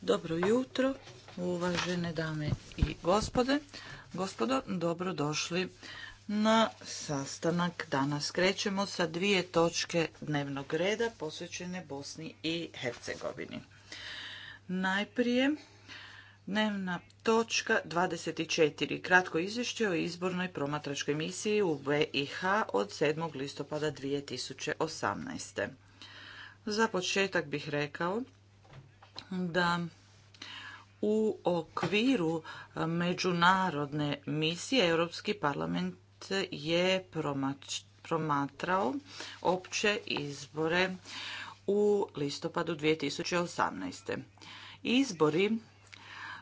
Dobro jutro, uvažene dame i gospode. Gospodo, dobro došli na sastanak. Danas krećemo sa dvije točke dnevnog reda posvećene Bosni i Hercegovini. Najprije Dnevna točka 24. Kratko izvješće o izbornoj promatračkoj misiji u BiH od 7. listopada 2018. Za početak bih rekao da u okviru e, međunarodne misije Europski parlament je promatrao opće izbore u listopadu 2018. Izbori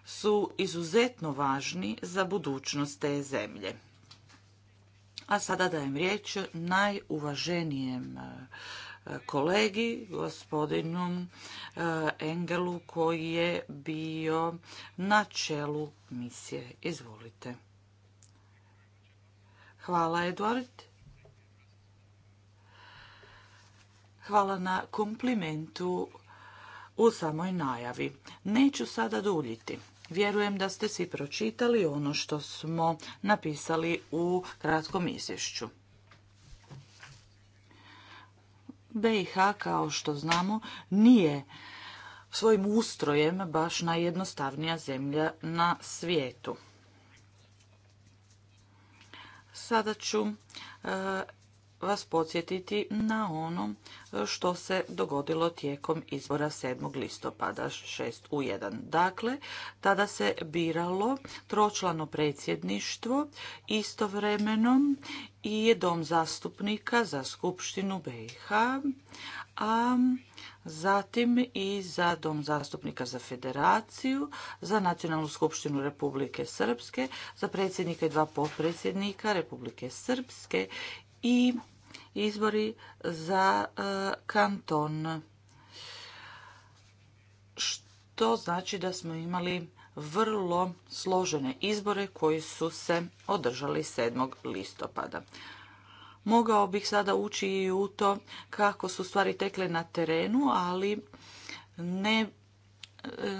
su izuzetno važni za budućnost te zemlje. A sada dajem riječ najuvaženijem e, kolegi, gospodinu e, Engelu, koji je bio na čelu misije. Izvolite. Hvala, Eduard. Hvala na komplimentu u samoj najavi. Neću sada duljiti. Vjerujem da ste svi pročitali ono što smo napisali u kratkom izvješću. BiH, kao što znamo, nije svojim ustrojem baš najjednostavnija zemlja na svijetu. Sada ću e, vas podsjetiti na ono što se dogodilo tijekom izbora 7. listopada 6 u 1. Dakle, tada se biralo tročlano predsjedništvo istovremeno i je dom zastupnika za Skupštinu BiH, a zatim i za Dom zastupnika za federaciju, za Nacionalnu skupštinu Republike Srpske, za predsjednika i dva potpredsjednika Republike Srpske i izbori za e, kanton. Što znači da smo imali vrlo složene izbore koji su se održali 7. listopada. Mogao bih sada ući i u to kako su stvari tekle na terenu, ali ne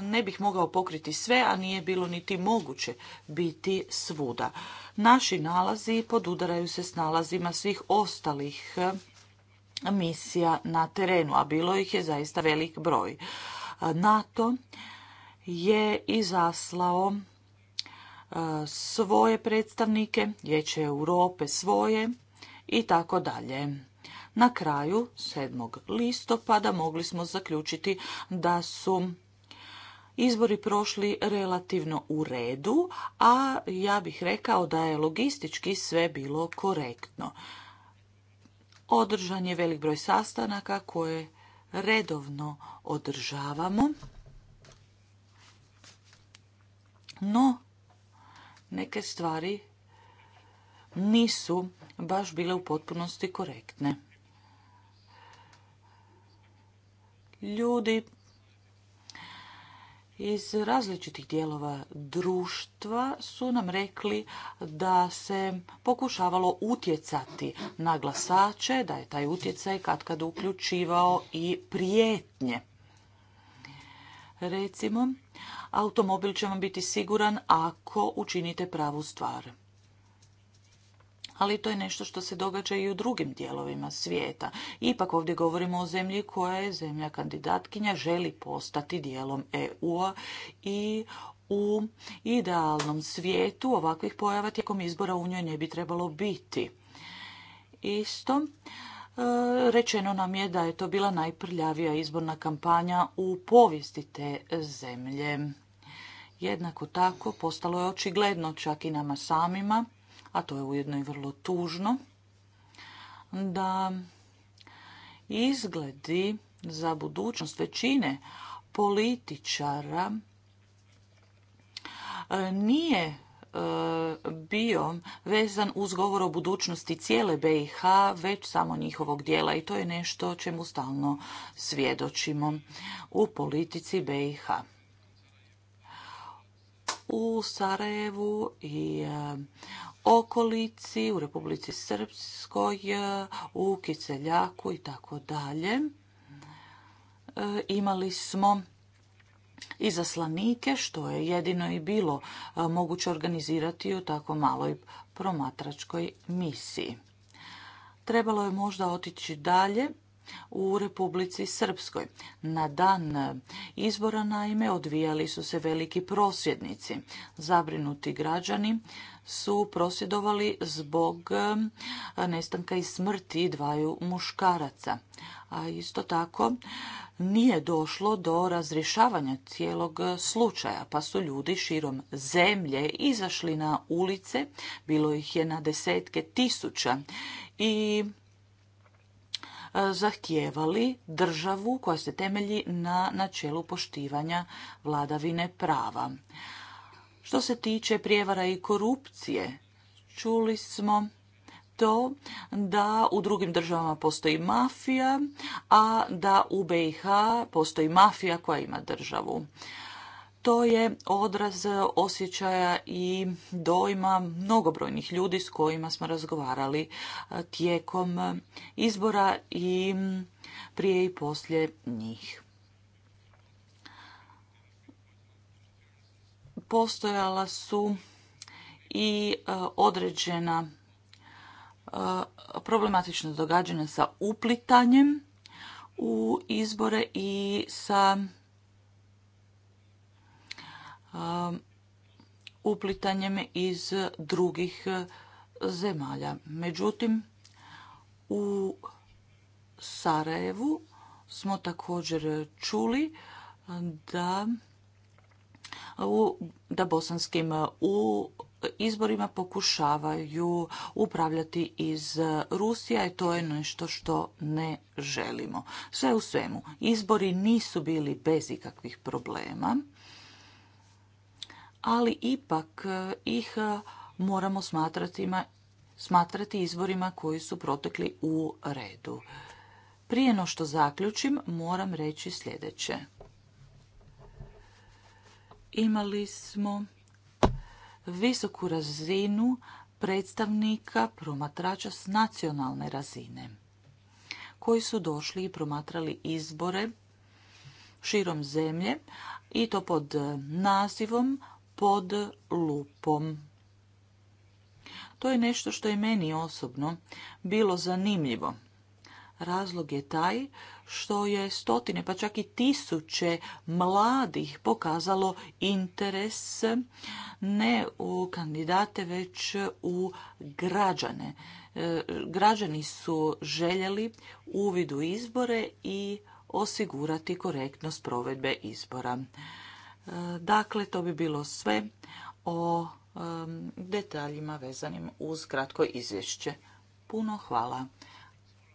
ne bih mogao pokriti sve, a nije bilo niti moguće biti svuda. Naši nalazi podudaraju se s nalazima svih ostalih eh, misija na terenu, a bilo ih je zaista velik broj. NATO je izaslao eh, svoje predstavnike, Vijeće Europe svoje i tako dalje. Na kraju 7. listopada mogli smo zaključiti da su izbori prošli relativno u redu, a ja bih rekao da je logistički sve bilo korektno. Održan je velik broj sastanaka koje redovno održavamo. No, neke stvari nisu baš bile u potpunosti korektne. Ljudi iz različitih dijelova društva su nam rekli da se pokušavalo utjecati na glasače, da je taj utjecaj katkad uključivao i prijetnje. Recimo, automobil će vam biti siguran ako učinite pravu stvar ali to je nešto što se događa i u drugim dijelovima svijeta. Ipak ovdje govorimo o zemlji koja je zemlja kandidatkinja, želi postati dijelom EU-a i u idealnom svijetu ovakvih pojava tijekom izbora u njoj ne bi trebalo biti. Isto, e, rečeno nam je da je to bila najprljavija izborna kampanja u povijesti te zemlje. Jednako tako postalo je očigledno čak i nama samima a to je ujedno i vrlo tužno, da izgledi za budućnost većine političara e, nije e, bio vezan uz govor o budućnosti cijele BiH, već samo njihovog dijela i to je nešto čemu stalno svjedočimo u politici BiH. U Sarajevu i e, okolici, u Republici Srpskoj, u Kiceljaku i tako dalje. E, imali smo izaslanike, što je jedino i bilo e, moguće organizirati u tako maloj promatračkoj misiji. Trebalo je možda otići dalje u Republici Srpskoj. Na dan izbora naime odvijali su se veliki prosvjednici. Zabrinuti građani su prosjedovali zbog eh, nestanka i smrti dvaju muškaraca. A isto tako nije došlo do razrješavanja cijelog eh, slučaja, pa su ljudi širom zemlje izašli na ulice, bilo ih je na desetke tisuća i eh, zahtijevali državu koja se temelji na načelu poštivanja vladavine prava. Što se tiče prijevara i korupcije, čuli smo to da u drugim državama postoji mafija, a da u BiH postoji mafija koja ima državu. To je odraz osjećaja i dojma mnogobrojnih ljudi s kojima smo razgovarali tijekom izbora i prije i poslije njih. postojala su i e, određena e, problematična događanja sa uplitanjem u izbore i sa e, uplitanjem iz drugih zemalja. Međutim, u Sarajevu smo također čuli da da bosanskim e, u izborima pokušavaju upravljati iz e, Rusije. i to je nešto što ne želimo. Sve u svemu, izbori nisu bili bez ikakvih problema, ali ipak e, ih moramo smatrati, smatrati izborima koji su protekli u redu. Prije no što zaključim, moram reći sljedeće imali smo visoku razinu predstavnika promatrača s nacionalne razine koji su došli i promatrali izbore širom zemlje i to pod nazivom pod lupom. To je nešto što je meni osobno bilo zanimljivo. Razlog je taj što je stotine, pa čak i tisuće mladih pokazalo interes ne u kandidate, već u građane. E, građani su željeli uvid u izbore i osigurati korektnost provedbe izbora. E, dakle, to bi bilo sve o e, detaljima vezanim uz kratko izvješće. Puno hvala.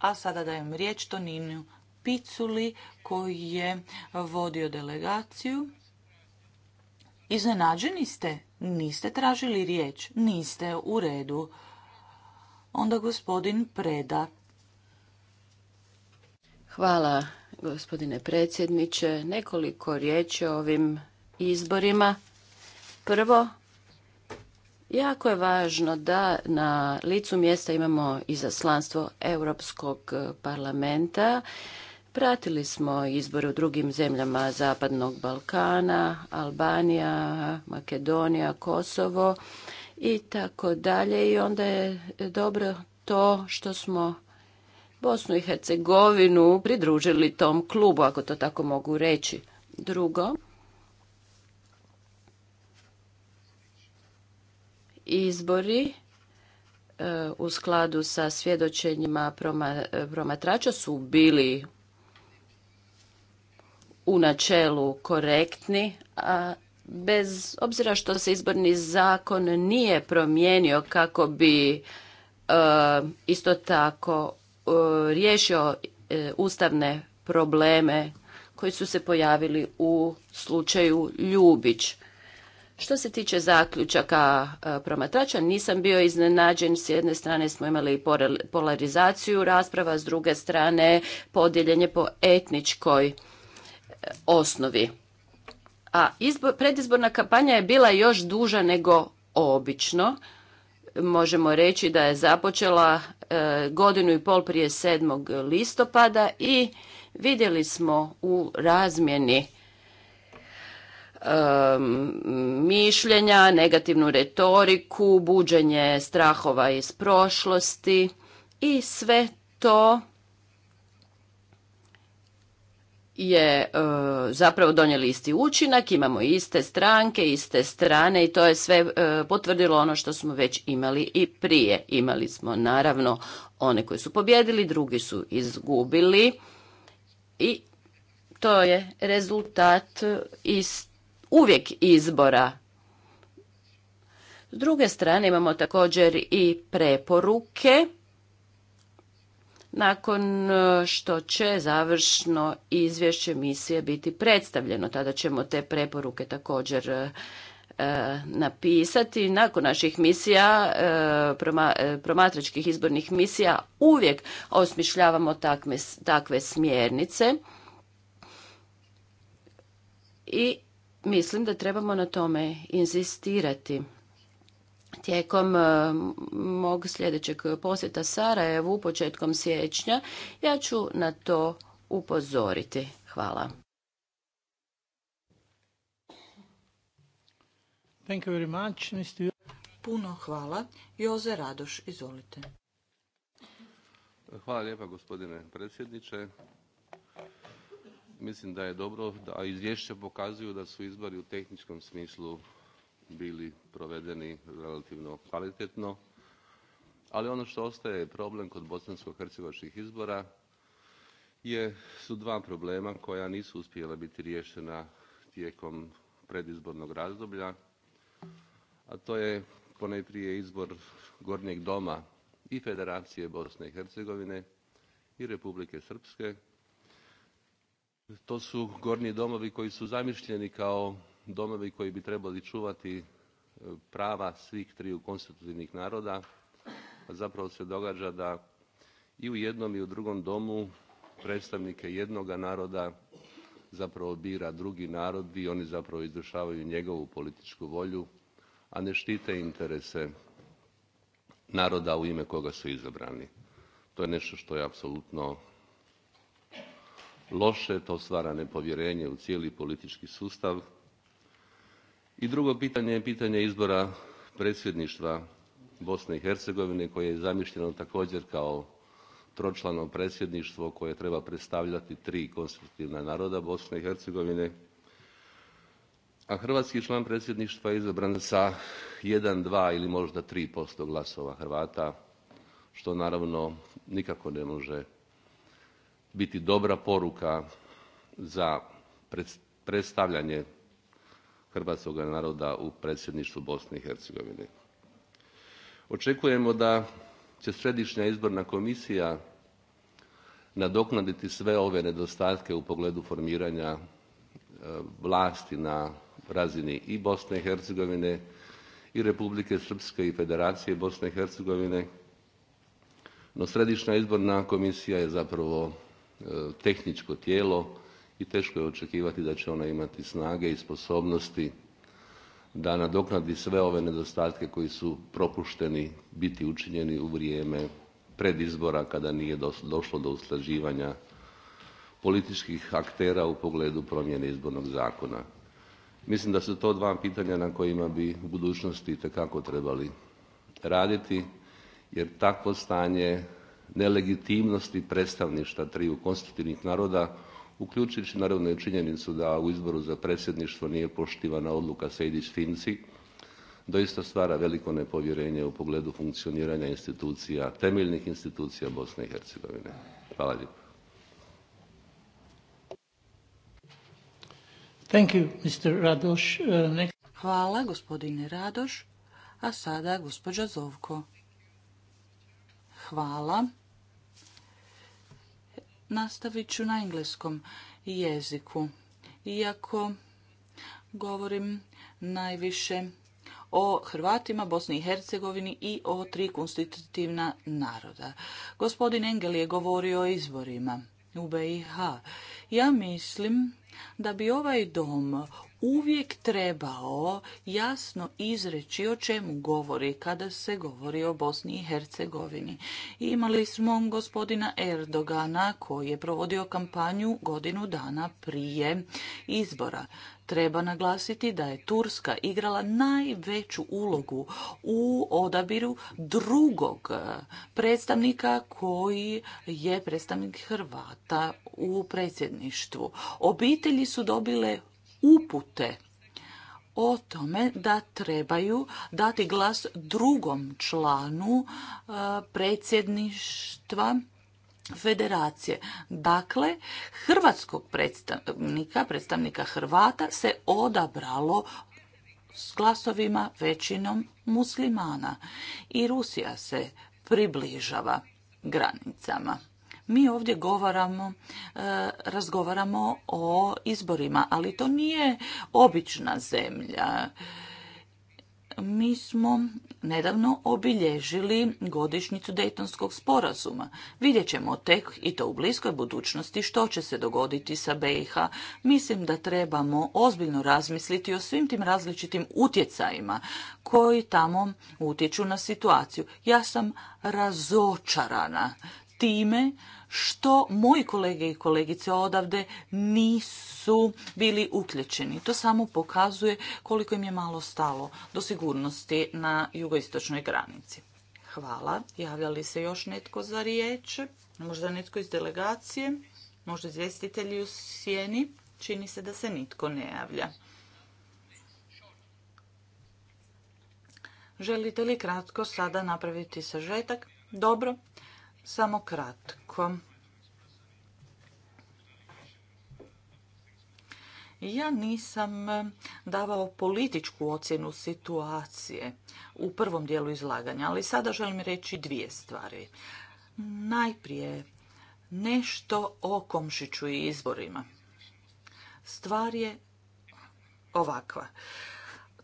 A sada dajem riječ Toninu Piculi koji je vodio delegaciju. Iznenađeni ste? Niste tražili riječ? Niste u redu. Onda gospodin Preda. Hvala gospodine predsjedniče. Nekoliko riječi o ovim izborima. Prvo, Jako je važno da na licu mjesta imamo izaslanstvo Europskog e, parlamenta. Pratili smo izbore u drugim zemljama Zapadnog Balkana, Albanija, Makedonija, Kosovo i tako dalje. I onda je dobro to što smo Bosnu i Hercegovinu pridružili tom klubu, ako to tako mogu reći. Drugo, izbori e, u skladu sa svjedočenjima e, promatrača su bili u načelu korektni, a bez obzira što se izborni zakon nije promijenio kako bi e, isto tako riješio ustavne probleme koji su se pojavili u slučaju Ljubić. Što se tiče zaključaka e, promatrača, nisam bio iznenađen. S jedne strane smo imali polarizaciju rasprava, s druge strane podijeljenje po etničkoj e, osnovi. A predizborna kampanja je bila još duža nego obično. Možemo reći da je započela e, godinu i pol prije 7. listopada i vidjeli smo u razmjeni mišljenja, negativnu retoriku, buđenje strahova iz prošlosti i sve to je e, zapravo donijeli isti učinak, imamo iste stranke, iste strane i to je sve e, potvrdilo ono što smo već imali i prije. Imali smo naravno one koji su pobjedili, drugi su izgubili i to je rezultat isti. E, uvijek izbora. S druge strane imamo također i preporuke nakon e, što će završno izvješće misije biti predstavljeno. Tada ćemo te preporuke također e, e, napisati. Nakon naših misija, promatračkih izbornih misija, uvijek osmišljavamo takve, takve smjernice i mislim da trebamo na tome inzistirati. Tijekom e, mog sljedećeg posjeta Sarajevu početkom siječnja ja ću na to upozoriti. Hvala. Thank you very much, Puno hvala. Joze Radoš, izvolite. Hvala lijepa gospodine predsjedniče mislim da je dobro, a izvješće pokazuju da su izbori u tehničkom smislu bili provedeni relativno kvalitetno. Ali ono što ostaje problem kod bosansko-hercegovačkih izbora je, su dva problema koja nisu uspjela biti riješena tijekom predizbornog razdoblja, a to je ponajprije izbor Gornjeg doma i Federacije Bosne i Hercegovine i Republike Srpske to su gornji domovi koji su zamišljeni kao domovi koji bi trebali čuvati e, prava svih triju konstitutivnih naroda. zapravo se događa da i u jednom i u drugom domu predstavnike jednoga naroda zapravo bira drugi narod i oni zapravo izvršavaju njegovu političku volju, a ne štite interese naroda u ime koga su izabrani. To je nešto što je apsolutno loše, to stvara nepovjerenje u cijeli politički sustav. I drugo pitanje je pitanje izbora predsjedništva Bosne i Hercegovine koje je zamišljeno također kao tročlano predsjedništvo koje treba predstavljati tri konstruktivna naroda Bosne i Hercegovine. A hrvatski član predsjedništva je izabran sa 1, 2 ili možda 3% glasova Hrvata, što naravno nikako ne može biti dobra poruka za predstavljanje hrvatskog naroda u predsjedništvu Bosne i Hercegovine. Očekujemo da će središnja izborna komisija nadoknaditi sve ove nedostatke u pogledu formiranja e, vlasti na razini i Bosne i Hercegovine i Republike Srpske i Federacije Bosne i Hercegovine. No središnja izborna komisija je zapravo tehničko tijelo i teško je očekivati da će ona imati snage i sposobnosti da nadoknadi sve ove nedostatke koji su propušteni biti učinjeni u vrijeme predizbora kada nije došlo do usklađivanja političkih aktera u pogledu promjene izbornog zakona. Mislim da su to dva pitanja na kojima bi u budućnosti itekako trebali raditi jer takvo stanje nelegitimnosti predstavništva triju konstitutivnih naroda, uključujući naravno i činjenicu da u izboru za predsjedništvo nije poštivana odluka Sejdić-Finci, doista stvara veliko nepovjerenje u pogledu funkcioniranja institucija, temeljnih institucija Bosne i Hercegovine. Hvala lijepo. Thank you, Mr. Uh, Hvala, gospodine Radoš. A sada, gospođa Zovko. Hvala. Nastavit ću na engleskom jeziku, iako govorim najviše o Hrvatima, Bosni i Hercegovini i o tri konstitutivna naroda. Gospodin Engel je govorio o izborima u BiH. Ja mislim da bi ovaj dom uvijek trebao jasno izreći o čemu govori kada se govori o Bosni i Hercegovini. Imali smo gospodina Erdogana koji je provodio kampanju godinu dana prije izbora. Treba naglasiti da je Turska igrala najveću ulogu u odabiru drugog e, predstavnika koji je predstavnik Hrvata u predsjedništvu. Obitelji su dobile upute o tome da trebaju dati glas drugom članu e, predsjedništva federacije. Dakle, hrvatskog predstavnika, predstavnika Hrvata se odabralo s glasovima većinom muslimana i Rusija se približava granicama. Mi ovdje e, razgovaramo o izborima, ali to nije obična zemlja. Mi smo nedavno obilježili godišnjicu Dejtonskog sporazuma. Vidjet ćemo tek i to u bliskoj budućnosti što će se dogoditi sa BiH. Mislim da trebamo ozbiljno razmisliti o svim tim različitim utjecajima koji tamo utječu na situaciju. Ja sam razočarana time što moji kolege i kolegice odavde nisu bili uključeni. To samo pokazuje koliko im je malo stalo do sigurnosti na jugoistočnoj granici. Hvala. Javlja li se još netko za riječ? Možda netko iz delegacije? Možda izvjestitelji u sjeni? Čini se da se nitko ne javlja. Želite li kratko sada napraviti sažetak? Dobro. Samo kratko. Ja nisam davao političku ocjenu situacije u prvom dijelu izlaganja, ali sada želim reći dvije stvari. Najprije nešto o Komšiću i izborima. Stvar je ovakva.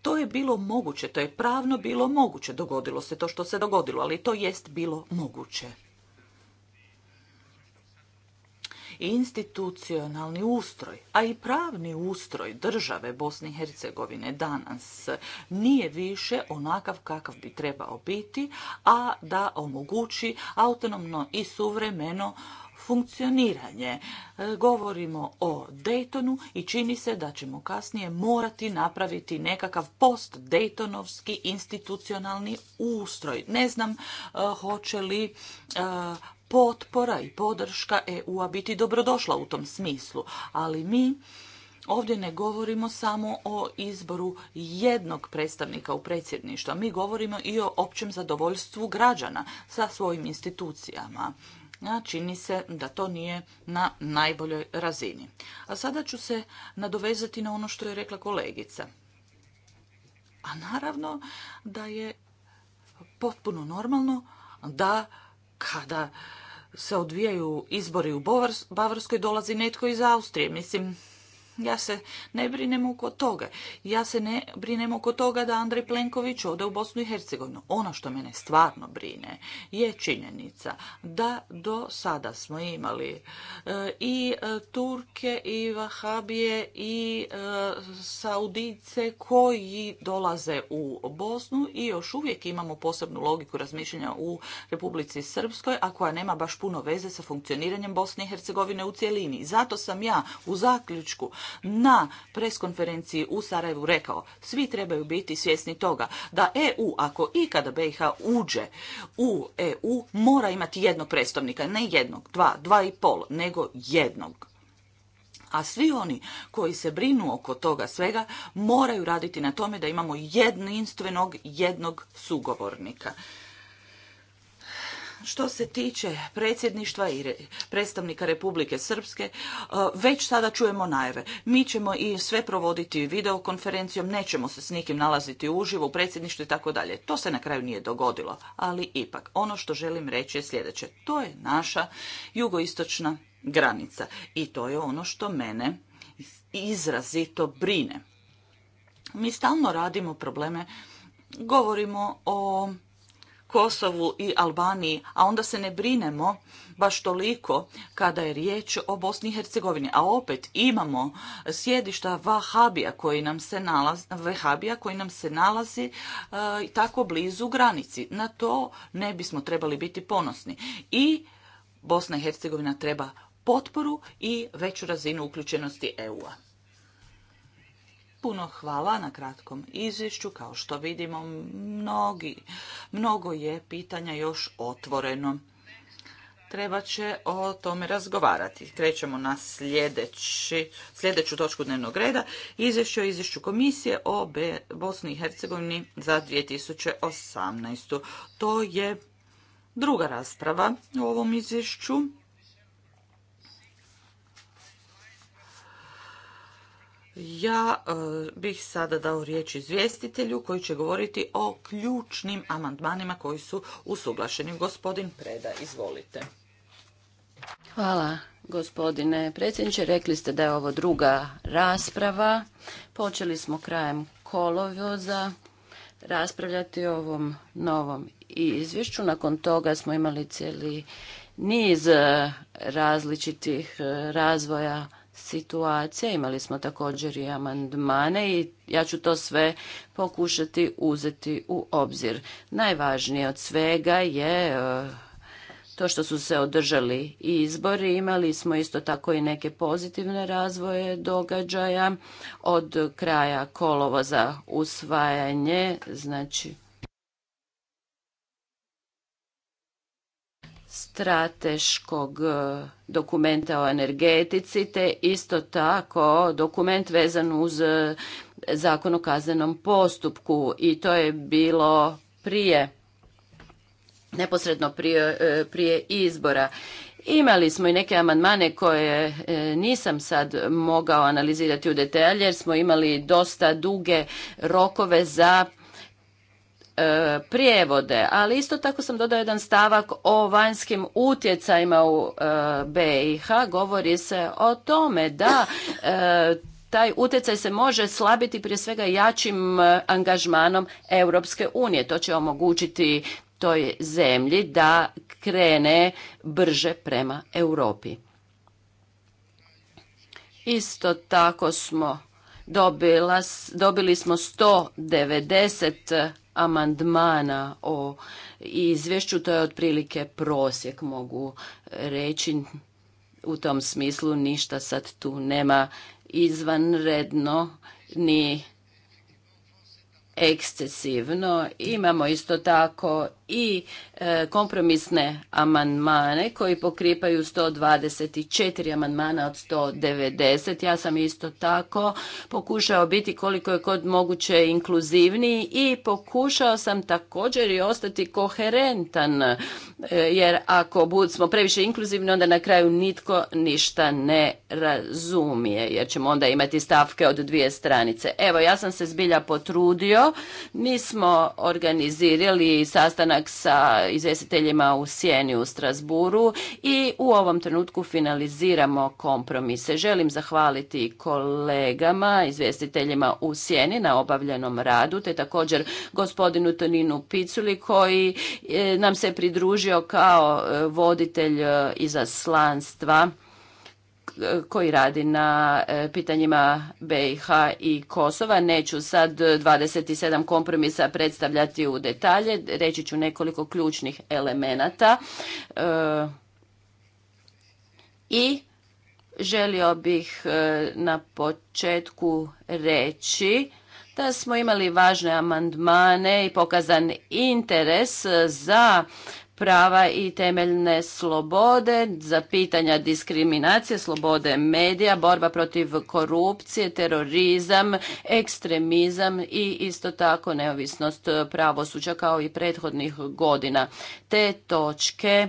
To je bilo moguće, to je pravno bilo moguće. Dogodilo se to što se dogodilo, ali to jest bilo moguće. institucionalni ustroj, a i pravni ustroj države Bosne i Hercegovine danas nije više onakav kakav bi trebao biti, a da omogući autonomno i suvremeno funkcioniranje. E, govorimo o Daytonu i čini se da ćemo kasnije morati napraviti nekakav post-Daytonovski institucionalni ustroj. Ne znam e, hoće li e, potpora i podrška EU-a biti dobrodošla u tom smislu, ali mi Ovdje ne govorimo samo o izboru jednog predstavnika u predsjedništvu, mi govorimo i o općem zadovoljstvu građana sa svojim institucijama čini se da to nije na najboljoj razini. A sada ću se nadovezati na ono što je rekla kolegica. A naravno da je potpuno normalno da kada se odvijaju izbori u Bavarskoj dolazi netko iz Austrije. Mislim, ja se ne brinem oko toga. Ja se ne brinem oko toga da Andrej Plenković ode u Bosnu i Hercegovinu. Ono što mene stvarno brine je činjenica da do sada smo imali e, i e, Turke i Vahabije i e, Saudice koji dolaze u Bosnu i još uvijek imamo posebnu logiku razmišljanja u Republici Srpskoj, a koja nema baš puno veze sa funkcioniranjem Bosne i Hercegovine u cjelini. Zato sam ja u zaključku na preskonferenciji u Sarajevu rekao, svi trebaju biti svjesni toga da EU, ako ikada BiH uđe u EU, mora imati jednog predstavnika, ne jednog, dva, dva i pol, nego jednog a svi oni koji se brinu oko toga svega moraju raditi na tome da imamo jedinstvenog jednog sugovornika. Što se tiče predsjedništva i predstavnika Republike Srpske, e, već sada čujemo najave. Mi ćemo i sve provoditi videokonferencijom, nećemo se s nikim nalaziti uživo u predsjedništvu i tako dalje. To se na kraju nije dogodilo, ali ipak ono što želim reći je sljedeće. To je naša jugoistočna granica i to je ono što mene izrazito brine. Mi stalno radimo probleme, govorimo o Kosovu i Albaniji, a onda se ne brinemo baš toliko kada je riječ o Bosni i Hercegovini. A opet imamo sjedišta Vahabija koji nam se nalazi, koji nam se nalazi e, tako blizu granici. Na to ne bismo trebali biti ponosni. I Bosna i Hercegovina treba potporu i veću razinu uključenosti EU-a. Puno hvala na kratkom izvješću. Kao što vidimo, mnogi, mnogo je pitanja još otvoreno. Treba će o tome razgovarati. Krećemo na sljedeći, sljedeću točku dnevnog reda. Izvješće o izvješću komisije o Bosni i Hercegovini za 2018. To je druga rasprava o ovom izvješću. Ja e, bih sada dao riječ izvjestitelju koji će govoriti o ključnim amandmanima koji su usuglašeni. Gospodin Preda, izvolite. Hvala gospodine predsjedniče. Rekli ste da je ovo druga rasprava. Počeli smo krajem kolovoza raspravljati o ovom novom izvješću. Nakon toga smo imali cijeli niz e, različitih e, razvoja situacija. Imali smo također i amandmane i ja ću to sve pokušati uzeti u obzir. Najvažnije od svega je e, to što su se održali izbori. Imali smo isto tako i neke pozitivne razvoje događaja od kraja kolovoza usvajanje, znači strateškog e, dokumenta o energetici, te isto tako dokument vezan uz e, zakon o kaznenom postupku i to je bilo prije, neposredno prije, e, prije izbora. Imali smo i neke amandmane koje nisam sad mogao analizirati u detalje jer smo imali dosta duge rokove za E, prijevode, ali isto tako sam dodao jedan stavak o vanjskim utjecajima u e, BiH. Govori se o tome da e, taj utjecaj se može slabiti prije svega jačim angažmanom Europske unije. To će omogućiti toj zemlji da krene brže prema Europi. Isto tako smo dobila, dobili smo 190 amandmana o izvješću, to je otprilike prosjek mogu reći. U tom smislu ništa sad tu nema izvanredno ni ekscesivno. Imamo isto tako i e, kompromisne amandmane koji pokripaju 124 amandmana od 190. Ja sam isto tako pokušao biti koliko je kod moguće inkluzivniji i pokušao sam također i ostati koherentan e, jer ako bud smo previše inkluzivni onda na kraju nitko ništa ne razumije jer ćemo onda imati stavke od dvije stranice. Evo ja sam se zbilja potrudio, mi smo organizirali sastanak sa izvjestiteljima u Sjeni u Strasburu i u ovom trenutku finaliziramo kompromise. Želim zahvaliti kolegama, izvjestiteljima u Sjeni na obavljenom radu, te također gospodinu Toninu Piculi koji e, nam se pridružio kao e, voditelj e, izaslanstva koji radi na e, pitanjima BiH i Kosova. Neću sad 27 kompromisa predstavljati u detalje, reći ću nekoliko ključnih elemenata. E, I želio bih e, na početku reći da smo imali važne amandmane i pokazan interes za prava i temeljne slobode, za pitanja diskriminacije, slobode medija, borba protiv korupcije, terorizam, ekstremizam i isto tako neovisnost pravosuđa kao i prethodnih godina. Te točke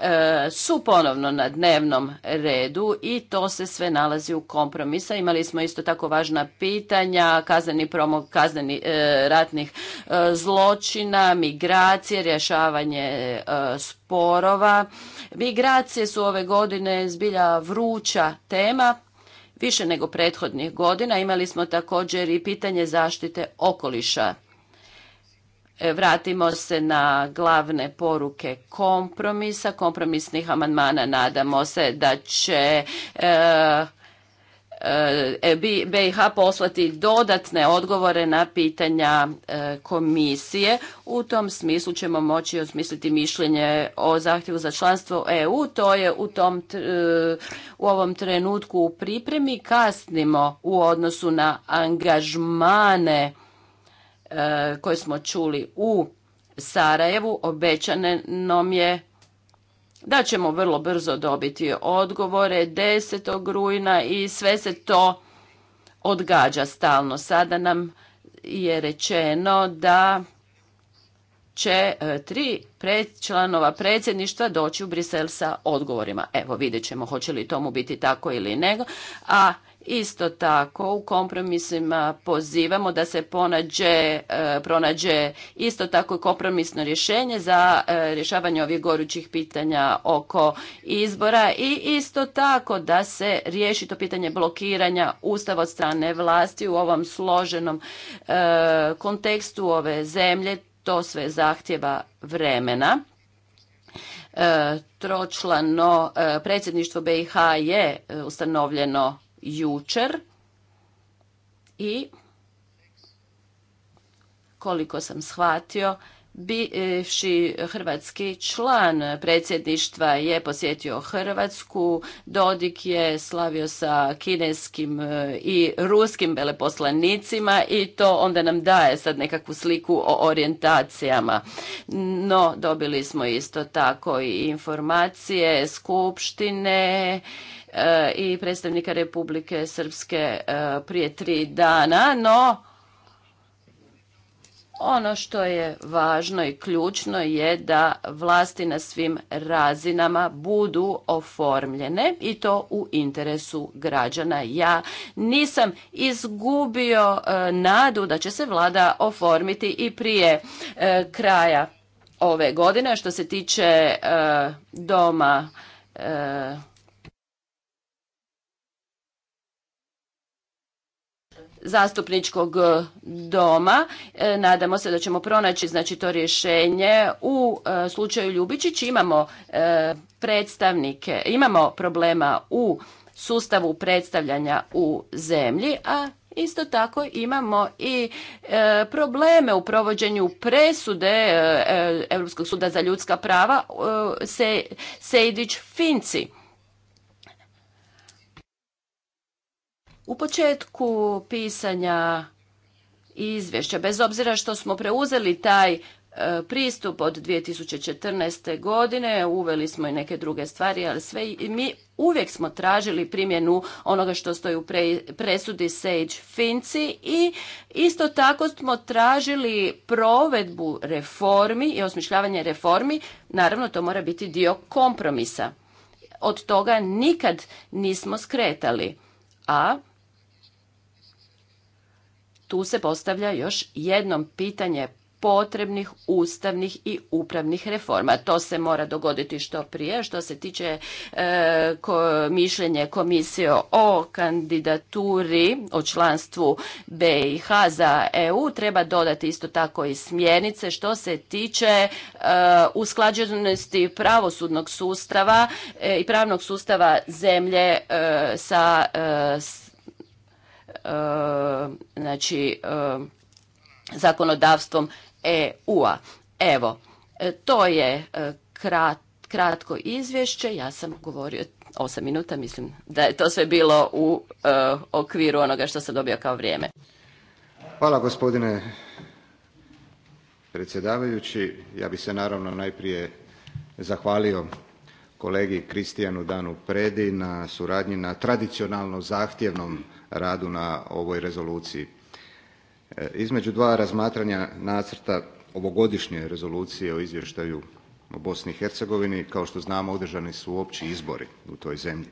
E, su ponovno na dnevnom redu i to se sve nalazi u kompromisa. Imali smo isto tako važna pitanja, kazneni promog, kazneni e, ratnih e, zločina, migracije, rješavanje sporova. Migracije su ove godine zbilja vruća tema, više nego prethodnih godina. Imali smo također i pitanje zaštite okoliša E, vratimo se na glavne poruke kompromisa, kompromisnih amandmana. Nadamo se da će e, e, BiH poslati dodatne odgovore na pitanja komisije. U tom smislu ćemo moći osmisliti mišljenje o zahtjevu za članstvo EU. To je u, tom, u ovom trenutku u pripremi. Kasnimo u odnosu na angažmane E, koje smo čuli u Sarajevu obećane nam je da ćemo vrlo brzo dobiti odgovore 10. rujna i sve se to odgađa stalno. Sada nam je rečeno da će e, tri članova predsjedništva doći u Brisel sa odgovorima. Evo, vidjet ćemo hoće li tomu biti tako ili nego. A Isto tako u kompromisima pozivamo da se ponađe, e, pronađe isto tako kompromisno rješenje za e, rješavanje ovih gorućih pitanja oko izbora i isto tako da se riješi to pitanje blokiranja Ustava od strane vlasti u ovom složenom e, kontekstu ove zemlje. To sve zahtjeva vremena. Tročlano predsjedništvo BiH je ustanovljeno jučer i koliko sam shvatio bivši hrvatski član predsjedništva je posjetio Hrvatsku, Dodik je slavio sa kineskim e, i ruskim veleposlanicima i to onda nam daje sad nekakvu sliku o orijentacijama. No, dobili smo isto tako i informacije, skupštine, E, i predstavnika Republike Srpske e, prije tri dana, no ono što je važno i ključno je da vlasti na svim razinama budu oformljene i to u interesu građana. Ja nisam izgubio e, nadu da će se vlada oformiti i prije kraja ove godine. Što se tiče doma zastupničkog e, doma. E, nadamo se da ćemo pronaći znači, to rješenje. U e, slučaju Ljubičić imamo predstavnike, imamo problema u sustavu predstavljanja u zemlji, a Isto tako imamo i probleme u provođenju presude Europskog suda za ljudska prava se Sejdić Finci. U početku pisanja izvješća, bez obzira što smo preuzeli taj e, pristup od 2014. godine, uveli smo i neke druge stvari, ali sve mi uvijek smo tražili primjenu onoga što stoji u presudi Sage Finci i isto tako smo tražili provedbu reformi i osmišljavanje reformi, naravno to mora biti dio kompromisa. Od toga nikad nismo skretali, a tu se postavlja još jednom pitanje potrebnih ustavnih i upravnih reforma. To se mora dogoditi što prije. Što se tiče e, mišljenje komisije o kandidaturi, o članstvu BiH za EU, treba dodati isto tako i smjernice što se tiče e, usklađenosti pravosudnog sustava e, i pravnog sustava zemlje e, sa e, E, znači e, zakonodavstvom EU-a. Evo, e, to je kratko izvješće. Ja sam govorio osam minuta, mislim da je to sve bilo u okviru onoga što sam dobio kao vrijeme. Hvala gospodine predsjedavajući. Ja bih se naravno najprije zahvalio kolegi Kristijanu Danu Predi na suradnji na tradicionalno zahtjevnom radu na ovoj rezoluciji. E, između dva razmatranja nacrta ovogodišnje rezolucije o izvještaju o Bosni i Hercegovini, kao što znamo, održani su opći izbori u toj zemlji.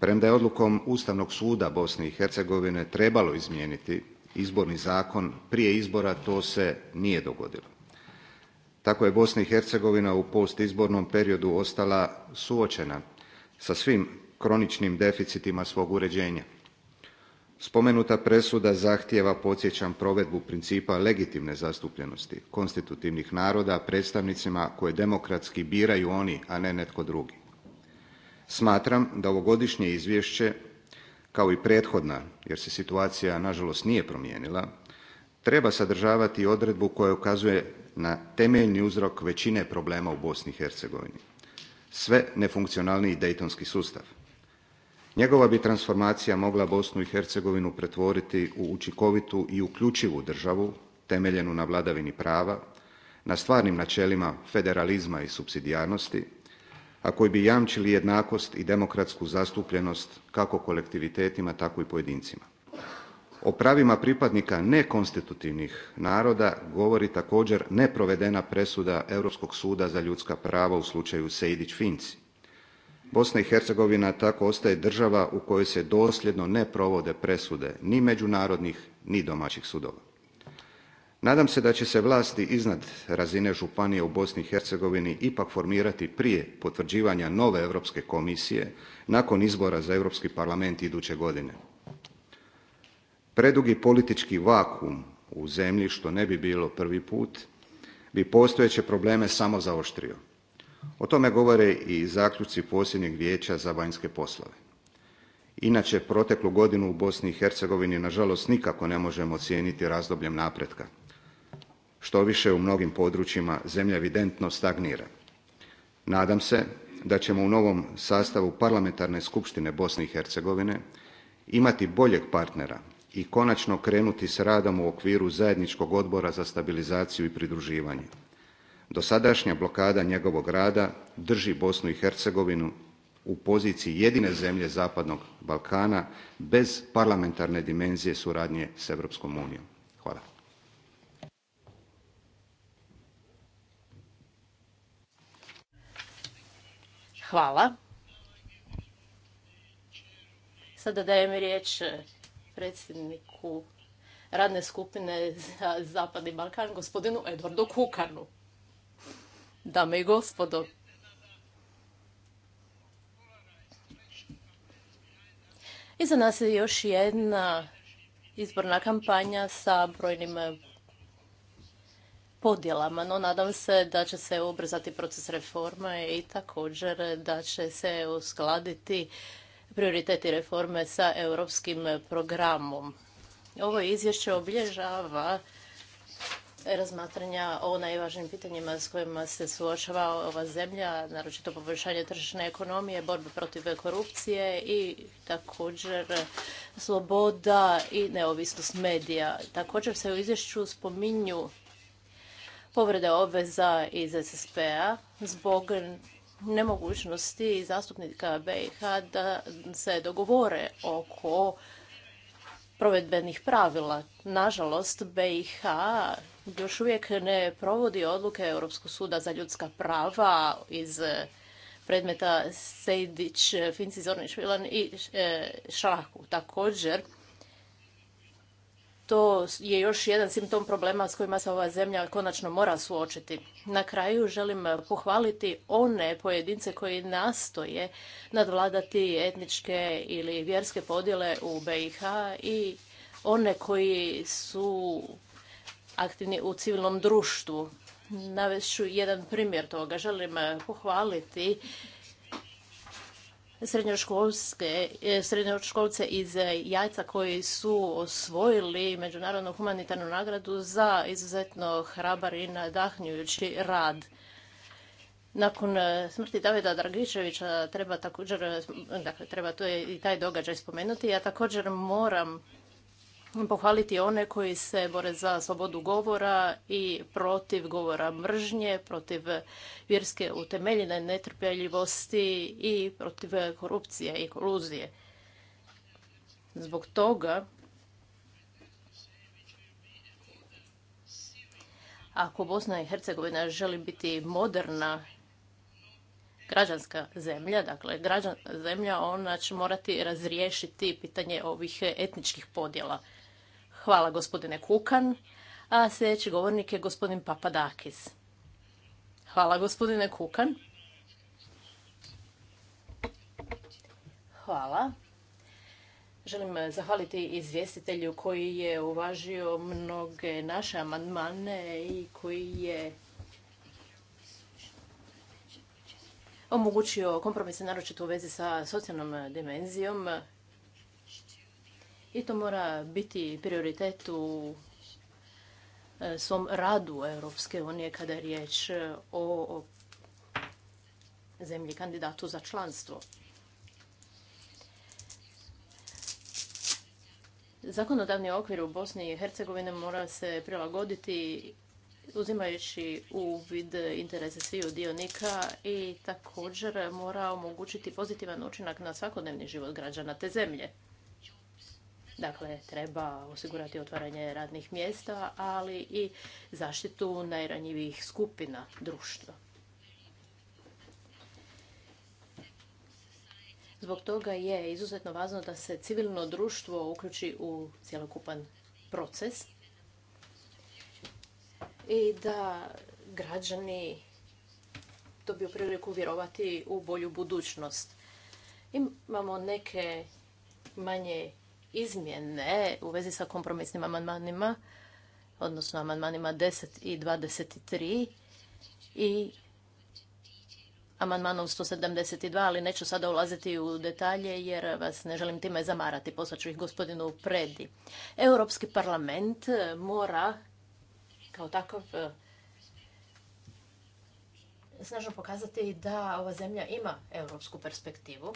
Premda je odlukom Ustavnog suda Bosne i Hercegovine trebalo izmijeniti izborni zakon prije izbora, to se nije dogodilo. Tako je Bosna i Hercegovina u postizbornom periodu ostala suočena sa svim kroničnim deficitima svog uređenja. Spomenuta presuda zahtijeva podsjećam provedbu principa legitimne zastupljenosti konstitutivnih naroda predstavnicima koje demokratski biraju oni, a ne netko drugi. Smatram da ovogodišnje izvješće kao i prethodna jer se situacija nažalost nije promijenila treba sadržavati odredbu koja ukazuje na temeljni uzrok većine problema u Bosni i Hercegovini, sve nefunkcionalniji dejtonski sustav. Njegova bi transformacija mogla Bosnu i Hercegovinu pretvoriti u učinkovitu i uključivu državu temeljenu na vladavini prava, na stvarnim načelima federalizma i subsidijarnosti, a koji bi jamčili jednakost i demokratsku zastupljenost kako kolektivitetima, tako i pojedincima o pravima pripadnika nekonstitutivnih naroda govori također neprovedena presuda Europskog suda za ljudska prava u slučaju Sejdić-Finci. Bosna i Hercegovina tako ostaje država u kojoj se dosljedno ne provode presude ni međunarodnih ni domaćih sudova. Nadam se da će se vlasti iznad razine županije u Bosni i Hercegovini ipak formirati prije potvrđivanja nove Europske komisije nakon izbora za Europski parlament iduće godine. Predugi politički vakum u zemlji, što ne bi bilo prvi put, bi postojeće probleme samo zaoštrio. O tome govore i zaključci posljednjeg Vijeća za vanjske poslove. Inače, proteklu godinu u Bosni i Hercegovini nažalost nikako ne možemo ocijeniti razdobljem napretka. Što više u mnogim područjima zemlja evidentno stagnira. Nadam se da ćemo u novom sastavu Parlamentarne skupštine Bosne i Hercegovine imati boljeg partnera i konačno krenuti s radom u okviru zajedničkog odbora za stabilizaciju i pridruživanje. Dosadašnja blokada njegovog rada drži Bosnu i Hercegovinu u poziciji jedine zemlje Zapadnog Balkana bez parlamentarne dimenzije suradnje s Europskom unijom. Hvala. Hvala. Sada dajem riječ predsjedniku radne skupine za Zapadni Balkan, gospodinu Edvardu Kukanu. Dame i gospodo, Iza nas je još jedna izborna kampanja sa brojnim podjelama, no nadam se da će se ubrzati proces reforme i također da će se uskladiti prioriteti reforme sa europskim programom. Ovo izvješće obilježava razmatranja o najvažnijim pitanjima s kojima se suočava ova zemlja, naročito poboljšanje tržišne ekonomije, borbe protiv korupcije i također sloboda i neovisnost medija. Također se u izvješću spominju povrede obveza iz SSP-a zbog nemogućnosti zastupnika BiH da se dogovore oko provedbenih pravila. Nažalost, BiH još uvijek ne provodi odluke Europskog suda za ljudska prava iz predmeta Sejdić, Finci Zornić i e, Šahu. Također, to je još jedan simptom problema s kojima se ova zemlja konačno mora suočiti. Na kraju želim pohvaliti one pojedince koji nastoje nadvladati etničke ili vjerske podjele u BiH i one koji su aktivni u civilnom društvu. ću jedan primjer toga. Želim pohvaliti E, srednjoškolce iz Jajca koji su osvojili Međunarodnu humanitarnu nagradu za izuzetno hrabar i nadahnjujući rad. Nakon e, smrti Davida Dragičevića treba također, e, dakle treba to i taj događaj spomenuti, ja također moram pohvaliti one koji se bore za slobodu govora i protiv govora mržnje, protiv vjerske utemeljene netrpeljivosti i protiv korupcije i koluzije. Zbog toga ako Bosna i Hercegovina želi biti moderna građanska zemlja, dakle građanska zemlja, ona će morati razriješiti pitanje ovih etničkih podjela. Hvala gospodine Kukan. A sljedeći govornik je gospodin Papadakis. Hvala gospodine Kukan. Hvala. Želim zahvaliti izvjestitelju koji je uvažio mnoge naše amandmane i koji je omogućio kompromise naročito u vezi sa socijalnom dimenzijom i to mora biti prioritet u e, svom radu Europske unije kada je riječ e, o zemlji kandidatu za članstvo. Zakonodavni okvir u Bosni i Hercegovini mora se prilagoditi uzimajući u vid interese sviju dionika i također mora omogućiti pozitivan učinak na svakodnevni život građana te zemlje. Dakle, treba osigurati otvaranje radnih mjesta, ali i zaštitu najranjivijih skupina društva. Zbog toga je izuzetno važno da se civilno društvo uključi u cjelokupan proces i da građani dobiju priliku vjerovati u bolju budućnost. Imamo neke manje izmjene u vezi sa kompromisnim amandmanima, odnosno amandmanima 10 i 23 i amandmanom 172, ali neću sada ulaziti u detalje jer vas ne želim time zamarati. Poslaću ih gospodinu Predi. Europski parlament mora kao takav e, snažno pokazati da ova zemlja ima europsku perspektivu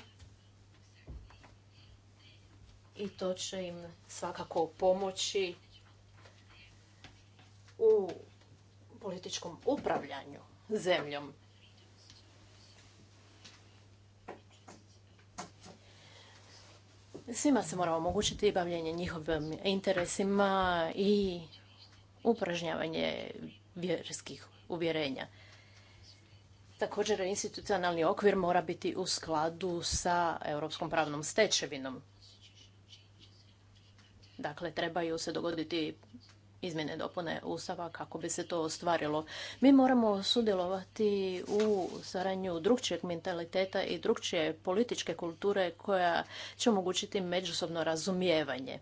i to će im svakako pomoći u političkom upravljanju zemljom. Svima se mora omogućiti bavljenje njihovim interesima i upražnjavanje vjerskih uvjerenja. Također, institucionalni okvir mora biti u skladu sa europskom pravnom stečevinom. Dakle, trebaju se dogoditi izmjene dopune Ustava kako bi se to ostvarilo. Mi moramo sudjelovati u stvaranju drugčijeg mentaliteta i drugčije političke kulture koja će omogućiti međusobno razumijevanje.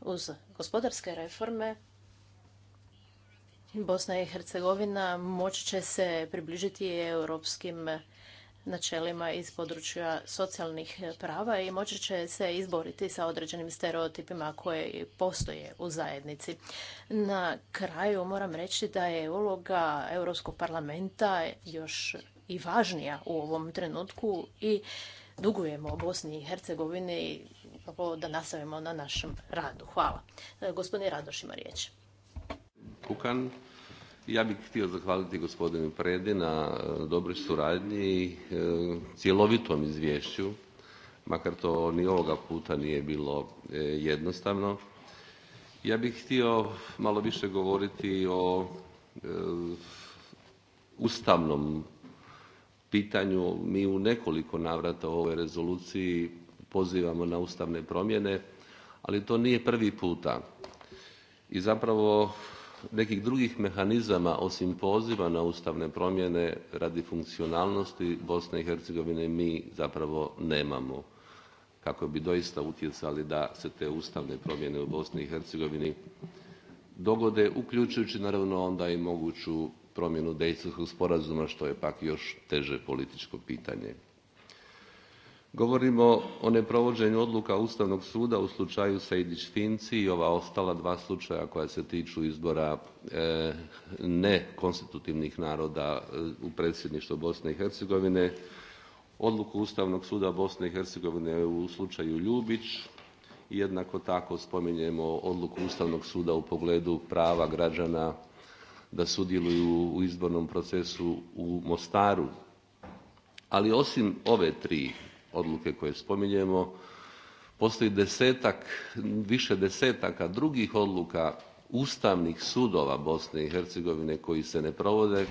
Uz gospodarske reforme Bosna i Hercegovina moći će se približiti europskim načelima iz područja socijalnih prava i moći će se izboriti sa određenim stereotipima koje postoje u zajednici. Na kraju moram reći da je uloga Europskog parlamenta još i važnija u ovom trenutku i dugujemo Bosni i Hercegovini da nastavimo na našem radu. Hvala. E, gospodin Radoš ima riječ. Ja bih htio zahvaliti gospodinu Predi na eh, dobroj suradnji i eh, cjelovitom izvješću, makar to ni ovoga puta nije bilo eh, jednostavno. Ja bih htio malo više govoriti o ustavnom pitanju. Mi u nekoliko navrata u ovoj rezoluciji pozivamo na ustavne promjene, ali to nije prvi puta. I zapravo nekih drugih mehanizama osim poziva na ustavne promjene radi funkcionalnosti Bosne i Hercegovine mi zapravo nemamo kako bi doista utjecali da se te ustavne promjene u Bosni i Hercegovini dogode, uključujući naravno onda i moguću promjenu Dejtonskog sporazuma što je pak još teže političko pitanje. Govorimo o neprovođenju odluka Ustavnog suda u slučaju Sejdić-Finci i ova ostala dva slučaja koja se tiču izbora e, nekonstitutivnih naroda e, u predsjedništvo Bosne i Hercegovine, odluku Ustavnog suda Bosne i Hercegovine u slučaju Ljubić, jednako tako spominjemo odluku Ustavnog suda u pogledu prava građana da sudjeluju u izbornom procesu u Mostaru. Ali osim ove tri odluke koje spominjemo, postoji desetak, više desetaka drugih odluka ustavnih sudova Bosne i Hercegovine koji se ne provode.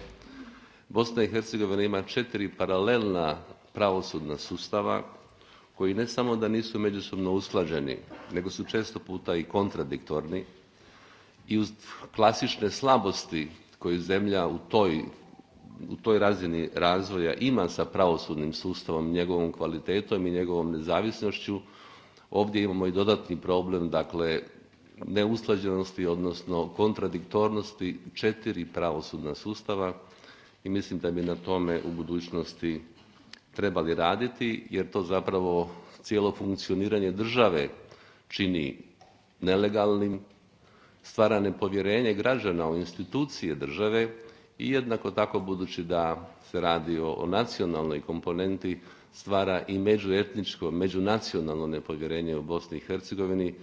Bosna i Hercegovina ima četiri paralelna pravosudna sustava koji ne samo da nisu međusobno usklađeni, nego su često puta i kontradiktorni i uz klasične slabosti koje zemlja u toj u toj razini razvoja ima sa pravosudnim sustavom, njegovom kvalitetom i njegovom nezavisnošću, ovdje imamo i dodatni problem, dakle, neusklađenosti, odnosno kontradiktornosti četiri pravosudna sustava i mislim da bi na tome u budućnosti trebali raditi, jer to zapravo cijelo funkcioniranje države čini nelegalnim, stvara nepovjerenje građana u institucije države, i jednako tako budući da se radi o nacionalnoj komponenti stvara i međuetničko, međunacionalno nepovjerenje u Bosni i Hercegovini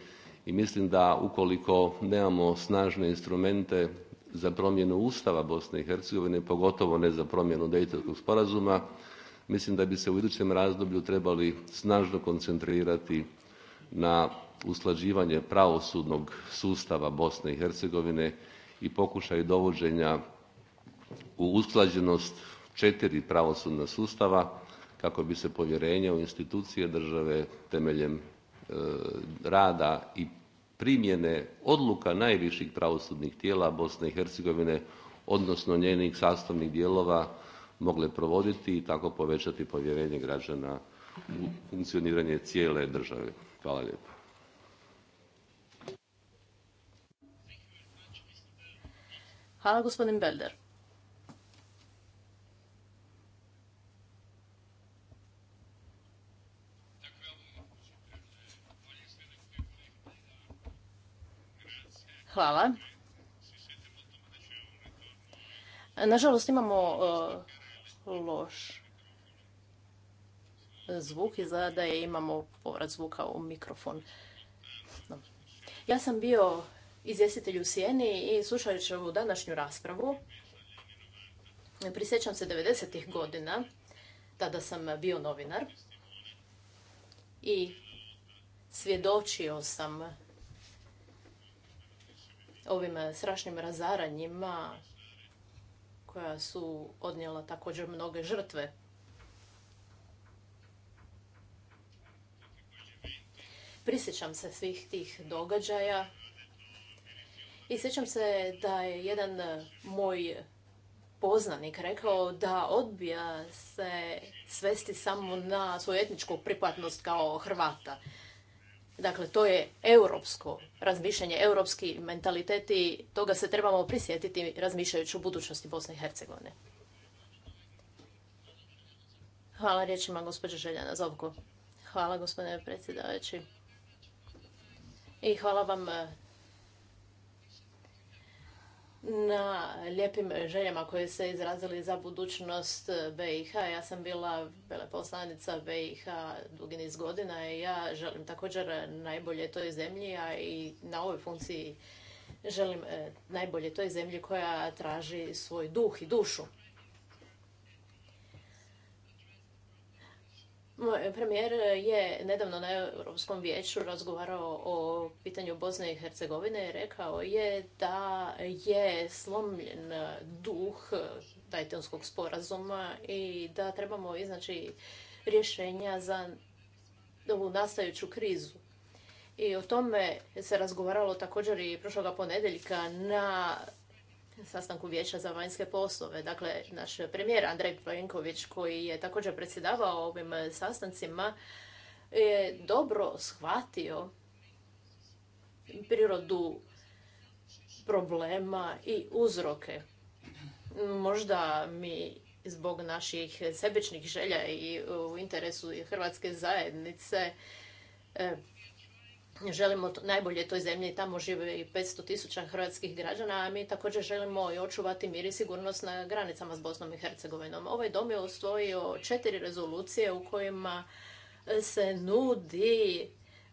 i mislim da ukoliko nemamo snažne instrumente za promjenu Ustava Bosne i Hercegovine, pogotovo ne za promjenu Dejtonskog sporazuma, mislim da bi se u idućem razdoblju trebali snažno koncentrirati na usklađivanje pravosudnog sustava Bosne i Hercegovine i pokušaj dovođenja u usklađenost četiri pravosudna sustava kako bi se povjerenje u institucije države temeljem e, rada i primjene odluka najviših pravosudnih tijela Bosne i Hercegovine, odnosno njenih sastavnih dijelova mogle provoditi i tako povećati povjerenje građana u funkcioniranje cijele države. Hvala lijepo. Hvala gospodin Belder. Hvala. Nažalost imamo uh, loš zvuk i da je imamo povrat zvuka u mikrofon. Ja sam bio izvjestitelj u Sijeni i slušajući ovu današnju raspravu, prisjećam se 90. godina, tada sam bio novinar i svjedočio sam ovim eh, strašnim razaranjima koja su odnijela također mnoge žrtve. Prisjećam se svih tih događaja i sjećam se da je jedan eh, moj poznanik rekao da odbija se svesti samo na svoju etničku pripadnost kao Hrvata. Dakle, to je europsko razmišljanje, europski mentalitet i toga se trebamo prisjetiti razmišljajući o budućnosti Bosne i Hercegovine. Hvala riječima gospođa Željana Zovko. Hvala gospodine predsjedavajući. I hvala vam na lijepim željama koje se izrazili za budućnost BiH. Ja sam bila veleposlanica BiH dugi niz godina i ja želim također najbolje toj zemlji, a i na ovoj funkciji želim e, najbolje toj zemlji koja traži svoj duh i dušu. Moj eh, premijer eh, je nedavno na Europskom vijeću razgovarao o pitanju Bosne i Hercegovine i rekao je da je slomljen eh, duh Dajtonskog sporazuma i da trebamo iznaći rješenja za ovu nastajuću krizu. I o tome se razgovaralo također i prošloga ponedjeljka na sastanku Vijeća za vanjske poslove. Dakle, naš premijer Andrej Plenković, koji je također predsjedavao ovim sastancima, je dobro shvatio prirodu problema i uzroke. Možda mi zbog naših sebičnih želja i u interesu hrvatske zajednice želimo najbolje toj zemlji, tamo žive i 500 tisuća hrvatskih građana, a mi također želimo i očuvati mir i sigurnost na granicama s Bosnom i Hercegovinom. Ovaj dom je osvojio četiri rezolucije u kojima e, se nudi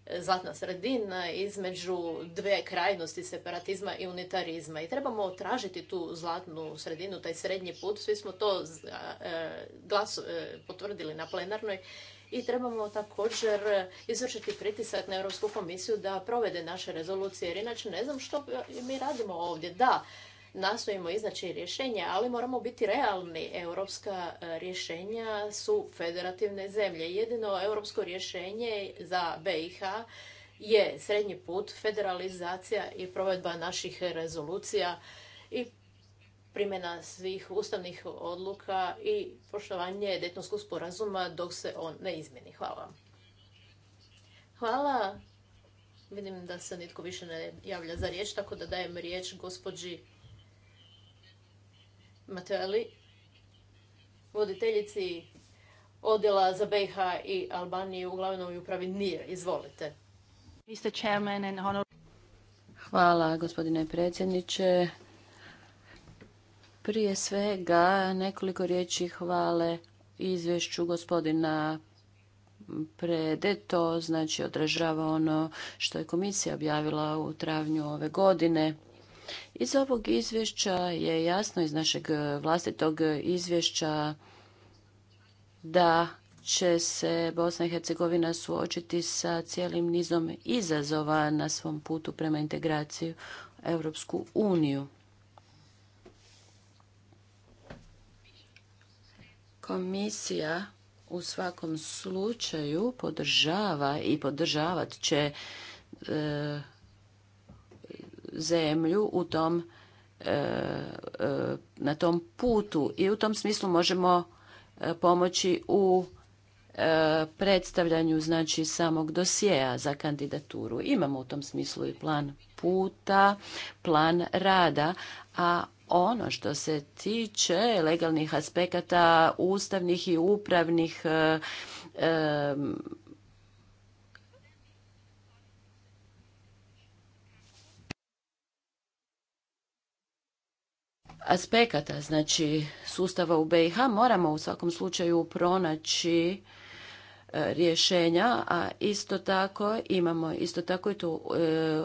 e, zlatna sredina između dve krajnosti separatizma i unitarizma. I trebamo tražiti tu zlatnu sredinu, taj srednji put. Svi smo to e, glas, potvrdili na plenarnoj i trebamo također izvršiti pritisak na Europsku komisiju da provede naše rezolucije jer inače ne znam što mi radimo ovdje. Da, nastojimo iznaći rješenje, ali moramo biti realni. Europska e, rješenja su federativne zemlje. Jedino europsko rješenje za BiH je srednji put, federalizacija i provedba naših rezolucija i primjena svih ustavnih odluka i poštovanje Dejtonskog sporazuma dok se on ne izmjeni. Hvala. Hvala. Vidim da se nitko više ne javlja za riječ, tako da dajem riječ gospođi Mateli, voditeljici odjela za BiH i Albaniju u glavnoj upravi NIR. Izvolite. Hvala gospodine predsjedniče, prije svega nekoliko riječi hvale izvješću gospodina Predeto, znači odražava ono što je komisija objavila u travnju ove godine. Iz ovog izvješća je jasno iz našeg vlastitog izvješća da će se Bosna i Hercegovina suočiti sa cijelim nizom izazova na svom putu prema integraciju Europsku uniju. Komisija u svakom slučaju podržava i podržavat će e, zemlju u tom e, e, na tom putu i u tom smislu možemo pomoći u predstavljanju znači samog dosjeja za kandidaturu. Imamo u tom smislu i plan puta, plan rada, a ono što se tiče legalnih aspekata ustavnih i upravnih e, aspekata znači sustava u BiH moramo u svakom slučaju pronaći e, rješenja, a isto tako imamo isto tako i tu e,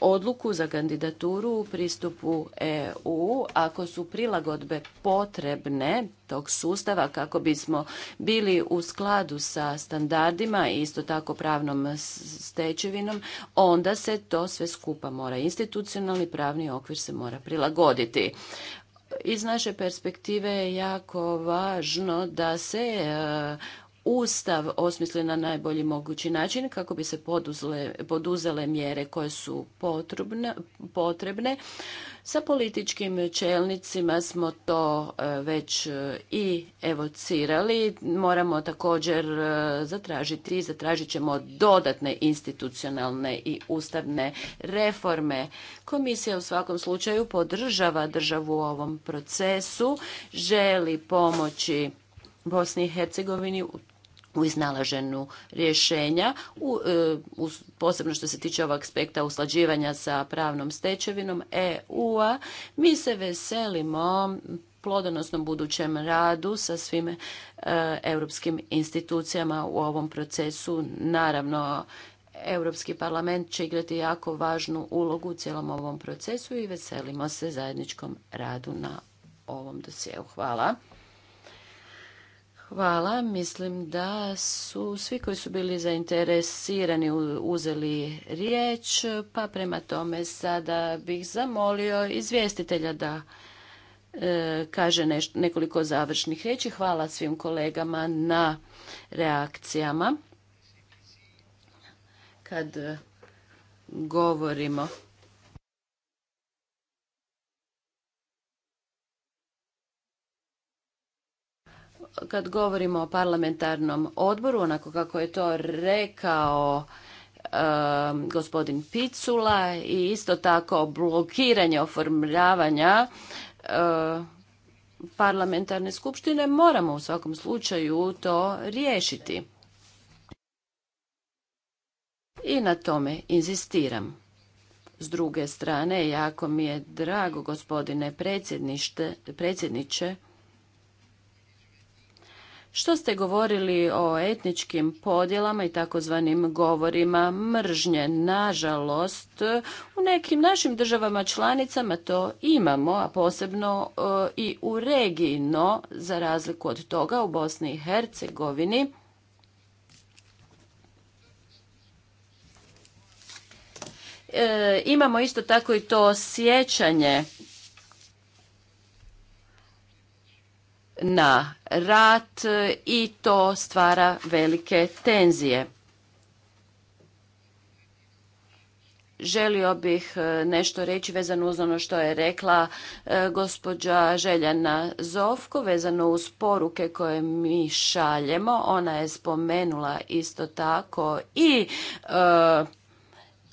odluku za kandidaturu u pristupu EU ako su prilagodbe potrebne tog sustava kako bismo bili u skladu sa standardima i isto tako pravnom stečevinom, onda se to sve skupa mora. Institucionalni pravni okvir se mora prilagoditi. Iz naše perspektive je jako važno da se e, Ustav osmisli na najbolji mogući način kako bi se poduzele mjere koje su potrebne, potrebne. Sa političkim čelnicima smo to e, već e, i evocirali. Moramo također e, zatražiti i zatražit ćemo dodatne institucionalne i ustavne reforme. Komisija u svakom slučaju podržava državu u ovom procesu, želi pomoći Bosni i Hercegovini u u iznalaženu rješenja, e, posebno što se tiče ovog aspekta usklađivanja sa pravnom stečevinom EU-a. Mi se veselimo plodonosnom budućem radu sa svim e, europskim institucijama u ovom procesu. Naravno, Europski parlament će igrati jako važnu ulogu u cijelom ovom procesu i veselimo se zajedničkom radu na ovom dosjeu. Hvala. Hvala. Mislim da su svi koji su bili zainteresirani uzeli riječ, pa prema tome sada bih zamolio izvjestitelja da e, kaže nekoliko završnih riječi. Hvala svim kolegama na reakcijama kad govorimo kad govorimo o parlamentarnom odboru, onako kako je to rekao um, gospodin Picula i isto tako blokiranje oformljavanja uh, parlamentarne skupštine, moramo u svakom slučaju to riješiti. I na tome inzistiram. S druge strane, jako mi je drago, gospodine predsjedniče, što ste govorili o etničkim podjelama i takozvanim govorima mržnje? Nažalost, u nekim našim državama članicama to imamo, a posebno e, i u regiji, no za razliku od toga u Bosni i Hercegovini e, imamo isto tako i to sjećanje na rat i to stvara velike tenzije. Želio bih e, nešto reći vezano uz ono što je rekla e, gospođa Željana Zovko, vezano uz poruke koje mi šaljemo. Ona je spomenula isto tako i e,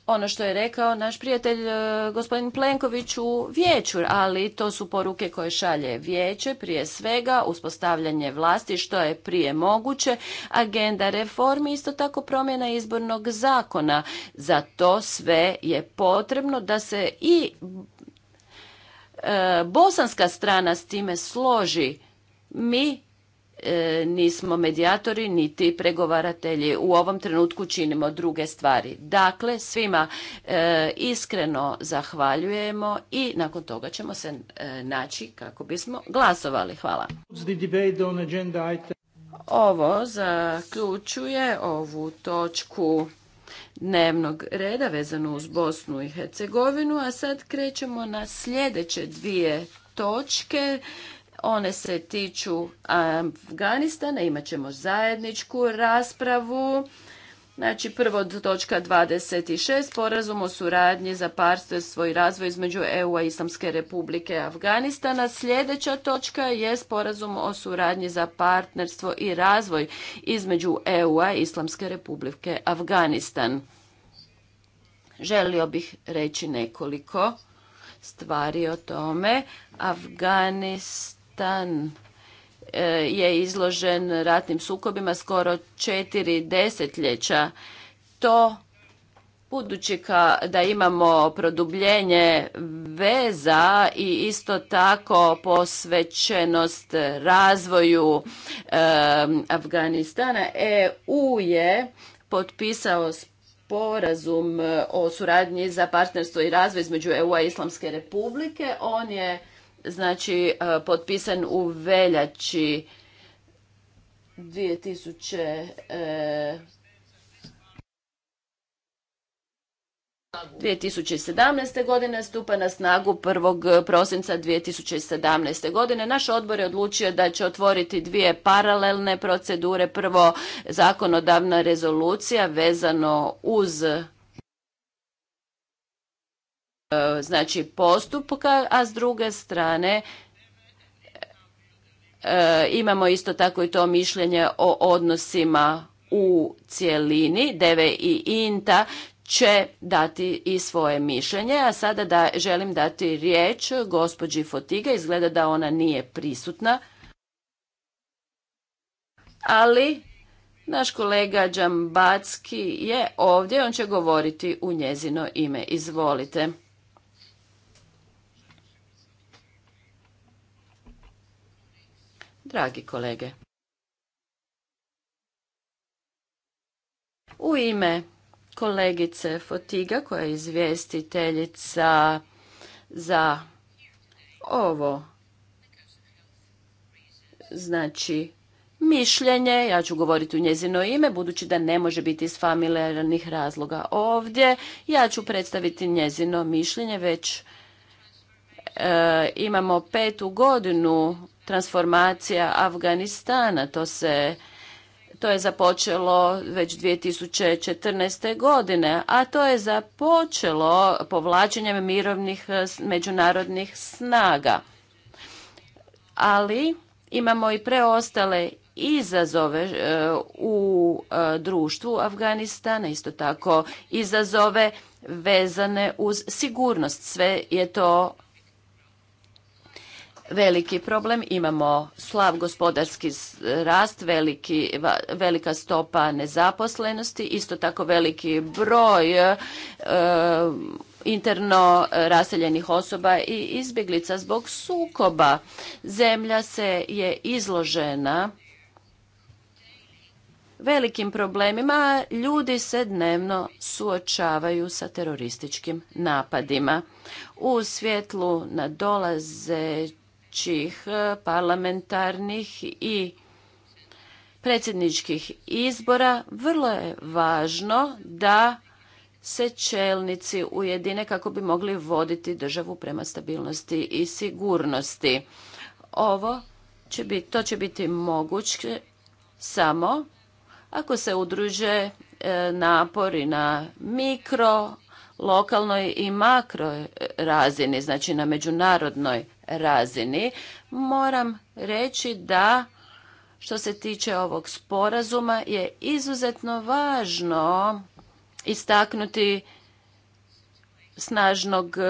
ono što je rekao naš prijatelj e, gospodin Plenković u vijeću, ali to su poruke koje šalje vijeće, prije svega uspostavljanje vlasti što je prije moguće, agenda reformi, isto tako promjena izbornog zakona. Za to sve je potrebno da se i e, bosanska strana s time složi. Mi E, nismo medijatori niti pregovaratelji. U ovom trenutku činimo druge stvari. Dakle, svima e, iskreno zahvaljujemo i nakon toga ćemo se e, naći kako bismo glasovali. Hvala. Ovo zaključuje ovu točku dnevnog reda vezanu uz Bosnu i Hercegovinu, a sad krećemo na sljedeće dvije točke. One se tiču um, Afganistana, imat ćemo zajedničku raspravu. Znači, prvo točka 26, porazum o suradnji za partnerstvo i razvoj između eu i Islamske republike Afganistana. Sljedeća točka je sporazum o suradnji za partnerstvo i razvoj između eu i Islamske republike Afganistan. Želio bih reći nekoliko stvari o tome. Afganistan Afganistan e, je izložen ratnim sukobima skoro četiri desetljeća. To budući ka, da imamo produbljenje veza i isto tako posvećenost razvoju e, Afganistana, EU je potpisao sporazum e, o suradnji za partnerstvo i razvoj između EU-a i Islamske republike. On je znači e, potpisan u veljači 2017. E, godine stupa na snagu 1. prosinca 2017. godine. Naš odbor je odlučio da će otvoriti dvije paralelne procedure. Prvo zakonodavna rezolucija vezano uz znači postupka, a s druge strane e, imamo isto tako i to mišljenje o odnosima u cjelini, Deve i Inta će dati i svoje mišljenje, a sada da želim dati riječ gospođi Fotiga, izgleda da ona nije prisutna. Ali naš kolega Đambacki je ovdje, on će govoriti u njezino ime. Izvolite. Dragi kolege, u ime kolegice Fotiga, koja je izvjestiteljica za ovo, znači mišljenje, ja ću govoriti u njezino ime, budući da ne može biti iz familijarnih razloga ovdje, ja ću predstaviti njezino mišljenje, već e, imamo petu godinu transformacija Afganistana. To se to je započelo već 2014. godine, a to je započelo povlačenjem mirovnih eh, međunarodnih snaga. Ali imamo i preostale izazove eh, u eh, društvu Afganistana, isto tako izazove vezane uz sigurnost. Sve je to veliki problem. Imamo slav gospodarski rast, veliki, velika stopa nezaposlenosti, isto tako veliki broj e, interno raseljenih osoba i izbjeglica zbog sukoba. Zemlja se je izložena velikim problemima. Ljudi se dnevno suočavaju sa terorističkim napadima. U svjetlu nadolaze čih e, parlamentarnih i predsjedničkih izbora vrlo je važno da se čelnici ujedine kako bi mogli voditi državu prema stabilnosti i sigurnosti. Ovo će biti, to će biti moguće samo ako se udruže e, napori na mikro lokalnoj i makro razini, znači na međunarodnoj razini, moram reći da što se tiče ovog sporazuma je izuzetno važno istaknuti snažnog e,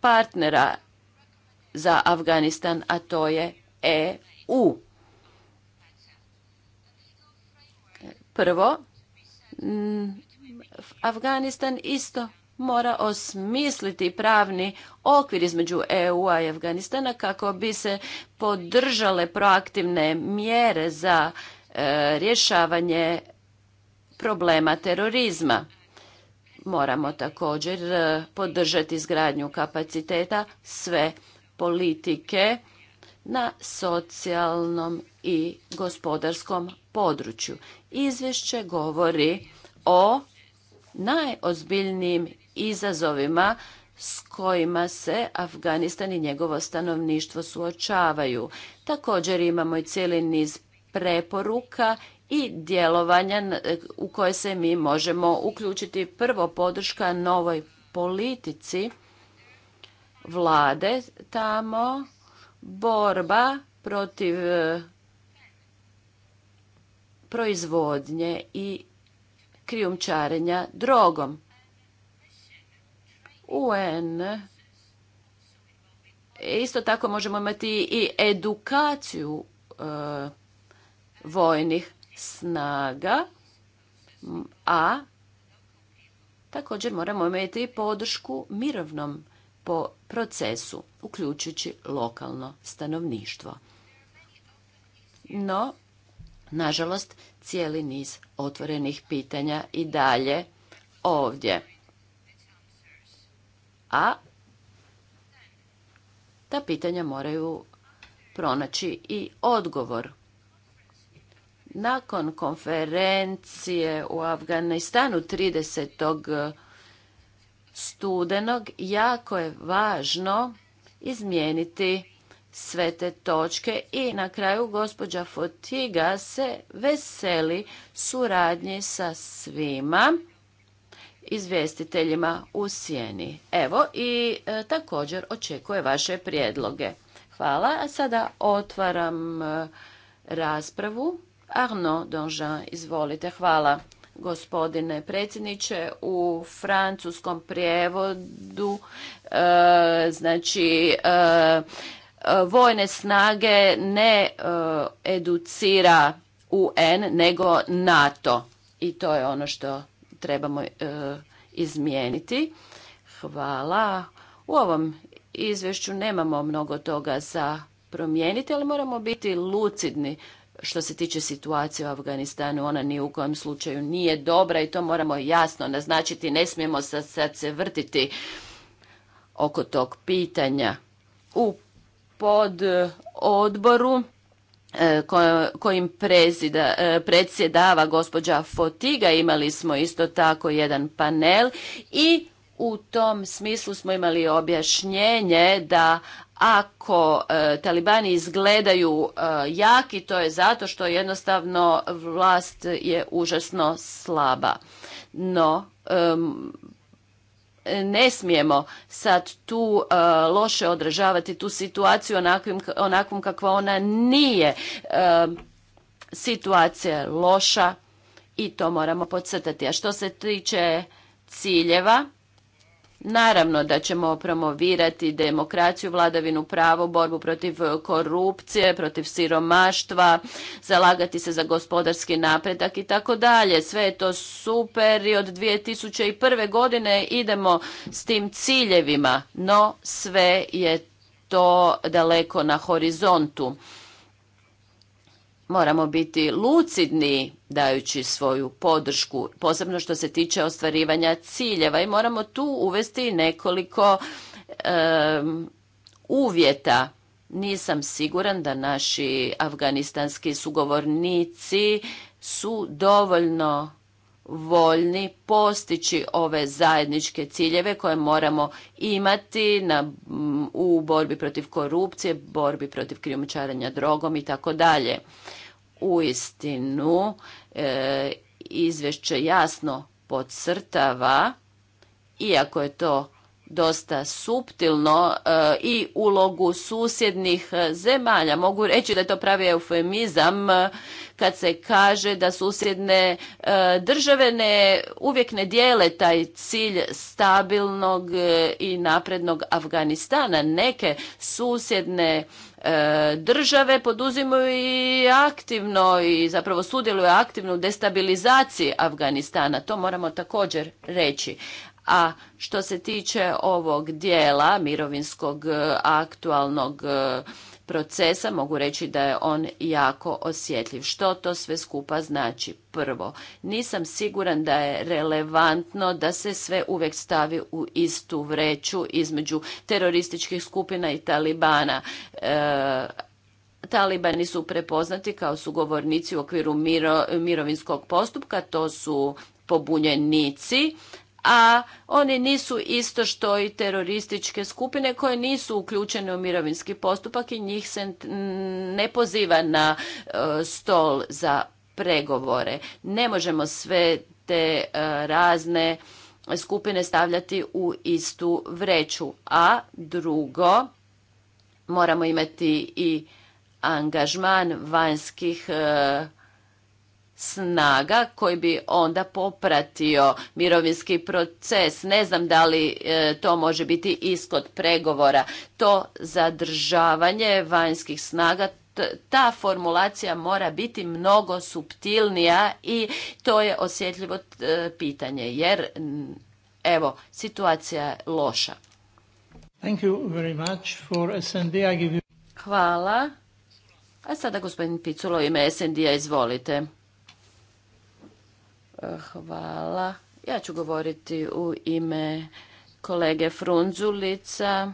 partnera za Afganistan, a to je EU. Prvo, Afganistan isto mora osmisliti pravni okvir između EU-a i Afganistana kako bi se podržale proaktivne mjere za e, rješavanje problema terorizma. Moramo također e, podržati izgradnju kapaciteta sve politike na socijalnom i gospodarskom području. Izvješće govori o najozbiljnijim izazovima s kojima se Afganistan i njegovo stanovništvo suočavaju. Također imamo i cijeli niz preporuka i djelovanja u koje se mi možemo uključiti. Prvo podrška novoj politici vlade tamo, borba protiv e, proizvodnje i krijumčarenja drogom. UN. Isto tako možemo imati i edukaciju e, vojnih snaga, a također moramo imati i podršku mirovnom po procesu, uključujući lokalno stanovništvo. No, nažalost, cijeli niz otvorenih pitanja i dalje ovdje a ta pitanja moraju pronaći i odgovor. Nakon konferencije u Afganistanu 30. studenog jako je važno izmijeniti sve te točke i na kraju gospođa Fotiga se veseli suradnji sa svima izvjestiteljima u sjeni. Evo i e, također očekuje vaše prijedloge. Hvala. A sada otvaram e, raspravu. Arnaud Donjean, izvolite. Hvala gospodine predsjedniče u francuskom prijevodu e, znači vojne snage ne educira UN nego NATO i to je ono što trebamo e, izmijeniti. Hvala. U ovom izvješću nemamo mnogo toga za promijeniti, ali moramo biti lucidni što se tiče situacije u Afganistanu, ona ni u kojem slučaju nije dobra i to moramo jasno naznačiti. Ne smijemo sad, se vrtiti oko tog pitanja. U pod odboru E, kojim prezida, e, predsjedava gospođa Fotiga. Imali smo isto tako jedan panel i u tom smislu smo imali objašnjenje da ako e, talibani izgledaju e, jaki, to je zato što jednostavno vlast je užasno slaba. No, ne smijemo sad tu e, loše održavati tu situaciju onakvim, onakvom kakva ona nije. E, situacija loša i to moramo podcrtati. A što se tiče ciljeva, Naravno da ćemo promovirati demokraciju, vladavinu pravo, borbu protiv korupcije, protiv siromaštva, zalagati se za gospodarski napredak i tako dalje. Sve je to super i od 2001. godine idemo s tim ciljevima, no sve je to daleko na horizontu moramo biti lucidni dajući svoju podršku, posebno što se tiče ostvarivanja ciljeva i moramo tu uvesti nekoliko uvjeta. Nisam siguran da naši afganistanski sugovornici su dovoljno voljni postići ove zajedničke ciljeve koje moramo imati na, u borbi protiv korupcije, borbi protiv krijumčarenja drogom i tako dalje. U istinu, e, izvješće jasno podcrtava, iako je to dosta suptilno eh, i ulogu susjednih eh, zemalja. Mogu reći da je to pravi eufemizam eh, kad se kaže da susjedne države ne uvijek ne dijele taj cilj stabilnog i naprednog Afganistana. Neke susjedne države poduzimaju i aktivno i zapravo sudjeluju aktivno u destabilizaciji Afganistana. To moramo također reći. A što se tiče ovog dijela mirovinskog e, aktualnog e, procesa mogu reći da je on jako osjetljiv. Što to sve skupa znači? Prvo, nisam siguran da je relevantno da se sve uvijek stavi u istu vreću između terorističkih skupina i Talibana. E, talibani su prepoznati kao sugovornici u okviru mirovinskog postupka, to su pobunjenici, a oni nisu isto što i terorističke skupine koje nisu uključene u mirovinski postupak i njih se ne poziva na e, stol za pregovore. Ne možemo sve te e, razne skupine stavljati u istu vreću. A drugo, moramo imati i angažman vanjskih e, snaga koji bi onda popratio mirovinski proces. Ne znam da li e, to može biti iskod pregovora. To zadržavanje vanjskih snaga ta formulacija mora biti mnogo suptilnija i to je osjetljivo e, pitanje jer evo situacija je loša. Thank you very much for SND. Hvala. A sada gospodin Piculo ime SND-a izvolite. Hvala. Ja ću govoriti u ime kolege Frunzulica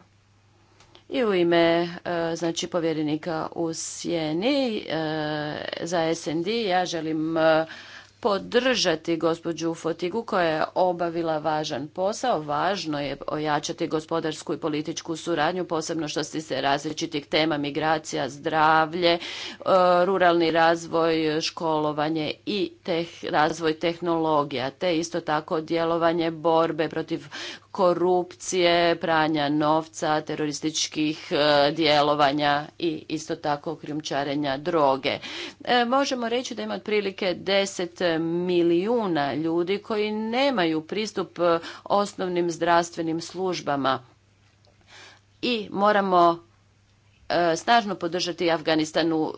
i u ime e, znači povjerenika u Sjeni e, za SND. Ja želim e, podržati gospođu Fotigu koja je obavila važan posao. Važno je ojačati gospodarsku i političku suradnju, posebno što se različitih tema migracija, zdravlje, e, ruralni razvoj, školovanje i razvoj tehnologija, te isto tako djelovanje borbe protiv korupcije, pranja novca, terorističkih e, djelovanja i isto tako krijumčarenja droge. E, možemo reći da ima otprilike 10 milijuna ljudi koji nemaju pristup e, osnovnim zdravstvenim službama i moramo snažno podržati afganistanu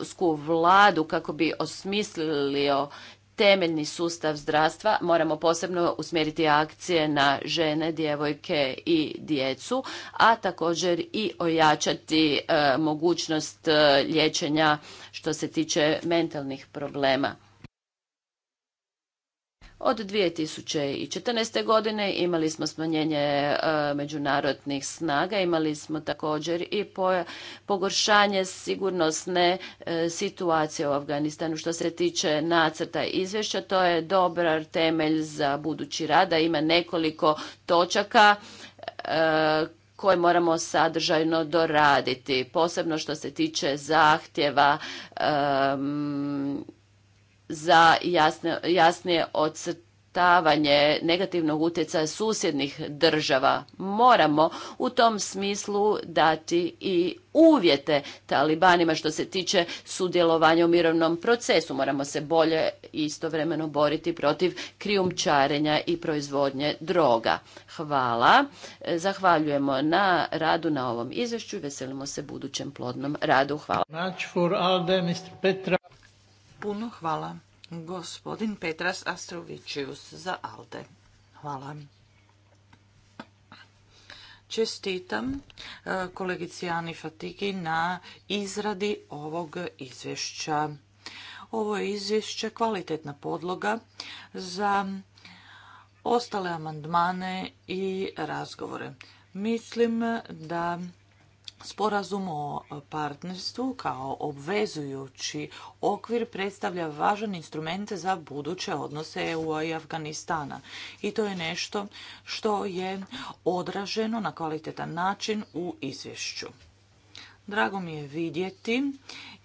vladu kako bi osmislio temeljni sustav zdravstva moramo posebno usmjeriti akcije na žene, djevojke i djecu, a također i ojačati e, mogućnost e, liječenja što se tiče mentalnih problema. Od 2014. godine imali smo smanjenje e, međunarodnih snaga, imali smo također i pogoršanje sigurnosne e, situacije u Afganistanu. Što se tiče nacrta izvješća, to je dobar temelj za budući rada. Ima nekoliko točaka e, koje moramo sadržajno doraditi, posebno što se tiče zahtjeva za jasne, jasnije ocrtavanje negativnog utjecaja susjednih država. Moramo u tom smislu dati i uvjete talibanima što se tiče sudjelovanja u mirovnom procesu. Moramo se bolje istovremeno boriti protiv krijumčarenja i proizvodnje droga. Hvala. Zahvaljujemo na radu na ovom izvješću i veselimo se budućem plodnom radu. Hvala. Puno hvala. Gospodin Petras Astrovičius za Alde. Hvala. Čestitam e, kolegici Ani na izradi ovog izvješća. Ovo je izvješće kvalitetna podloga za ostale amandmane i razgovore. Mislim da Sporazum o partnerstvu kao obvezujući okvir predstavlja važan instrument za buduće odnose EU i Afganistana. I to je nešto što je odraženo na kvalitetan način u izvješću. Drago mi je vidjeti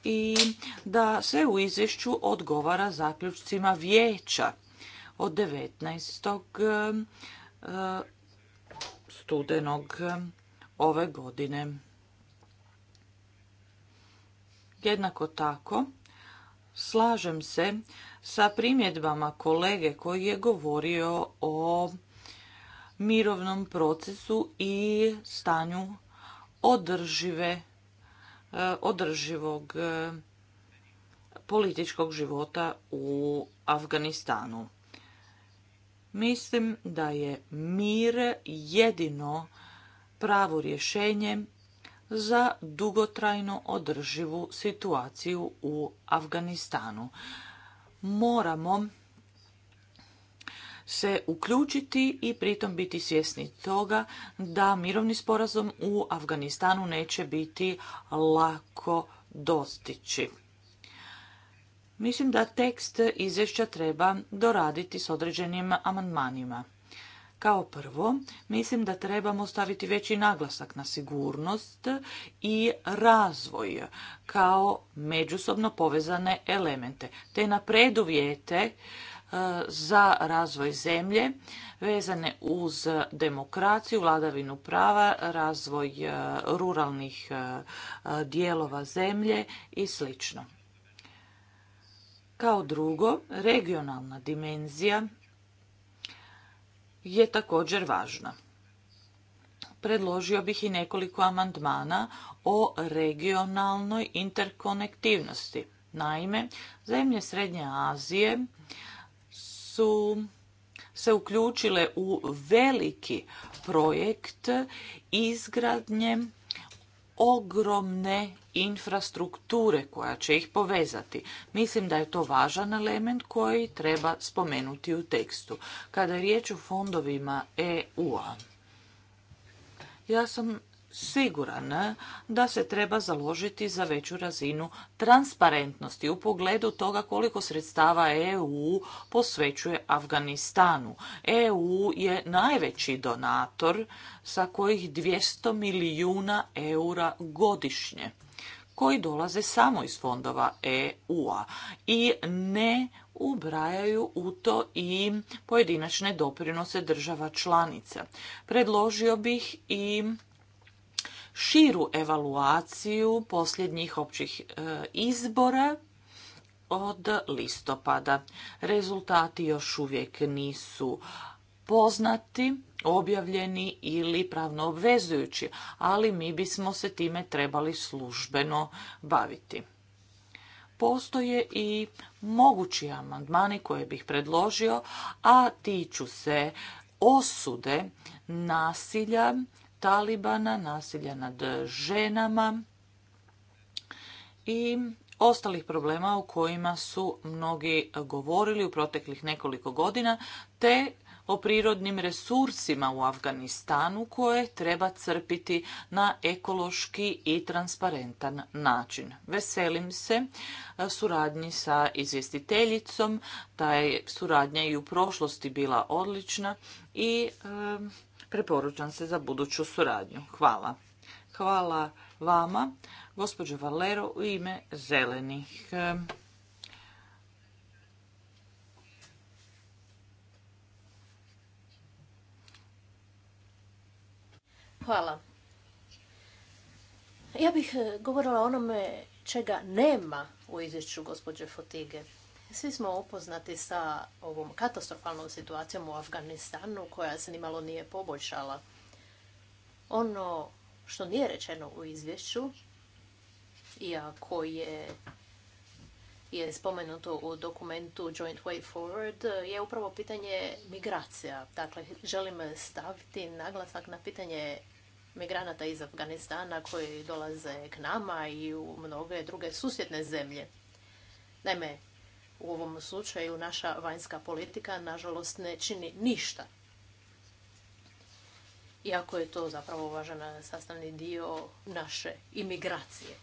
i da se u izvješću odgovara zaključcima vijeća od 19. Eh, studenog eh, ove godine. Jednako tako, slažem se sa primjedbama kolege koji je govorio o mirovnom procesu i stanju održive, e, održivog e, političkog života u Afganistanu. Mislim da je mir jedino pravo rješenje za dugotrajno održivu situaciju u Afganistanu. Moramo se uključiti i pritom biti svjesni toga da mirovni sporazum u Afganistanu neće biti lako dostići. Mislim da tekst izvješća treba doraditi s određenim amandmanima. Kao prvo, mislim da trebamo staviti veći naglasak na sigurnost i razvoj kao međusobno povezane elemente, te na preduvjete e, za razvoj zemlje vezane uz demokraciju, vladavinu prava, razvoj e, ruralnih e, dijelova zemlje i sl. Kao drugo, regionalna dimenzija je također važna. Predložio bih i nekoliko amandmana o regionalnoj interkonektivnosti. Naime, zemlje Srednje Azije su se uključile u veliki projekt izgradnje ogromne infrastrukture koja će ih povezati. Mislim da je to važan element koji treba spomenuti u tekstu. Kada je riječ o fondovima EU-a, ja sam siguran eh, da se treba založiti za veću razinu transparentnosti u pogledu toga koliko sredstava EU posvećuje Afganistanu. EU je najveći donator sa kojih 200 milijuna eura godišnje koji dolaze samo iz fondova EU-a i ne ubrajaju u to i pojedinačne doprinose država članica. Predložio bih i širu evaluaciju posljednjih općih e, izbora od listopada. Rezultati još uvijek nisu poznati, objavljeni ili pravno obvezujući, ali mi bismo se time trebali službeno baviti. Postoje i mogući amandmani koje bih predložio, a tiču se osude nasilja Talibana, nasilja nad ženama i ostalih problema o kojima su mnogi govorili u proteklih nekoliko godina, te o prirodnim resursima u Afganistanu koje treba crpiti na ekološki i transparentan način. Veselim se suradnji sa izvjestiteljicom, ta je suradnja i u prošlosti bila odlična i preporučam se za buduću suradnju. Hvala. Hvala vama, gospođo Valero, u ime zelenih. Hvala. Ja bih eh, govorila o onome čega nema u izvješću gospođe Fotige. Svi smo upoznati sa ovom katastrofalnom situacijom u Afganistanu koja se nimalo nije poboljšala. Ono što nije rečeno u izvješću, iako je je spomenuto u dokumentu Joint Way Forward je upravo pitanje migracija. Dakle, želim staviti naglasak na pitanje migranata iz Afganistana koji dolaze k nama i u mnoge druge susjedne zemlje. Naime, u ovom slučaju naša vanjska politika nažalost ne čini ništa. Iako je to zapravo važan sastavni dio naše imigracije.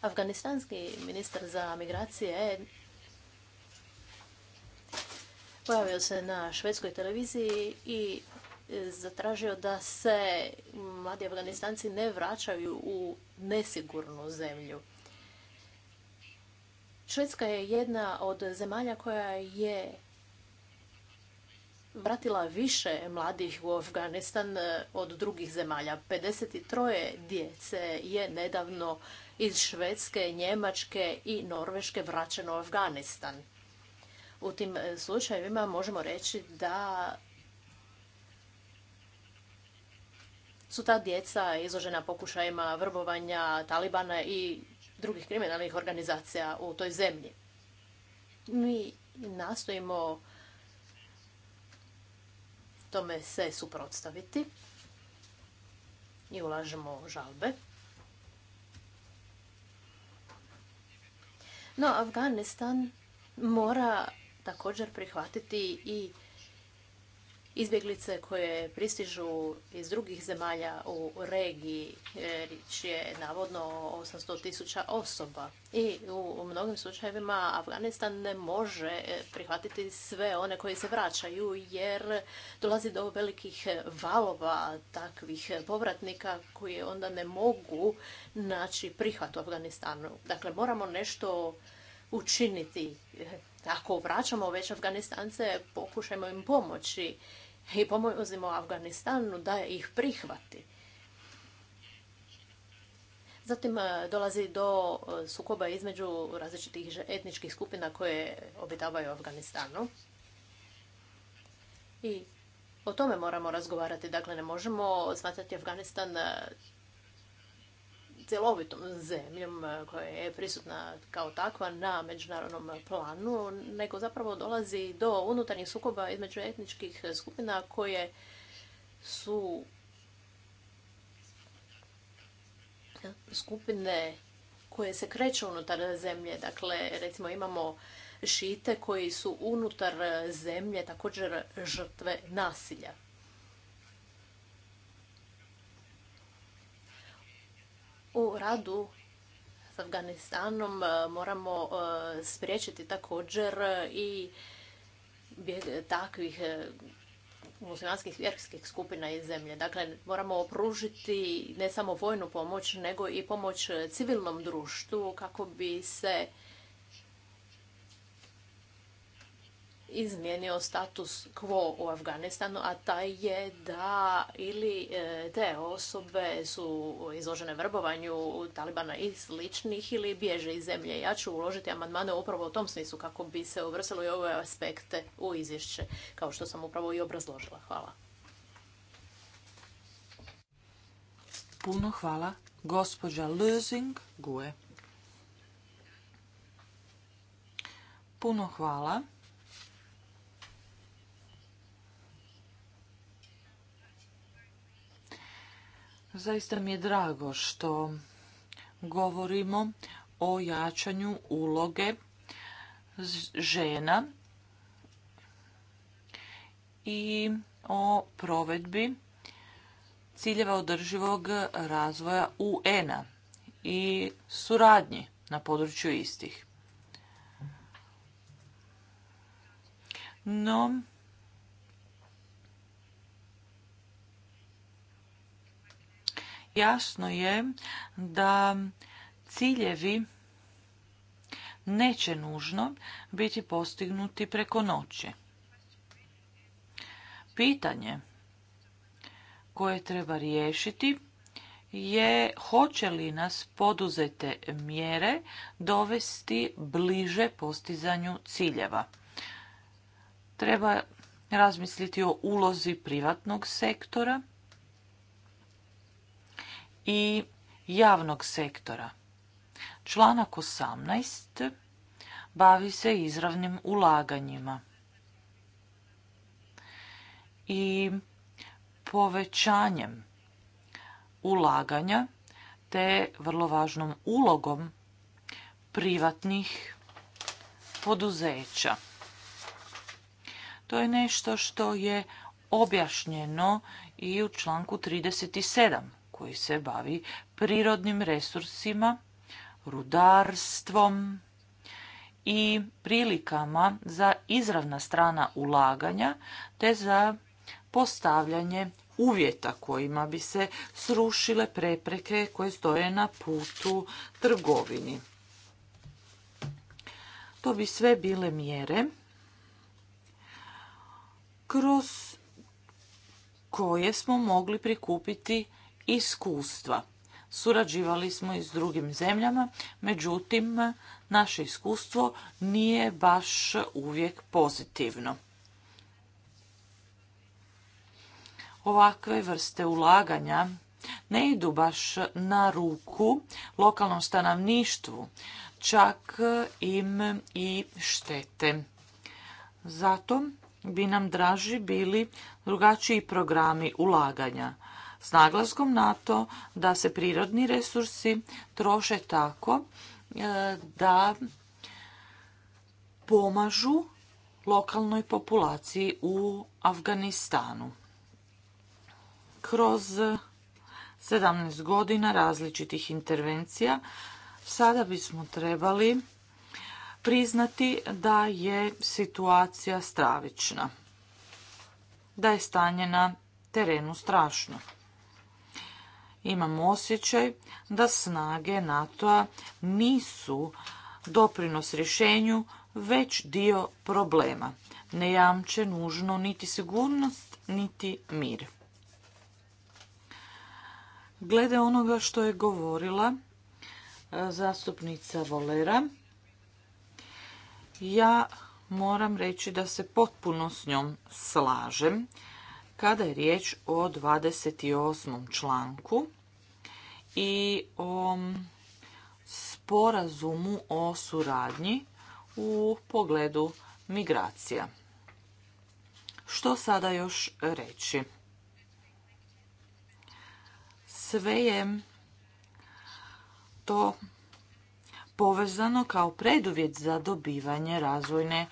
Afganistanski ministar za migracije pojavio se na švedskoj televiziji i zatražio da se mladi Afganistanci ne vraćaju u nesigurnu zemlju. Švedska je jedna od zemalja koja je vratila više mladih u Afganistan e, od drugih zemalja. 53 djece je nedavno iz Švedske, Njemačke i Norveške vraćeno u Afganistan. U tim e, slučajevima možemo reći da su ta djeca izložena pokušajima vrbovanja Talibana i drugih kriminalnih organizacija u toj zemlji. Mi nastojimo tome se suprotstaviti i ulažemo žalbe. No, Afganistan mora također prihvatiti i izbjeglice koje pristižu iz drugih zemalja u regiji, e, riječ je navodno 800 tisuća osoba. I u mnogim slučajevima Afganistan ne može e, prihvatiti sve one koji se vraćaju jer dolazi do velikih valova takvih povratnika koji onda ne mogu naći prihvat u Afganistanu. Dakle, moramo nešto učiniti. E, ako vraćamo već Afganistance, pokušajmo im pomoći i pomozimo Afganistanu da ih prihvati. Zatim e, dolazi do e, sukoba između različitih etničkih skupina koje obitavaju Afganistanu. I o tome moramo razgovarati. Dakle, ne možemo smatrati Afganistan e, cjelovitom zemljom e, koja je prisutna kao takva na međunarodnom planu, nego zapravo dolazi do unutarnjih sukoba između etničkih skupina koje su skupine koje se kreću unutar zemlje. Dakle, recimo imamo šite koji su unutar zemlje također žrtve nasilja. U radu s Afganistanom e, moramo e, spriječiti također e, i takvih muslimanskih vjerskih skupina iz zemlje. Dakle, moramo pružiti ne samo vojnu pomoć, nego i pomoć civilnom društvu kako bi se izmijenio status quo u Afganistanu, a taj je da ili e, te osobe su izložene vrbovanju Talibana i sličnih ili bježe iz zemlje. Ja ću uložiti amandmane upravo u tom smislu kako bi se uvrsilo i ove aspekte u izvješće, kao što sam upravo i obrazložila. Hvala. Puno hvala. Gospođa Lusing Gue. Puno hvala. Zaista mi je drago što govorimo o jačanju uloge žena i o provedbi ciljeva održivog razvoja UN-a i suradnji na području istih. No, Jasno je da ciljevi neće nužno biti postignuti preko noći. Pitanje koje treba riješiti je hoće li nas poduzete mjere dovesti bliže postizanju ciljeva. Treba razmisliti o ulozi privatnog sektora i javnog sektora. Članak 18 bavi se izravnim ulaganjima i povećanjem ulaganja te vrlo važnom ulogom privatnih poduzeća. To je nešto što je objašnjeno i u članku 37 koji se bavi prirodnim resursima, rudarstvom i prilikama za izravna strana ulaganja te za postavljanje uvjeta kojima bi se srušile prepreke koje stoje na putu trgovini. To bi sve bile mjere kroz koje smo mogli prikupiti iskustva. Surađivali smo i s drugim zemljama, međutim, naše iskustvo nije baš uvijek pozitivno. Ovakve vrste ulaganja ne idu baš na ruku lokalnom stanovništvu, čak im i štete. Zato bi nam draži bili drugačiji programi ulaganja s naglaskom na to da se prirodni resursi troše tako e, da pomažu lokalnoj populaciji u Afganistanu. Kroz 17 godina različitih intervencija sada bismo trebali priznati da je situacija stravična, da je stanje na terenu strašno imam osjećaj da snage NATO-a nisu doprinos rješenju, već dio problema. Ne jamče nužno niti sigurnost, niti mir. Glede onoga što je govorila e, zastupnica Volera, ja moram reći da se potpuno s njom slažem kada je riječ o 28. članku i o sporazumu o suradnji u pogledu migracija. Što sada još reći? Sve je to povezano kao preduvjet za dobivanje razvojne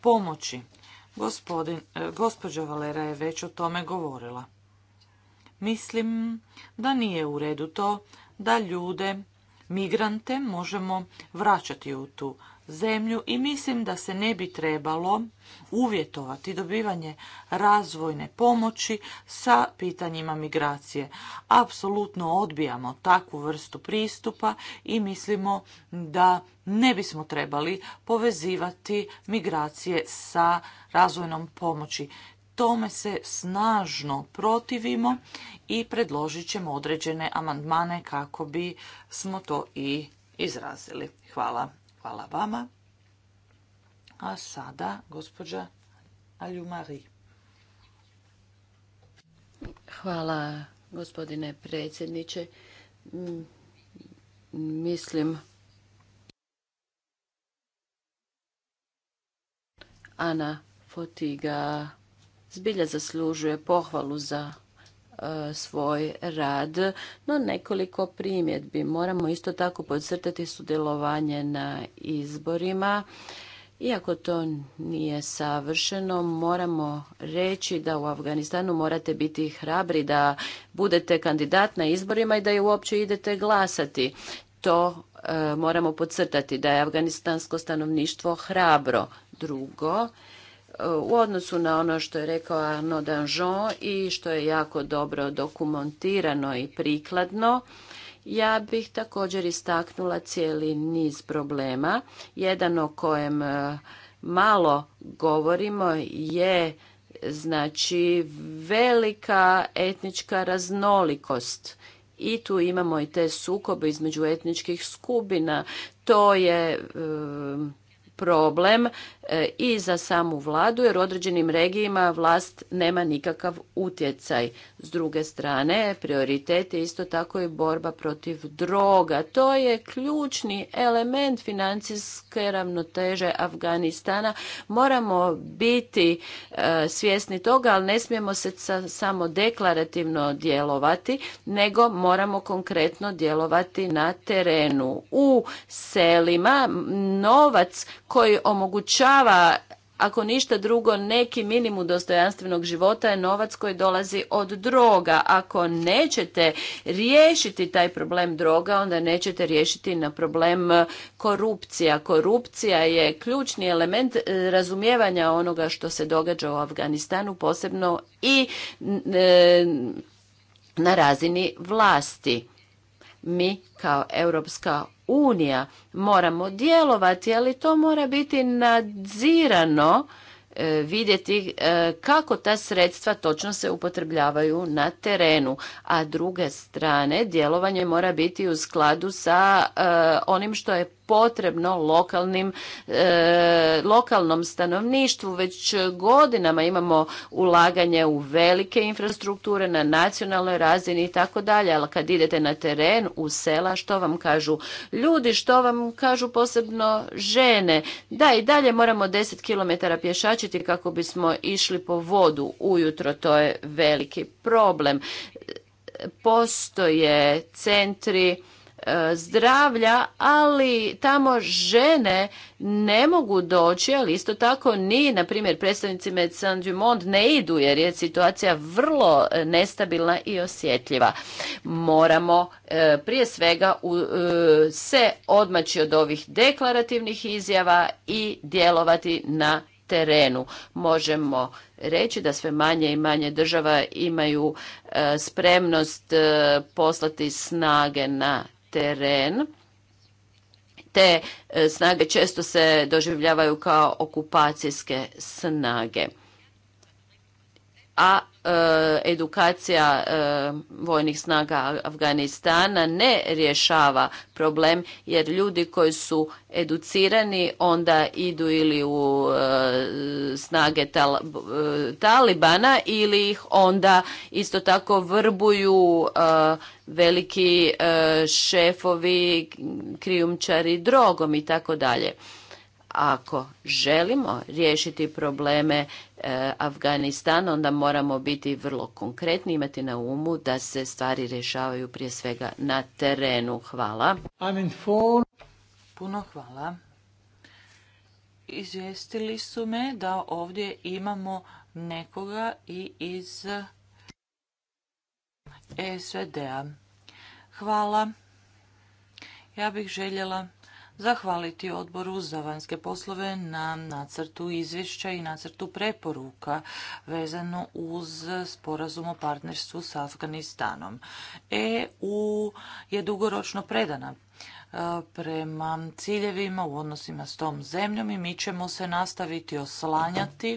pomoći. Gospodin, e, gospođa Valera je već o tome govorila. Mislim da nije u redu to da ljude, migrante, možemo vraćati u tu zemlju i mislim da se ne bi trebalo uvjetovati dobivanje razvojne pomoći sa pitanjima migracije. Apsolutno odbijamo takvu vrstu pristupa i mislimo da ne bismo trebali povezivati migracije sa razvojnom pomoći. Tome se snažno protivimo i predložit ćemo određene amandmane kako bi smo to i izrazili. Hvala. Hvala vama. A sada gospođa Aljumari. Hvala gospodine predsjedniče. Mislim Ana Fotiga zbilja zaslužuje pohvalu za svoj rad, no nekoliko primjedbi. Moramo isto tako podcrtati sudjelovanje na izborima. Iako to nije savršeno, moramo reći da u Afganistanu morate biti hrabri da budete kandidat na izborima i da je uopće idete glasati. To e, moramo podcrtati da je afganistansko stanovništvo hrabro. Drugo, u odnosu na ono što je rekao Arnaud Danjean i što je jako dobro dokumentirano i prikladno, ja bih također istaknula cijeli niz problema. Jedan o kojem e, malo govorimo je znači velika etnička raznolikost i tu imamo i te sukobe između etničkih skupina. To je e, problem e, i za samu vladu jer u određenim regijima vlast nema nikakav utjecaj s druge strane, prioritet je isto tako i borba protiv droga. To je ključni element financijske ravnoteže Afganistana. Moramo biti e, svjesni toga, ali ne smijemo se samo deklarativno djelovati, nego moramo konkretno djelovati na terenu. U selima novac koji omogućava ako ništa drugo, neki minimum dostojanstvenog života je novac koji dolazi od droga. Ako nećete riješiti taj problem droga, onda nećete riješiti na problem e, korupcija. Korupcija je ključni element e, razumijevanja onoga što se događa u Afganistanu, posebno i e, na razini vlasti. Mi kao Europska unija. Moramo djelovati, ali to mora biti nadzirano e, vidjeti e, kako ta sredstva točno se upotrebljavaju na terenu. A druge strane, djelovanje mora biti u skladu sa e, onim što je potrebno lokalnim, e, lokalnom stanovništvu. Već godinama imamo ulaganje u velike infrastrukture na nacionalnoj razini i tako dalje, ali kad idete na teren u sela, što vam kažu ljudi, što vam kažu posebno žene. Da, i dalje moramo 10 km pješačiti kako bismo išli po vodu ujutro, to je veliki problem. Postoje centri E, zdravlja, ali tamo žene ne mogu doći, ali isto tako ni, na primjer, predstavnici Med saint Dumont ne idu jer je situacija vrlo e, nestabilna i osjetljiva. Moramo e, prije svega se odmaći od ovih deklarativnih izjava i djelovati na terenu. Možemo reći da sve manje i manje država imaju spremnost poslati snage na teren. Te e, snage često se doživljavaju kao okupacijske snage. A Eh, edukacija eh, vojnih snaga Afganistana ne rješava problem jer ljudi koji su educirani onda idu ili u eh, snage Talibana ili ih onda isto tako vrbuju veliki šefovi krijumčari drogom i tako dalje ako želimo riješiti probleme e, Afganistana, onda moramo biti vrlo konkretni, imati na umu da se stvari rješavaju prije svega na terenu. Hvala. Puno hvala. Izvijestili su me da ovdje imamo nekoga i iz e SVD-a. Hvala. Ja bih željela zahvaliti odboru za vanjske poslove na nacrtu izvješća i nacrtu preporuka vezano uz sporazum o partnerstvu s Afganistanom. EU je dugoročno predana e, prema ciljevima u odnosima s tom zemljom i mi ćemo se nastaviti oslanjati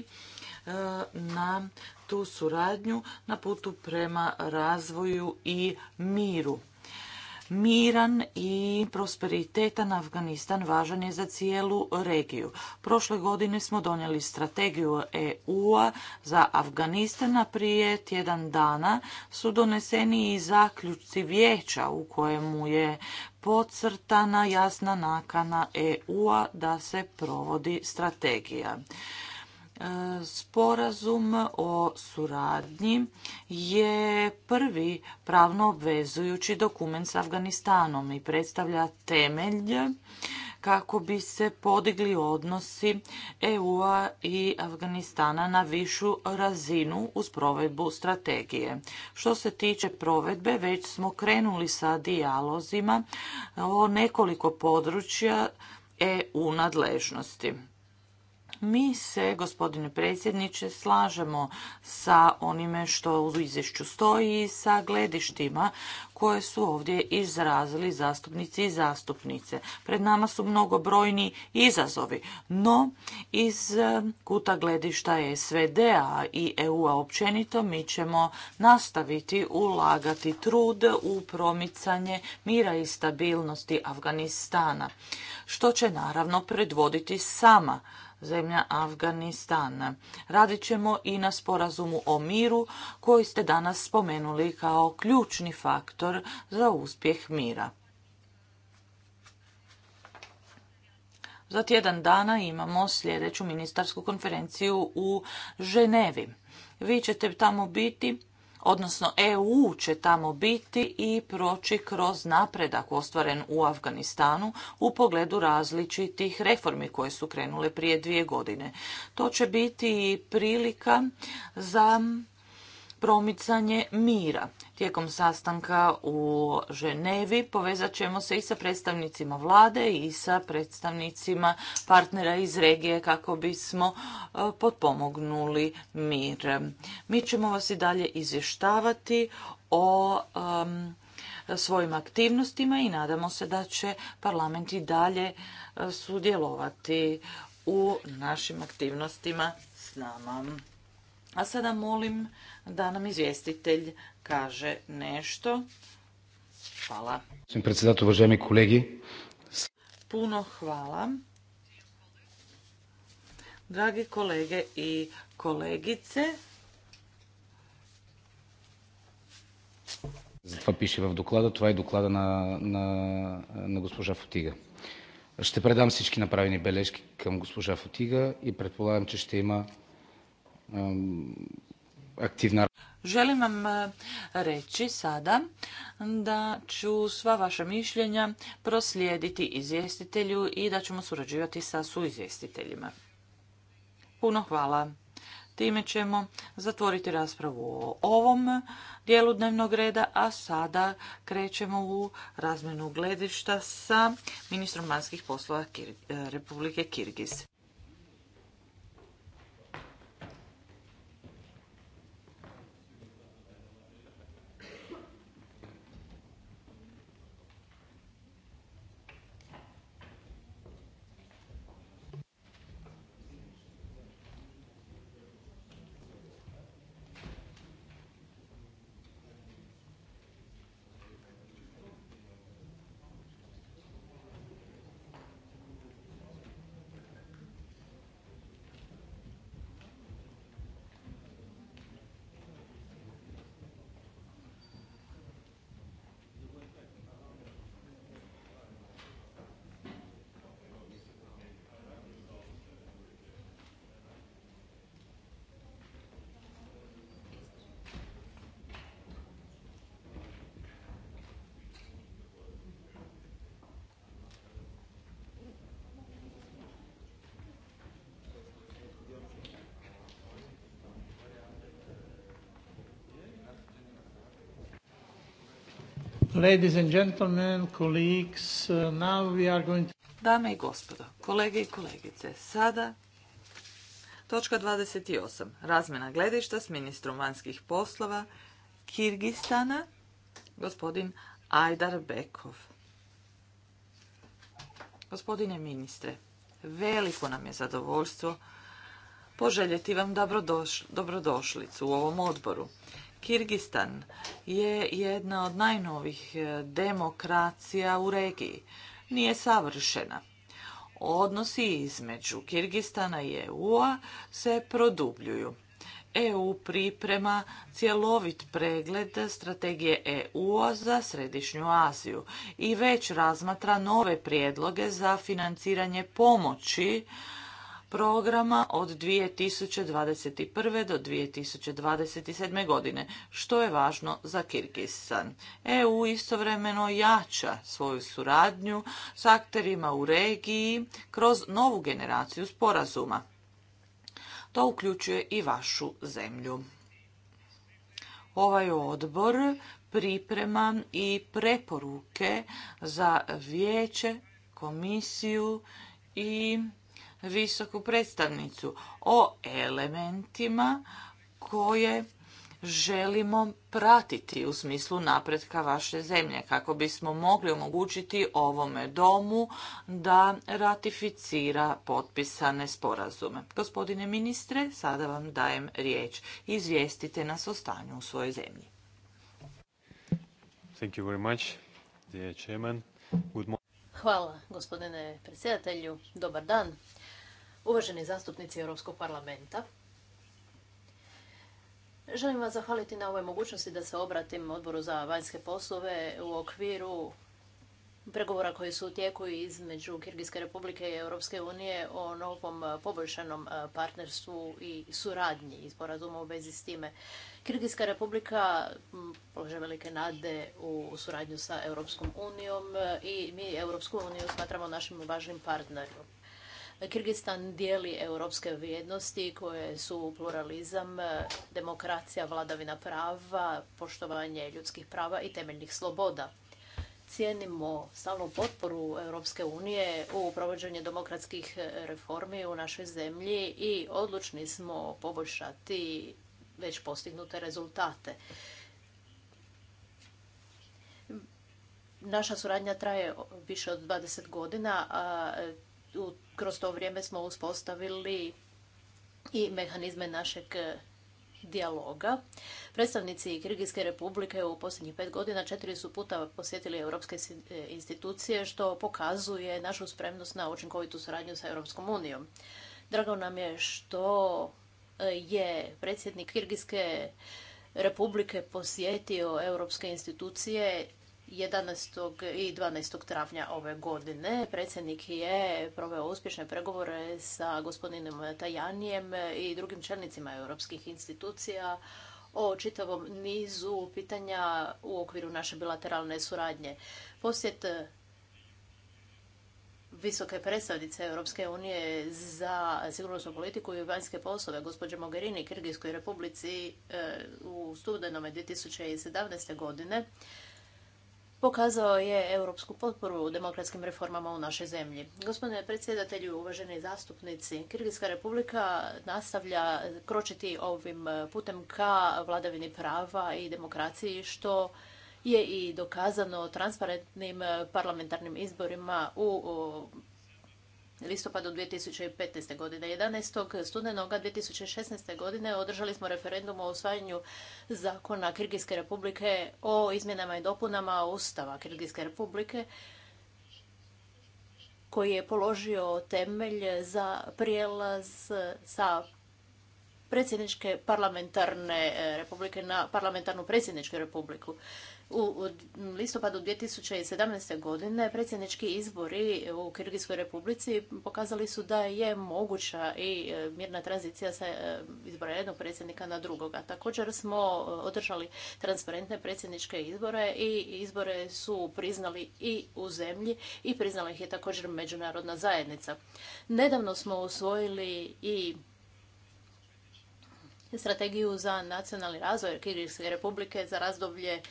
e, na tu suradnju na putu prema razvoju i miru. Miran i prosperitetan Afganistan važan je za cijelu regiju. Prošle godine smo donijeli strategiju EU-a za Afganistan, a prije tjedan dana su doneseni i zaključci vijeća u kojemu je podcrtana jasna nakana EU-a da se provodi strategija. Sporazum o suradnji je prvi pravno obvezujući dokument s Afganistanom i predstavlja temelj kako bi se podigli odnosi EU-a i Afganistana na višu razinu uz provedbu strategije. Što se tiče provedbe, već smo krenuli sa dijalozima o nekoliko područja EU nadležnosti. Mi se, gospodine predsjedniče, slažemo sa onime što u izvješću stoji i sa gledištima koje su ovdje izrazili zastupnici i zastupnice. Pred nama su mnogobrojni izazovi, no iz e, kuta gledišta SVD-a i EU-a općenito mi ćemo nastaviti ulagati trud u promicanje mira i stabilnosti Afganistana, što će naravno predvoditi sama zemlja Afganistan. Radit ćemo i na sporazumu o miru koji ste danas spomenuli kao ključni faktor za uspjeh mira. Za tjedan dana imamo sljedeću ministarsku konferenciju u Ženevi. Vi ćete tamo biti odnosno EU će tamo biti i proći kroz napredak ostvaren u Afganistanu u pogledu različitih reformi koje su krenule prije dvije godine. To će biti prilika za promicanje mira. Tijekom sastanka u Ženevi povezat ćemo se i sa predstavnicima vlade i sa predstavnicima partnera iz regije kako bismo e, potpomognuli mir. Mi ćemo vas i dalje izvještavati o svojim aktivnostima i nadamo se da će parlament i dalje e, sudjelovati u našim aktivnostima s nama. A sada molim da nam izvjestitelj kaže nešto. Hvala. predsjedatu, uvaženi kolegi. Puno hvala. Dragi kolege i kolegice, Затова пише в доклада. Това е доклада на, на, на госпожа Фотига. Ще предам всички направени бележки към госпожа Фотига и предполагам, че ще има aktivna. Želim vam e, reći sada da ću sva vaša mišljenja proslijediti izvjestitelju i da ćemo surađivati sa suizvjestiteljima. Puno hvala. Time ćemo zatvoriti raspravu o ovom dijelu dnevnog reda, a sada krećemo u razmjenu gledišta sa ministrom vanjskih poslova e, Republike Kirgiz. Ladies and uh, Dame i gospodo, kolege i kolegice, sada točka 28. Razmjena gledišta s ministrom vanjskih poslova Kirgistana, gospodin Ajdar Bekov. Gospodine ministre, veliko nam je zadovoljstvo poželjeti vam dobrodošlicu u ovom odboru. Kirgistan je jedna od najnovih e, demokracija u regiji. Nije savršena. Odnosi između Kirgistana i EU-a se produbljuju. EU priprema cjelovit pregled strategije EU a za Središnju Aziju i već razmatra nove prijedloge za financiranje pomoći programa od 2021. do 2027. godine, što je važno za Kirgistan. EU istovremeno jača svoju suradnju s akterima u regiji kroz novu generaciju sporazuma. To uključuje i vašu zemlju. Ovaj odbor priprema i preporuke za vijeće, komisiju i visoku predstavnicu o elementima koje želimo pratiti u smislu napretka vaše zemlje kako bismo mogli omogućiti ovome domu da ratificira potpisane sporazume. Gospodine ministre, sada vam dajem riječ. Izvijestite nas o stanju u svojoj zemlji. Hvala, gospodine predsjedatelju. Dobar dan uvaženi zastupnici Europskog parlamenta. Želim vas zahvaliti na ovoj mogućnosti da se obratim odboru za vanjske poslove u okviru pregovora koji su u tijeku između Kirgijske republike i Europske unije o novom poboljšanom e, partnerstvu i suradnji i sporazumu u vezi s time. Kirgijska republika polože velike nade u suradnju sa Europskom unijom e, i mi Europsku uniju smatramo našim važnim partnerom. Kirgistan dijeli europske vrijednosti koje su pluralizam, demokracija, vladavina prava, poštovanje ljudskih prava i temeljnih sloboda. Cijenimo stalnu potporu Europske unije u provođenju demokratskih reformi u našoj zemlji i odlučni smo poboljšati već postignute rezultate. Naša suradnja traje više od 20 godina, a kroz to vrijeme smo uspostavili i mehanizme našeg e, dijaloga. Predstavnici Kirgijske republike u posljednjih pet godina četiri su puta posjetili europske e, institucije, što pokazuje našu spremnost na učinkovitu suradnju sa Europskom unijom. Drago nam je što e, je predsjednik Kirgijske republike posjetio europske institucije 11. i 12. travnja ove godine. Predsjednik je proveo uspješne pregovore sa gospodinom Tajanijem i drugim čelnicima europskih institucija o čitavom nizu pitanja u okviru naše bilateralne suradnje. Posjet visoke predstavnice Europske unije za sigurnosnu politiku i vanjske poslove gospođe Mogherini Kirgijskoj republici e, u studenome 2017. godine pokazao je europsku potporu demokratskim reformama u našoj zemlji. Gospodine predsjedatelju, uvaženi zastupnici, Kirgijska republika nastavlja kročiti ovim putem ka vladavini prava i demokraciji, što je i dokazano transparentnim parlamentarnim izborima u listopadu 2015. godine. 11. studenoga 2016. godine održali smo referendum o usvajanju zakona Kirgijske republike o izmjenama i dopunama Ustava Kirgijske republike koji je položio temelj za prijelaz sa predsjedničke parlamentarne eh, republike na parlamentarnu predsjedničku republiku. U listopadu 2017. godine predsjednički izbori u Kirgijskoj republici pokazali su da je moguća i e, mirna tranzicija sa e, izbora jednog predsjednika na drugoga. Također smo e, održali transparentne predsjedničke izbore i izbore su priznali i u zemlji i priznala ih je također međunarodna zajednica. Nedavno smo usvojili i strategiju za nacionalni razvoj Kirgijske republike za razdoblje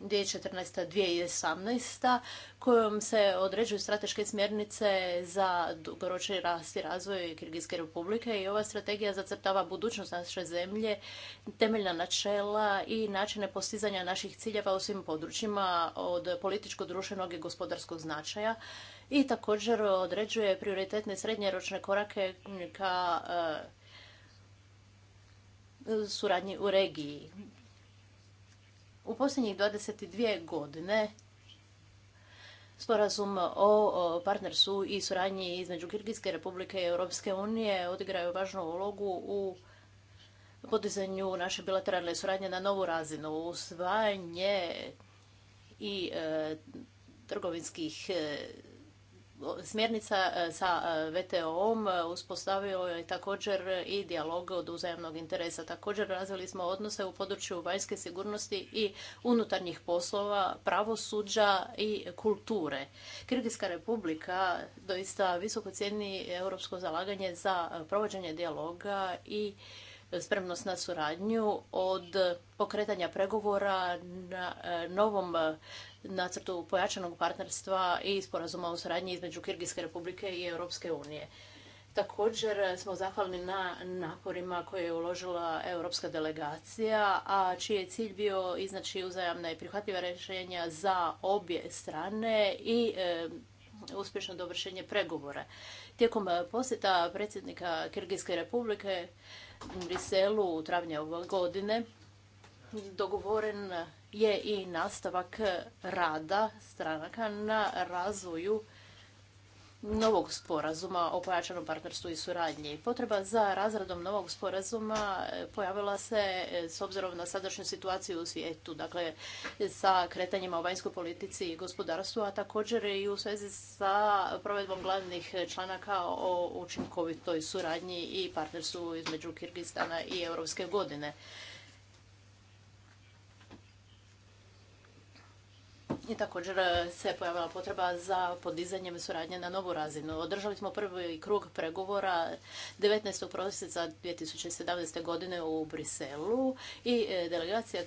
2014-2018 kojom se određuju strateške smjernice za dugoročni rast i razvoj Kirgijske republike i ova strategija zacrtava budućnost naše zemlje, temeljna načela i načine postizanja naših ciljeva u svim područjima od političko, društvenog i gospodarskog značaja i također određuje prioritetne ročne korake ka e, suradnji u regiji. U posljednjih 22 godine sporazum o partnersu i suradnji između Kirgijske republike i Europske unije odigraju važnu ulogu u podizanju naše bilateralne suradnje na novu razinu. Usvajanje i e, trgovinskih e, smjernica e, sa e, VTO-om e, uspostavio je također i dijalog od uzajamnog interesa. Također razvili smo odnose u području vanjske sigurnosti i unutarnjih poslova, pravosuđa i kulture. Kirgijska republika doista visoko cijeni europsko zalaganje za provođenje dijaloga i spremnost na suradnju od pokretanja pregovora na e, novom e, nacrtu pojačanog partnerstva i sporazuma o suradnji između Kirgijske republike i Europske unije. Također e, smo zahvalni na naporima koje je uložila europska delegacija, a čiji je cilj bio iznaći uzajamna i prihvatljiva rješenja za obje strane i uspješno dovršenje pregovora. Tijekom posjeta predsjednika Kirgijske republike u Briselu u travnju ove godine dogovoren je i nastavak rada stranaka na razvoju novog sporazuma o pojačanom partnerstvu i suradnji. Potreba za razradom novog sporazuma e, pojavila se e, s obzirom na sadašnju situaciju u svijetu, dakle sa kretanjima u vanjskoj politici i gospodarstvu, a također i u svezi sa provedbom glavnih članaka o učinkovitoj suradnji i partnerstvu između Kirgistana i Europske godine. I također e, se pojavila potreba za podizanjem suradnje na novu razinu. Održali smo prvi krug pregovora 19. prosinca 2017. godine u Briselu i e, delegacija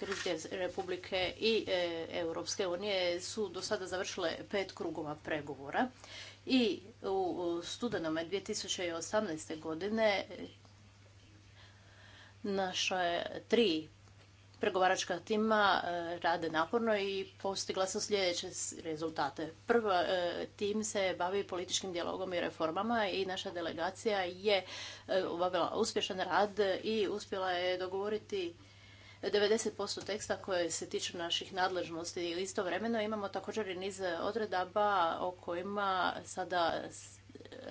Republike i e, Europske unije su do sada završile pet krugova pregovora. I u studenome 2018. godine naše tri pregovaračka tima e, rade naporno i postigla su sljedeće rezultate. Prvo, e, tim se bavi političkim dijalogom i reformama i naša delegacija je e, obavila uspješan rad i uspjela je dogovoriti 90% teksta koje se tiču naših nadležnosti. Istovremeno imamo također i niz odredaba o kojima sada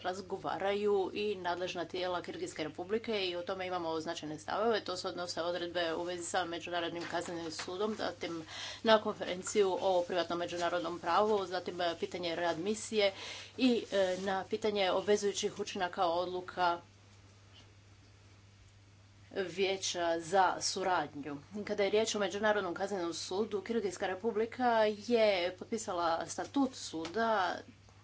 razgovaraju i nadležna tijela Kirgijske republike i o tome imamo značajne stavove. To se odnose odredbe u vezi sa Međunarodnim kaznenim sudom, zatim na konferenciju o privatnom međunarodnom pravu, zatim e, pitanje readmisije i e, na pitanje obvezujućih učinaka odluka vijeća za suradnju. Kada je riječ o Međunarodnom kaznenom sudu, Kirgijska republika je potpisala statut suda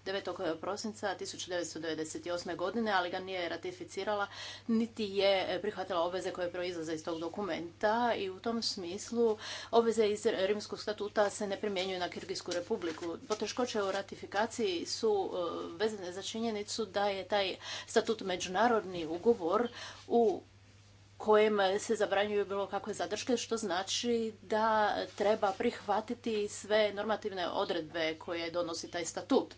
9. prosinca 1998. godine, ali ga nije ratificirala, niti je prihvatila obveze koje proizlaze iz tog dokumenta i u tom smislu obveze iz Rimskog statuta se ne primjenjuju na Kirgijsku republiku. Poteškoće u ratifikaciji su e, vezane za činjenicu da je taj statut međunarodni ugovor u kojem se zabranjuju bilo kakve zadrške, što znači da treba prihvatiti sve normativne odredbe koje donosi taj statut.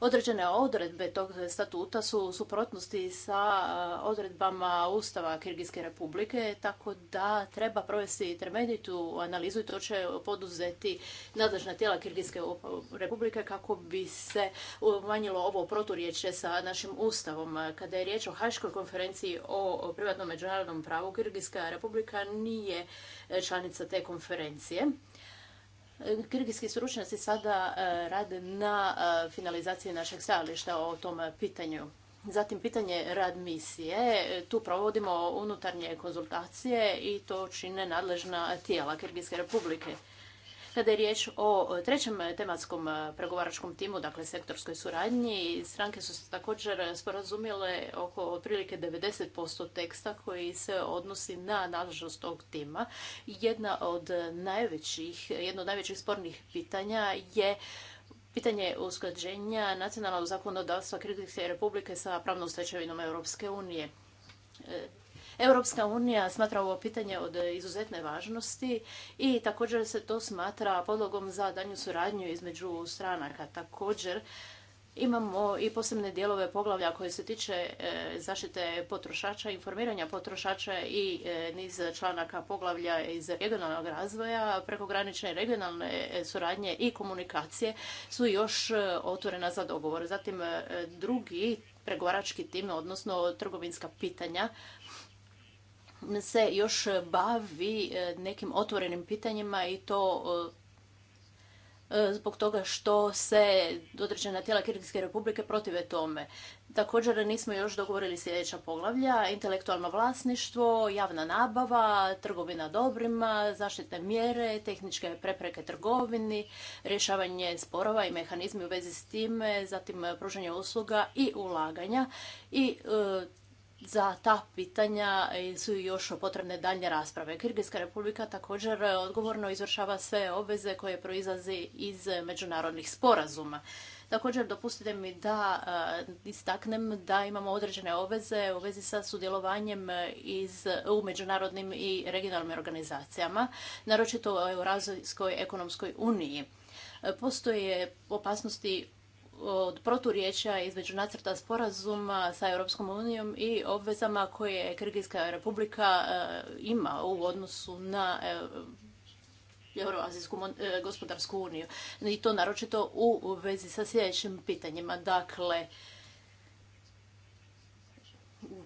Određene odredbe tog statuta su u suprotnosti sa eh, odredbama Ustava Kirgijske republike, tako da treba provesti temeljitu analizu i to će poduzeti nadležna tijela Kirgijske republike kako bi se umanjilo ovo proturječje sa našim Ustavom. Kada je riječ o Haškoj konferenciji o privatnom međunarodnom pravu, Kirgijska republika nije eh, članica te konferencije. Kirgijski stručnjaci sada e, rade na e, finalizaciji našeg stajališta o tom pitanju. Zatim pitanje rad misije. Tu provodimo unutarnje konzultacije i to čine nadležna tijela Kirgijske republike. Kada je riječ o trećem tematskom e, pregovaračkom timu, dakle sektorskoj suradnji, stranke su se također sporazumjele oko otprilike 90% teksta koji se odnosi na nadležnost tog tima. Jedna od najvećih, jedno od najvećih spornih pitanja je Pitanje usklađenja nacionalnog zakonodavstva Kritike Republike sa pravnom stečevinom Europske unije. E, Europska unija smatra ovo pitanje od izuzetne važnosti i također se to smatra podlogom za danju suradnju između stranaka. Također imamo i posebne dijelove poglavlja koje se tiče e, zaštite potrošača, informiranja potrošača i e, niz članaka poglavlja iz regionalnog razvoja, prekogranične regionalne e, suradnje i komunikacije su još otvorena za dogovor. Zatim drugi pregovarački tim, odnosno trgovinska pitanja se još bavi e, nekim otvorenim pitanjima i to e, e, zbog toga što se određena tijela Kirgijske republike protive tome. Također nismo još dogovorili sljedeća poglavlja, intelektualno vlasništvo, javna nabava, trgovina dobrima, zaštitne mjere, tehničke prepreke trgovini, rješavanje sporova i mehanizmi u vezi s time, zatim pružanje usluga i ulaganja i za ta pitanja su još potrebne dalje rasprave. Kirgijska republika također odgovorno izvršava sve obveze koje proizlaze iz međunarodnih sporazuma. Također dopustite mi da istaknem da imamo određene obveze u vezi sa sudjelovanjem iz, u međunarodnim i regionalnim organizacijama, naročito u Eurazijskoj ekonomskoj uniji. Postoje opasnosti od proturječja između nacrta sporazuma sa Europskom unijom i obvezama koje Kyrgijska republika eh, ima u odnosu na eh, Euroazijsku eh, gospodarsku uniju. I to naročito u vezi sa sljedećim pitanjima. Dakle,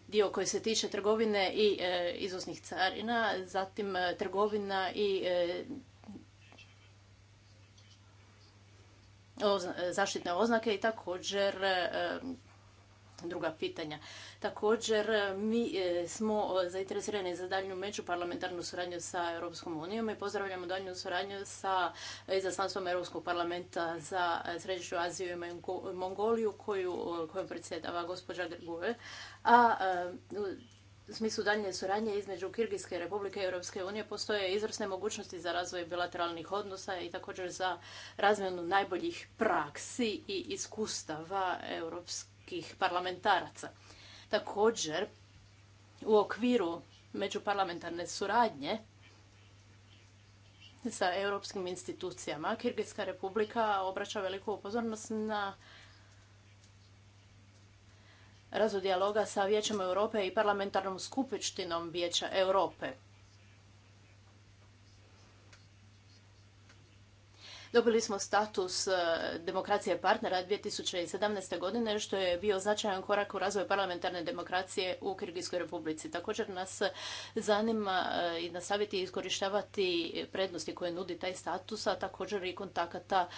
dio koji se tiče trgovine i izvoznih carina, zatim trgovina i zaštitne oznake i također e, druga pitanja. Također, e, mi e, smo zainteresirani za daljnju međuparlamentarnu suradnju sa Europskom unijom i pozdravljamo daljnju suradnju sa izaslanstvom Europskog parlamenta za Središnju Aziju i Mongoliju koju, kojom predsjedava gospođa Grgove. A u smislu daljnje suradnje između Kirgijske republike i Europske unije postoje izvrsne mogućnosti za razvoj bilateralnih odnosa i također za razmjenu najboljih praksi i iskustava europskih parlamentaraca. Također, u okviru međuparlamentarne suradnje sa europskim institucijama, Kirgijska republika obraća veliku pozornost na razvoj dijaloga sa Vijećem Europe i parlamentarnom skupštinom Vijeća Europe. Dobili smo status e, demokracije partnera 2017. godine, što je bio značajan korak u razvoju parlamentarne demokracije u Kirgijskoj republici. Također nas zanima e, i nastaviti iskorištavati prednosti koje nudi taj status, a također i kontakata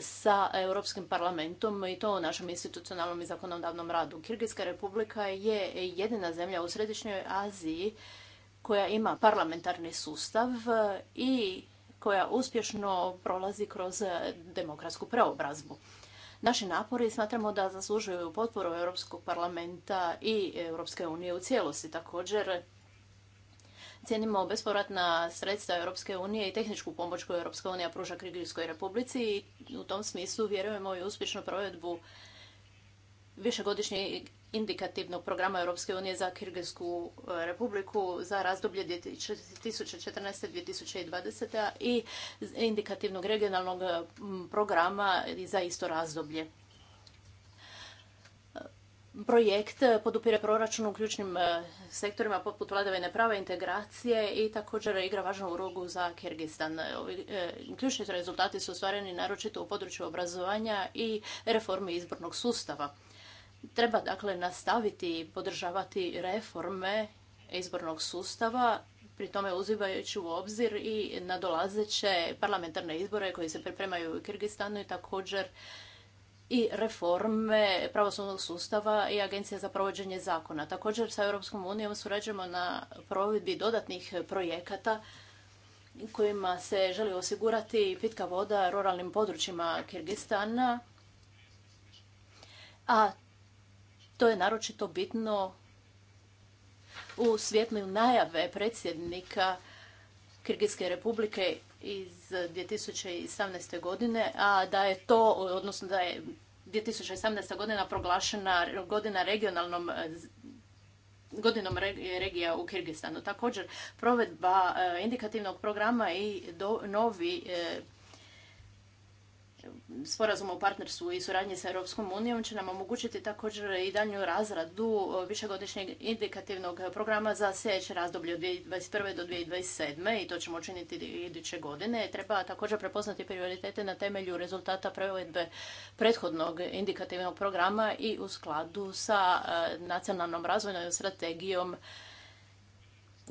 sa Europskim parlamentom i to u našem institucionalnom i zakonodavnom radu. Kirgijska republika je jedina zemlja u Središnjoj Aziji koja ima parlamentarni sustav e, i koja uspješno prolazi kroz e, demokratsku preobrazbu. Naši napori smatramo da zaslužuju potporu Europskog parlamenta i Europske unije u cijelosti. Također, cijenimo bespovratna sredstva Europske unije i tehničku pomoć koju Europska unija pruža Kirgijskoj republici i u tom smislu vjerujemo i uspješnu provedbu višegodišnjeg indikativnog programa Europske unije za Kirgijsku e, republiku za razdoblje 2014-2020 i indikativnog regionalnog e, programa za isto razdoblje. E, projekt podupire proračun u ključnim sektorima poput vladavine prava, integracije i također igra važnu ulogu za Kirgistan. Ovi, ključni rezultati su ostvareni naročito u području obrazovanja i reformi izbornog sustava. Treba dakle nastaviti i podržavati reforme izbornog sustava, pri tome uzivajući u obzir i nadolazeće parlamentarne izbore koji se pripremaju u Kirgistanu i također i reforme pravosudnog sustava i Agencija za provođenje zakona. Također sa Europskom unijom surađujemo na provedbi dodatnih projekata kojima se želi osigurati pitka voda ruralnim područjima Kirgistana, a to je naročito bitno u svjetlu najave predsjednika Kirgijske republike iz 2017. godine, a da je to, odnosno da je 2017. godina proglašena godina regionalnom godinom regija u Kirgistanu. Također, provedba e, indikativnog programa i novi e, sporazum o partnerstvu i suradnji sa Europskom unijom će nam omogućiti također i daljnju razradu e, višegodišnjeg indikativnog programa za sljedeće razdoblje od 2021. do 2027. i to ćemo učiniti iduće godine. Treba također prepoznati prioritete na temelju rezultata provedbe prethodnog indikativnog programa i u skladu sa e, nacionalnom razvojnom strategijom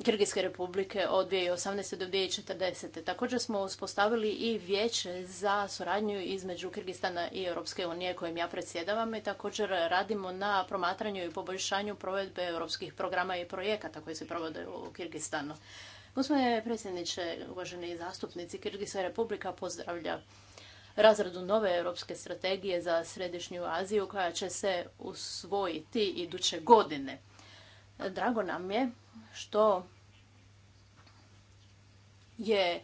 Kirgijske republike od 2018. do 2040. Također smo uspostavili i vijeće za suradnju između Kirgistana i Europske unije kojim ja predsjedavam i također radimo na promatranju i poboljšanju provedbe europskih programa i projekata koji se provode u Kirgistanu. Gospodine predsjedniče, uvaženi zastupnici, Kirgijska republika pozdravlja razradu nove europske strategije za središnju Aziju koja će se usvojiti iduće godine. Drago nam je što je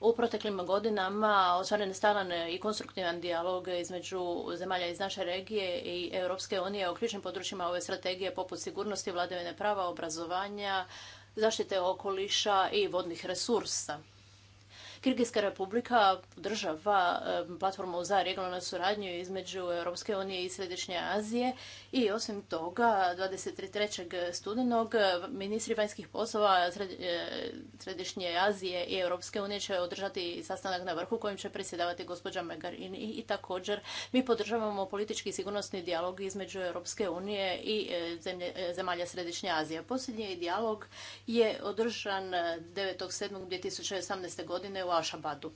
u proteklim godinama ostvaren stalan i konstruktivan dijalog između zemalja iz naše regije i Europske unije o ključnim područjima ove strategije poput sigurnosti, vladavine prava, obrazovanja, zaštite okoliša i vodnih resursa. Kirgijska republika podržava platformu za regionalnu suradnju između Europske unije i Središnje Azije i osim toga 23. studenog ministri vanjskih poslova e, Središnje Azije i Europske unije će održati sastanak na vrhu kojim će predsjedavati gospođa Megarin i također mi podržavamo politički i sigurnosni dijalog između Europske unije i e, e, zemalja Središnje Azije. Posljednji dijalog je održan 9.7.2018. godine u Ašabadu.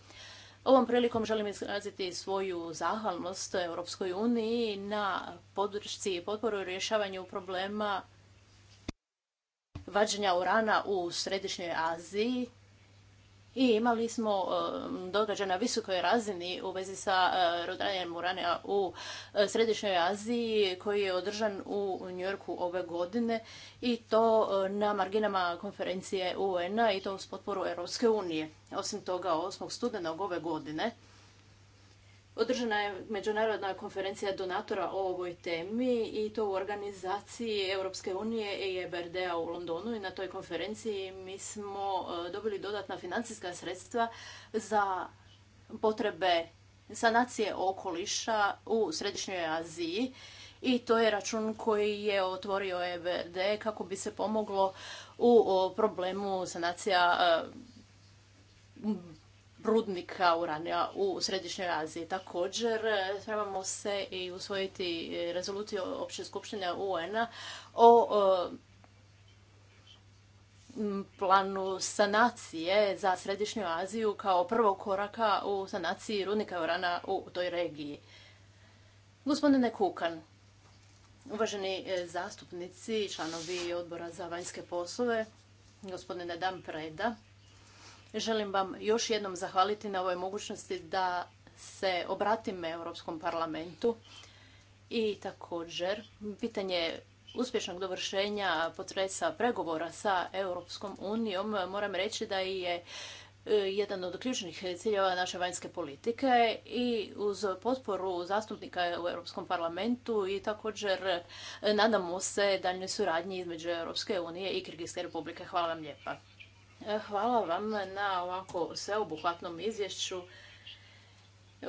Ovom prilikom želim izraziti svoju zahvalnost Europskoj uniji na podršci i potporu u rješavanju problema vađenja urana u Središnjoj Aziji i imali smo e, događaj na visokoj razini u vezi sa e, rodanjem Uranija u e, Središnjoj Aziji koji je održan u Njorku ove godine i to na marginama konferencije UN-a i to uz potporu Europske unije. Osim toga, 8. studenog ove godine Održana je međunarodna konferencija donatora o ovoj temi i to u organizaciji Europske unije e i EBRD-a u Londonu i na toj konferenciji mi smo e, dobili dodatna financijska sredstva za potrebe sanacije okoliša u Središnjoj Aziji i to je račun koji je otvorio EBRD kako bi se pomoglo u problemu sanacija e, rudnika uranija u Središnjoj Aziji. Također, e, trebamo se i usvojiti e, rezoluciju Opće skupštine UN-a o, e, planu sanacije za Središnju Aziju kao prvog koraka u sanaciji rudnika urana u toj regiji. Gospodine Kukan, uvaženi zastupnici, članovi odbora za vanjske poslove, gospodine Dan Preda, Želim vam još jednom zahvaliti na ovoj mogućnosti da se obratim Europskom parlamentu i također pitanje uspješnog dovršenja potresa pregovora sa Europskom unijom moram reći da je e, jedan od ključnih ciljeva naše vanjske politike i uz potporu zastupnika u Europskom parlamentu i također e, nadamo se daljnoj suradnji između Europske unije i Kirgijske republike. Hvala vam lijepa. E, hvala vam na ovako sveobuhvatnom izvješću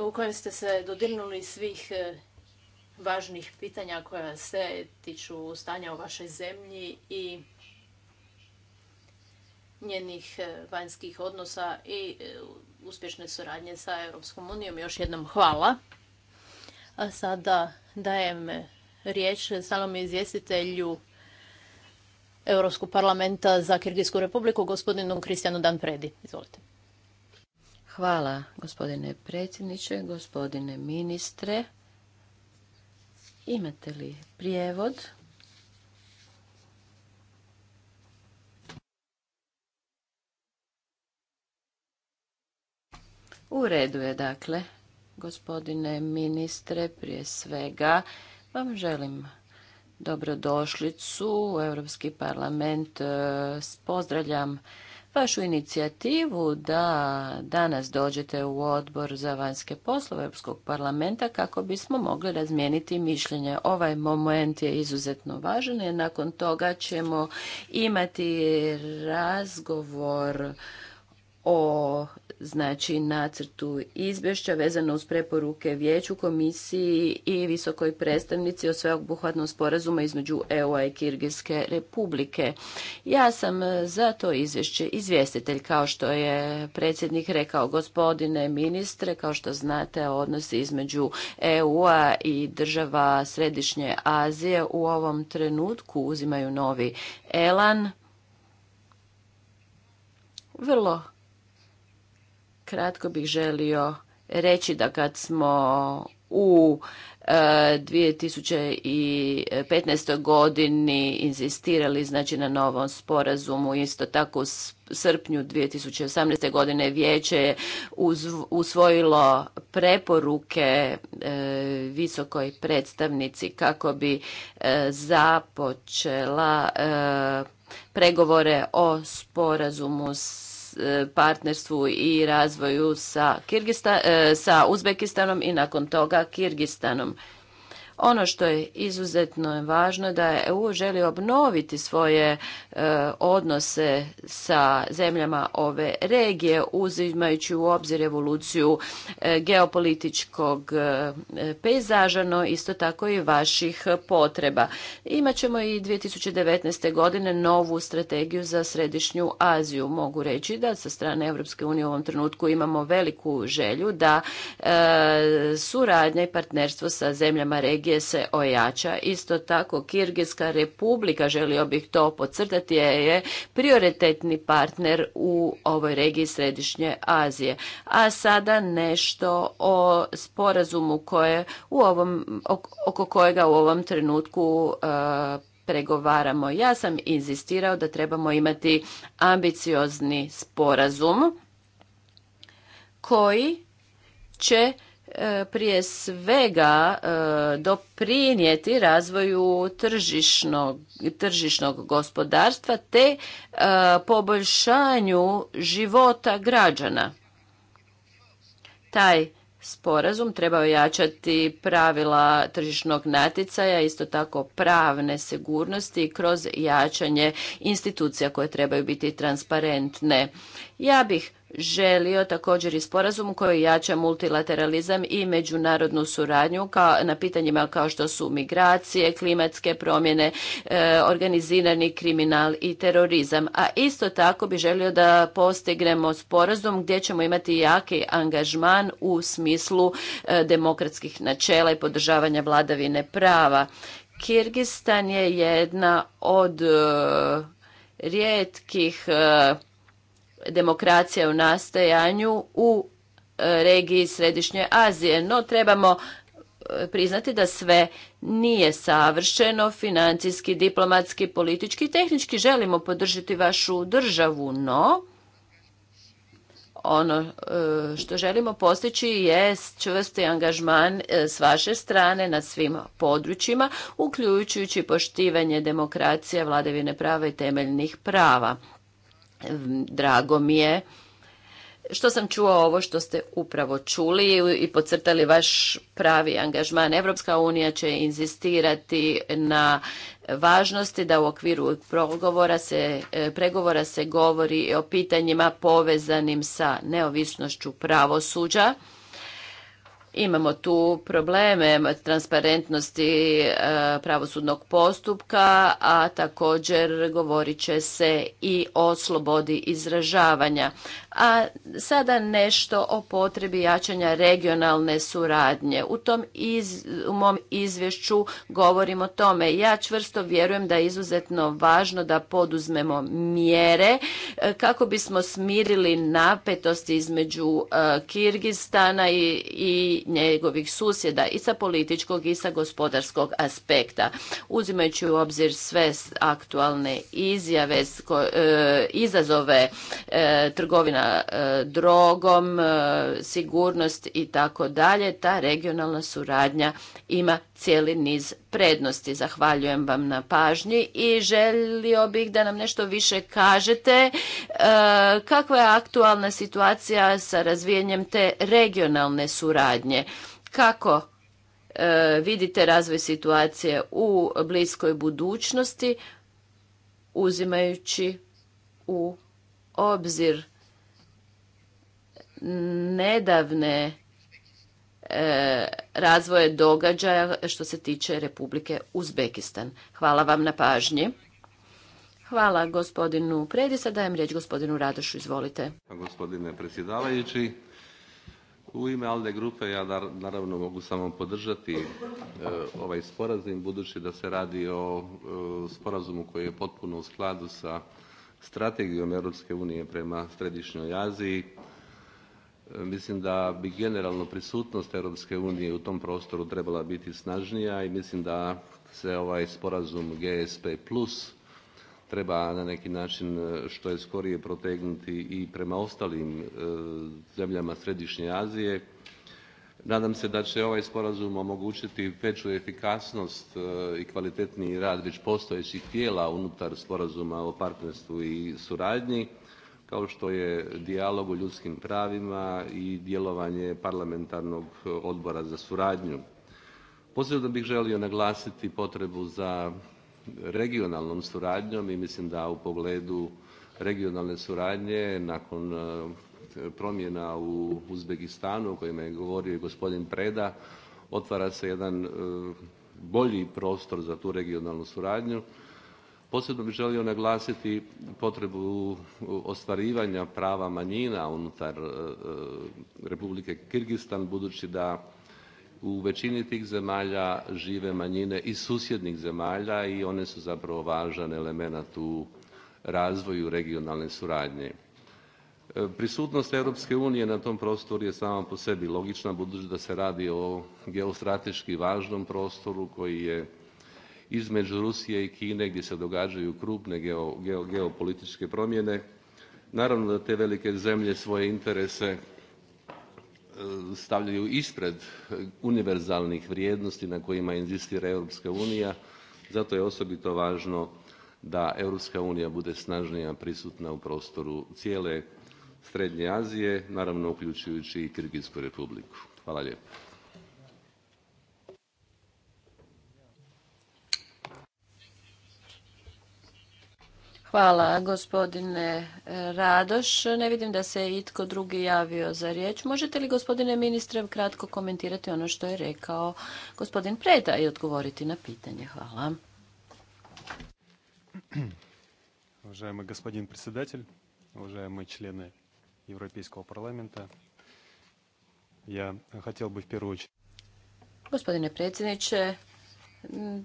u kojem ste se dodirnuli svih e, važnih pitanja koja se tiču stanja u vašoj zemlji i njenih e, vanjskih odnosa i uspješne suradnje sa Europskom unijom. Još jednom hvala. A sada dajem riječ samom izvjestitelju Europskog parlamenta za Kirgijsku republiku, gospodinu Kristijanu Danpredi. Izvolite. Hvala, gospodine predsjedniče, gospodine ministre. Imate li prijevod? U redu je, dakle, gospodine ministre, prije svega vam želim dobrodošlicu u Europski parlament. E, pozdravljam vašu inicijativu da danas dođete u odbor za vanjske poslove Europskog parlamenta kako bismo mogli razmijeniti mišljenje. Ovaj moment je izuzetno važan i nakon toga ćemo imati razgovor o znači nacrtu izvješća vezano uz preporuke vijeću komisiji i visokoj predstavnici o sveobuhvatnom sporazuma između EU-a i Kirgijske republike. Ja sam e, za to izvješće izvjestitelj, kao što je predsjednik rekao gospodine ministre, kao što znate odnosi između EU-a i država Središnje Azije u ovom trenutku uzimaju novi elan. Vrlo Kratko bih želio reći da kad smo u 2015. E, godini inzistirali znači na novom sporazumu isto tako u srpnju 2018. godine vijeće je usvojilo preporuke e, visokoj predstavnici kako bi e, započela pregovore o sporazumu s E, partnerstvu i razvoju sa, e, sa Uzbekistanom i nakon toga Kirgistanom. Ono što je izuzetno važno da je EU želi obnoviti svoje e, odnose sa zemljama ove regije uzimajući u obzir evoluciju e, geopolitičkog e, pejzaža, no isto tako i vaših potreba. Imaćemo i 2019. godine novu strategiju za središnju Aziju. Mogu reći da sa strane EU u ovom trenutku imamo veliku želju da suradnja i partnerstvo sa zemljama regije se ojača. Isto tako Kirgijska republika, želio bih to podcrtati, je prioritetni partner u ovoj regiji Središnje Azije. A sada nešto o sporazumu koje u ovom, oko kojega u ovom trenutku e, pregovaramo. Ja sam inzistirao da trebamo imati ambiciozni sporazum koji će E, prije svega e, doprinijeti razvoju tržišnog, tržišnog gospodarstva te e, poboljšanju života građana. Taj sporazum treba ojačati pravila tržišnog natjecaja, isto tako pravne sigurnosti kroz jačanje institucija koje trebaju biti transparentne. Ja bih želio također i sporazum koji jača multilateralizam i međunarodnu suradnju kao, na pitanjima kao što su migracije, klimatske promjene, e, organizirani kriminal i terorizam. A isto tako bi želio da postignemo sporazum gdje ćemo imati jaki angažman u smislu e, demokratskih načela i podržavanja vladavine prava. Kirgistan je jedna od e, rijetkih demokracija u nastajanju u e, regiji Središnje Azije, no trebamo e, priznati da sve nije savršeno, financijski, diplomatski, politički i tehnički želimo podržati vašu državu, no ono e, što želimo postići je čvrsti angažman s vaše strane na svim područjima, uključujući poštivanje demokracije, vladavine prava i temeljnih prava. Mm, drago mi je što sam čuo ovo što ste upravo čuli i podcrtali vaš pravi angažman. Evropska unija će inzistirati na važnosti da u okviru se, e, pregovora se govori o pitanjima povezanim sa neovisnošću pravosuđa Imamo tu probleme transparentnosti e, pravosudnog postupka, a također govorit će se i o slobodi izražavanja. A sada nešto o potrebi jačanja regionalne suradnje. U tom iz, u mom izvješću govorim o tome. Ja čvrsto vjerujem da je izuzetno važno da poduzmemo mjere e, kako bismo smirili napetosti između e, Kirgistana i, i njegovih susjeda i sa političkog i sa gospodarskog aspekta. Uzimajući u obzir sve aktualne izjave, e, izazove e, trgovina e, drogom, sigurnost i tako dalje, ta regionalna suradnja ima cijeli niz prednosti. Zahvaljujem vam na pažnji i želio bih da nam nešto više kažete e, kakva je aktualna situacija sa razvijenjem te regionalne suradnje. Kako e, vidite razvoj situacije u bliskoj budućnosti uzimajući u obzir nedavne E, razvoje događaja što se tiče Republike Uzbekistan. Hvala vam na pažnji. Hvala gospodinu Predisa. Dajem riječ gospodinu Radošu. Izvolite. Gospodine predsjedavajući, u ime Alde grupe ja naravno mogu samo podržati e, ovaj sporazum budući da se radi o e, sporazumu koji je potpuno u skladu sa strategijom Europske unije prema Središnjoj Aziji Mislim da bi generalno prisutnost Europske unije u tom prostoru trebala biti snažnija i mislim da se ovaj sporazum GSP plus treba na neki način e, što je skorije protegnuti i prema ostalim e, zemljama Središnje Azije. Nadam se da će ovaj sporazum omogućiti veću efikasnost e, i kvalitetniji rad već postojećih tijela unutar sporazuma o partnerstvu i suradnji kao što je dijalog o ljudskim pravima i djelovanje parlamentarnog odbora za suradnju. Posebno bih želio naglasiti potrebu za regionalnom suradnjom i mislim da u pogledu regionalne suradnje nakon e, promjena u Uzbekistanu o kojima je govorio i gospodin Preda otvara se jedan e, bolji prostor za tu regionalnu suradnju Posebno bih želio naglasiti potrebu ostvarivanja prava manjina unutar e, e, Republike Kirgistan budući da u većini tih zemalja žive manjine iz susjednih zemalja i one su zapravo važan elemenat u razvoju regionalne suradnje. E, prisutnost Europske unije na tom prostoru je sama po sebi logična budući da se radi o geostrateški važnom prostoru koji je između Rusije i Kine gdje se događaju krupne geopolitičke promjene. Naravno da te velike zemlje svoje interese e, stavljaju ispred univerzalnih vrijednosti na kojima inzistira Europska unija. Zato je osobito važno da Europska unija bude snažnija prisutna u prostoru cijele Srednje Azije, naravno uključujući i Kirgijsku republiku. Hvala lijepo. Hvala gospodine e, Radoš. Ne vidim da se itko drugi javio za riječ. Možete li gospodine ministre kratko komentirati ono što je rekao gospodin Preda i odgovoriti na pitanje? Hvala. Уважаемый gospodin predsjedatelj, уважаемые члены Европейского парламента, ja хотел бы в первую Gospodine predsjedniče,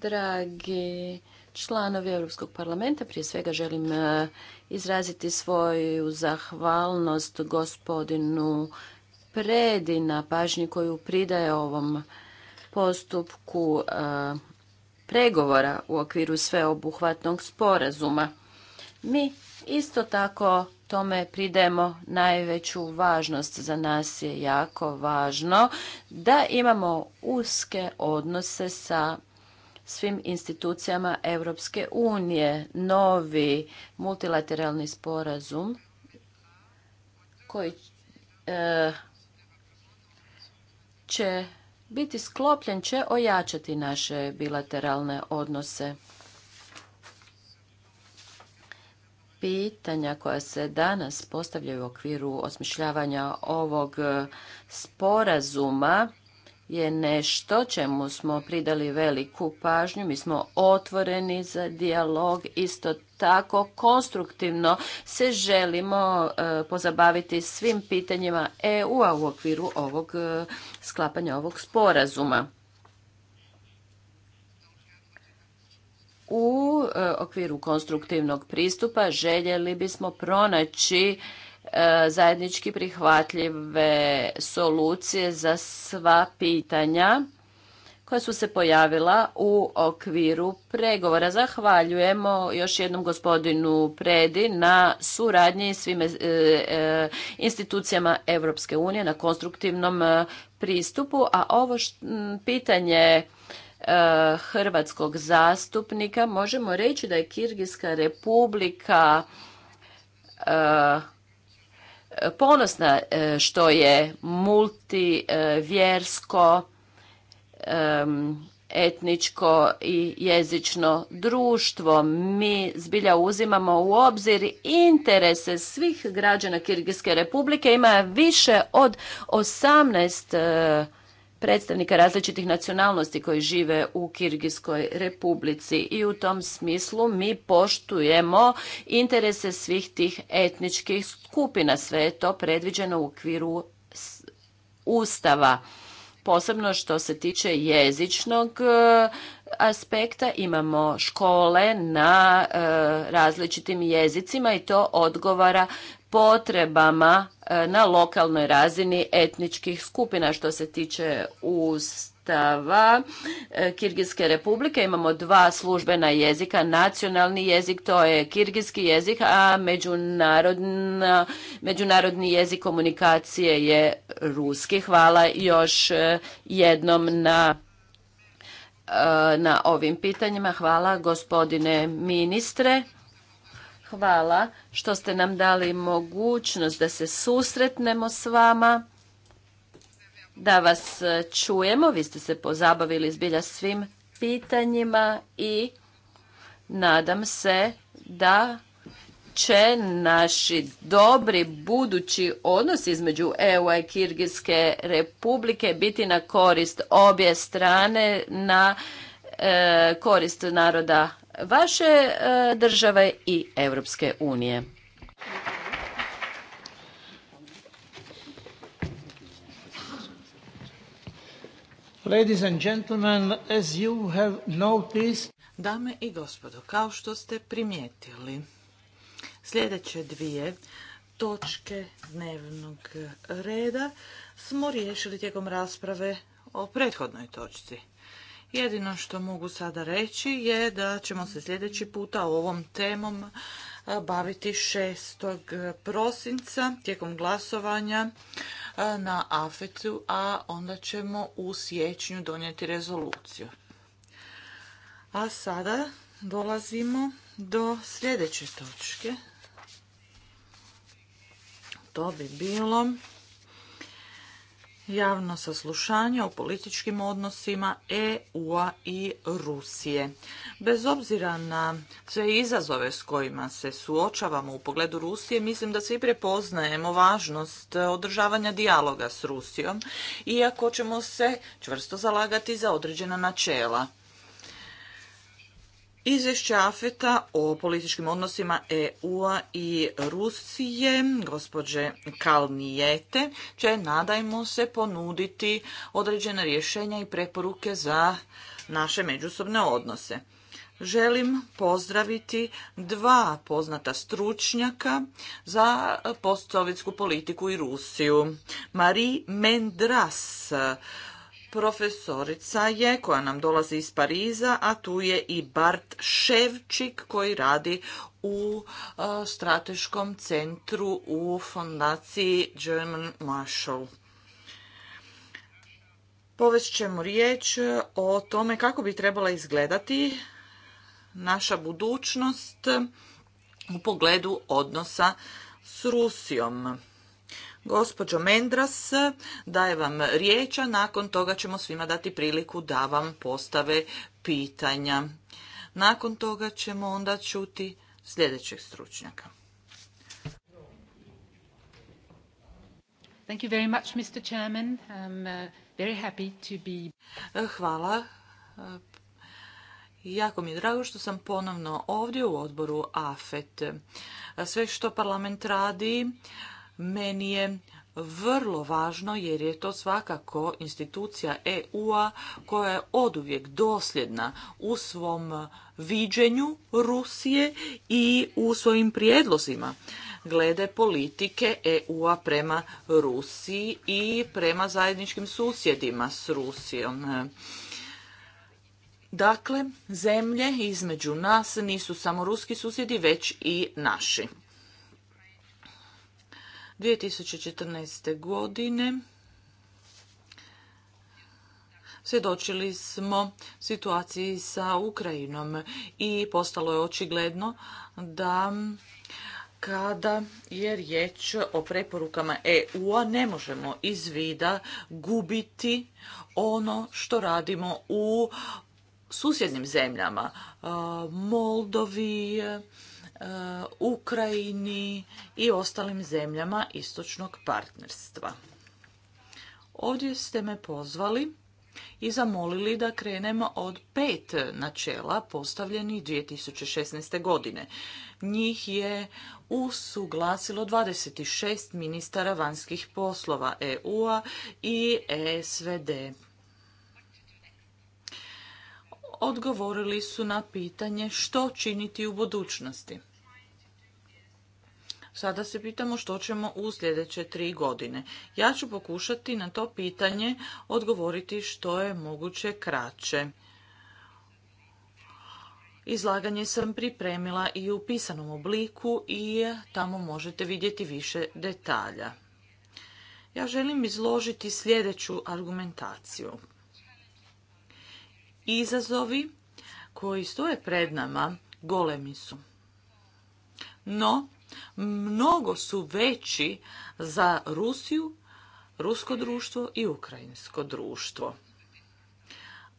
dragi članovi Europskog parlamenta. Prije svega želim e, izraziti svoju zahvalnost gospodinu Predi na pažnji koju pridaje ovom postupku e, pregovora u okviru sveobuhvatnog sporazuma. Mi isto tako tome pridemo najveću važnost. Za nas je jako važno da imamo uske odnose sa svim institucijama Europske unije. Novi multilateralni sporazum koji e, će biti sklopljen će ojačati naše bilateralne odnose. Pitanja koja se danas postavljaju u okviru osmišljavanja ovog sporazuma je nešto čemu smo pridali veliku pažnju. Mi smo otvoreni za dijalog, isto tako konstruktivno se želimo e, pozabaviti svim pitanjima eu u okviru ovog e, sklapanja ovog sporazuma. U e, okviru konstruktivnog pristupa željeli bismo pronaći E, zajednički prihvatljive solucije za sva pitanja koja su se pojavila u okviru pregovora. Zahvaljujemo još jednom gospodinu Predi na suradnji svim e, e, institucijama Europske unije na konstruktivnom pristupu, a ovo pitanje hrvatskog zastupnika možemo reći da je Kirgijska republika ponosna e, što je multivjersko, e, e, etničko i jezično društvo. Mi zbilja uzimamo u obzir interese svih građana Kirgijske republike. Ima više od 18 predstavnika različitih nacionalnosti koji žive u Kirgijskoj republici i u tom smislu mi poštujemo interese svih tih etničkih skupina. Sve je to predviđeno u okviru Ustava. Posebno što se tiče jezičnog e, aspekta imamo škole na e, različitim jezicima i to odgovara potrebama E, na lokalnoj razini etničkih skupina što se tiče ustava e, Kirgijske republike. Imamo dva službena jezika, nacionalni jezik, to je kirgijski jezik, a međunarodni jezik komunikacije je ruski. Hvala još e, jednom na na ovim pitanjima. Hvala gospodine ministre. Hvala što ste nam dali mogućnost da se susretnemo s vama, da vas e, čujemo. Vi ste se pozabavili zbilja svim pitanjima i nadam se da će naši dobri budući odnos između EU i Kirgijske republike biti na korist obje strane, na e, korist naroda vaše e, države i Europske unije. Ladies and gentlemen, as you have noticed... Dame i gospodo, kao što ste primijetili, sljedeće dvije točke dnevnog reda smo riješili tijekom rasprave o prethodnoj točci. Jedino što mogu sada reći je da ćemo se sljedeći puta ovom temom e, baviti 6. prosinca tijekom glasovanja e, na AFET-u, a onda ćemo u siječnju donijeti rezoluciju. A sada dolazimo do sljedeće točke. To bi bilo javno saslušanje o političkim odnosima EU-a i Rusije. Bez obzira na sve izazove s kojima se suočavamo u pogledu Rusije, mislim da svi prepoznajemo važnost održavanja dijaloga s Rusijom, iako ćemo se čvrsto zalagati za određena načela izvješća Afeta o političkim odnosima EU-a i Rusije, gospođe Kalnijete, će, nadajmo se, ponuditi određene rješenja i preporuke za naše međusobne odnose. Želim pozdraviti dva poznata stručnjaka za postsovjetsku politiku i Rusiju. Marie Mendras, profesorica je koja nam dolazi iz Pariza, a tu je i Bart Ševčik koji radi u e, strateškom centru u fondaciji German Marshall. Povest ćemo riječ o tome kako bi trebala izgledati naša budućnost u pogledu odnosa s Rusijom. Gospođo Mendras, daje vam riječ, a nakon toga ćemo svima dati priliku da vam postave pitanja. Nakon toga ćemo onda čuti sljedećeg stručnjaka. Thank uh, happy to Hvala. Jako mi je drago što sam ponovno ovdje u odboru AFET. Sve što parlament radi meni je vrlo važno jer je to svakako institucija EU-a koja je oduvijek dosljedna u svom viđenju Rusije i u svojim prijedlozima glede politike EU-a prema Rusiji i prema zajedničkim susjedima s Rusijom. Dakle, zemlje između nas nisu samo ruski susjedi, već i naši. 2014. godine svjedočili smo situaciji sa Ukrajinom i postalo je očigledno da kada je riječ o preporukama EU-a ne možemo iz vida gubiti ono što radimo u susjednim zemljama, Moldovi, Eh, Ukrajini i ostalim zemljama istočnog partnerstva. Ovdje ste me pozvali i zamolili da krenemo od pet načela postavljenih 2016. godine. Njih je usuglasilo 26 ministara vanjskih poslova EU-a i e SVD. Odgovorili su na pitanje što činiti u budućnosti. Sada se pitamo što ćemo u sljedeće tri godine. Ja ću pokušati na to pitanje odgovoriti što je moguće kraće. Izlaganje sam pripremila i u pisanom obliku i tamo možete vidjeti više detalja. Ja želim izložiti sljedeću argumentaciju. Izazovi koji stoje pred nama golemi su. No, mnogo su veći za Rusiju, rusko društvo i ukrajinsko društvo.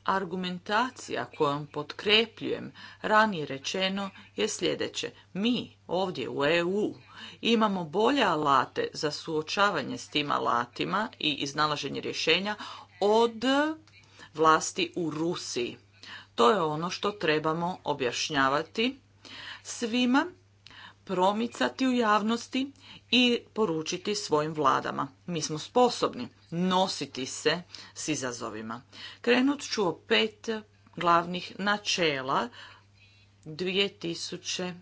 Argumentacija kojom potkrepljujem ranije rečeno je sljedeće. Mi ovdje u EU imamo bolje alate za suočavanje s tim alatima i iznalaženje rješenja od vlasti u Rusiji. To je ono što trebamo objašnjavati svima promicati u javnosti i poručiti svojim vladama. Mi smo sposobni nositi se s izazovima. Krenut ću o pet glavnih načela 2016.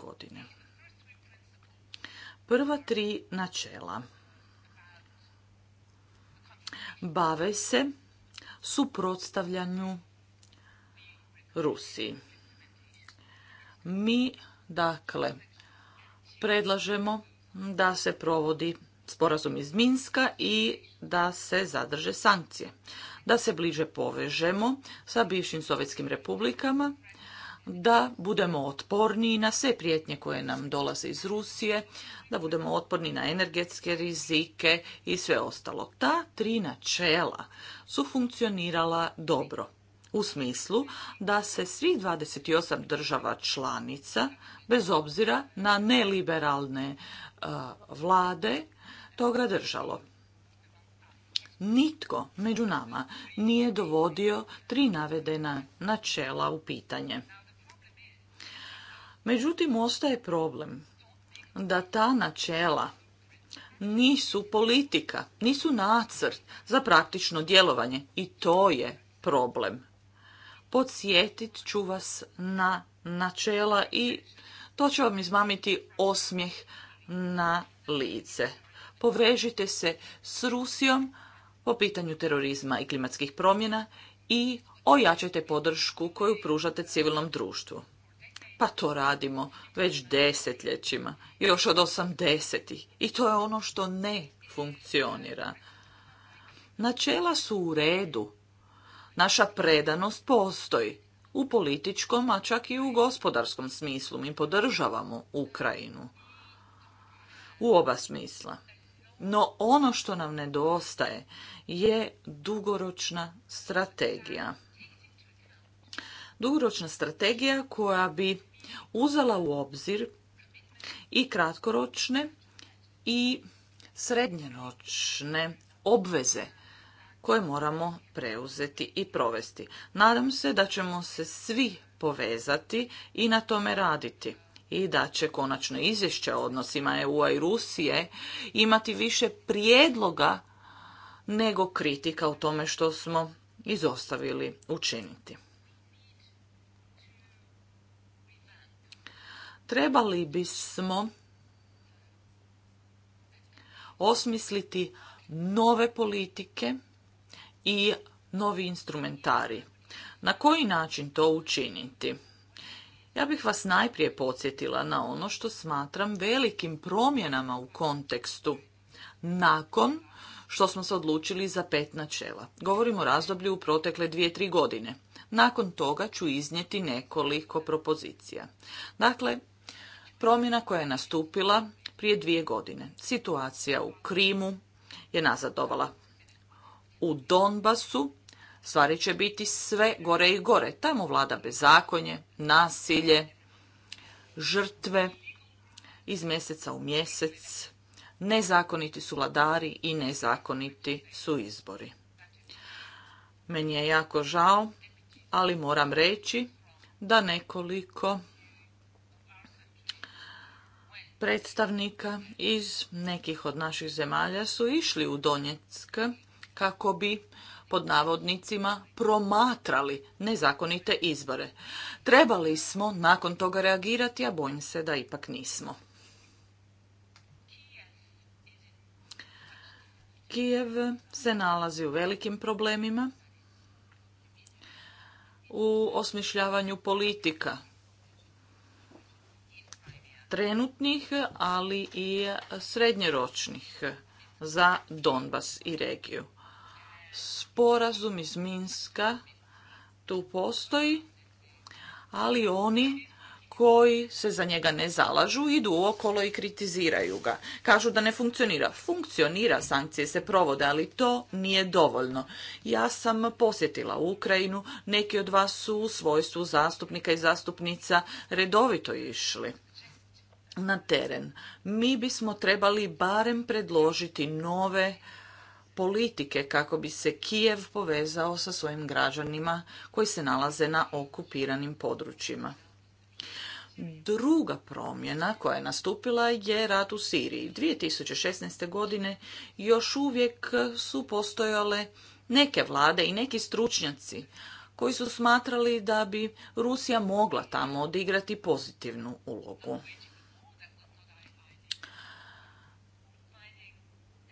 godine. Prva tri načela bave se suprotstavljanju Rusiji. Mi Dakle, predlažemo da se provodi sporazum iz Minska i da se zadrže sankcije. Da se bliže povežemo sa bivšim sovjetskim republikama, da budemo otporniji na sve prijetnje koje nam dolaze iz Rusije, da budemo otporni na energetske rizike i sve ostalo. Ta tri načela su funkcionirala dobro u smislu da se svih 28 država članica, bez obzira na neliberalne e, vlade, toga držalo. Nitko među nama nije dovodio tri navedena načela u pitanje. Međutim, ostaje problem da ta načela nisu politika, nisu nacrt za praktično djelovanje i to je problem podsjetit ću vas na načela i to će vam izmamiti osmijeh na lice. Povrežite se s Rusijom po pitanju terorizma i klimatskih promjena i ojačajte podršku koju pružate civilnom društvu. Pa to radimo već desetljećima, još od osamdesetih. I to je ono što ne funkcionira. Načela su u redu, Naša predanost postoji u političkom, a čak i u gospodarskom smislu. Mi podržavamo Ukrajinu u oba smisla. No ono što nam nedostaje je dugoročna strategija. Dugoročna strategija koja bi uzela u obzir i kratkoročne i srednjeročne obveze koje moramo preuzeti i provesti. Nadam se da ćemo se svi povezati i na tome raditi i da će konačno izvješće o odnosima EU-a i Rusije imati više prijedloga nego kritika u tome što smo izostavili učiniti. Trebali bismo osmisliti nove politike i novi instrumentari. Na koji način to učiniti? Ja bih vas najprije podsjetila na ono što smatram velikim promjenama u kontekstu nakon što smo se odlučili za pet načela. Govorimo o razdoblju u protekle dvije, tri godine. Nakon toga ću iznijeti nekoliko propozicija. Dakle, promjena koja je nastupila prije dvije godine. Situacija u Krimu je nazadovala. U Donbasu stvari će biti sve gore i gore. Tamo vlada bezakonje, nasilje, žrtve iz mjeseca u mjesec. Nezakoniti su vladari i nezakoniti su izbori. Meni je jako žao, ali moram reći da nekoliko predstavnika iz nekih od naših zemalja su išli u Donjeck kako bi pod navodnicima promatrali nezakonite izbore. Trebali smo nakon toga reagirati, a bojim se da ipak nismo. Kijev se nalazi u velikim problemima u osmišljavanju politika trenutnih, ali i srednjeročnih za Donbas i regiju sporazum iz Minska tu postoji, ali oni koji se za njega ne zalažu idu okolo i kritiziraju ga. Kažu da ne funkcionira. Funkcionira, sankcije se provode, ali to nije dovoljno. Ja sam posjetila Ukrajinu, neki od vas su u svojstvu zastupnika i zastupnica redovito išli na teren. Mi bismo trebali barem predložiti nove politike kako bi se Kijev povezao sa svojim građanima koji se nalaze na okupiranim područjima. Druga promjena koja je nastupila je rat u Siriji. 2016. godine još uvijek su postojale neke vlade i neki stručnjaci koji su smatrali da bi Rusija mogla tamo odigrati pozitivnu ulogu.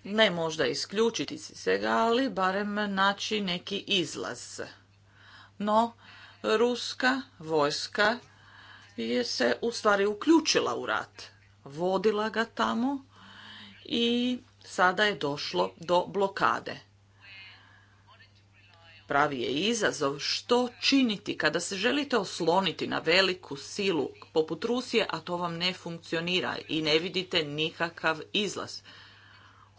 ne možda isključiti se svega, ali barem naći neki izlaz. No, ruska vojska je se u stvari uključila u rat. Vodila ga tamo i sada je došlo do blokade. Pravi je izazov što činiti kada se želite osloniti na veliku silu poput Rusije, a to vam ne funkcionira i ne vidite nikakav izlaz.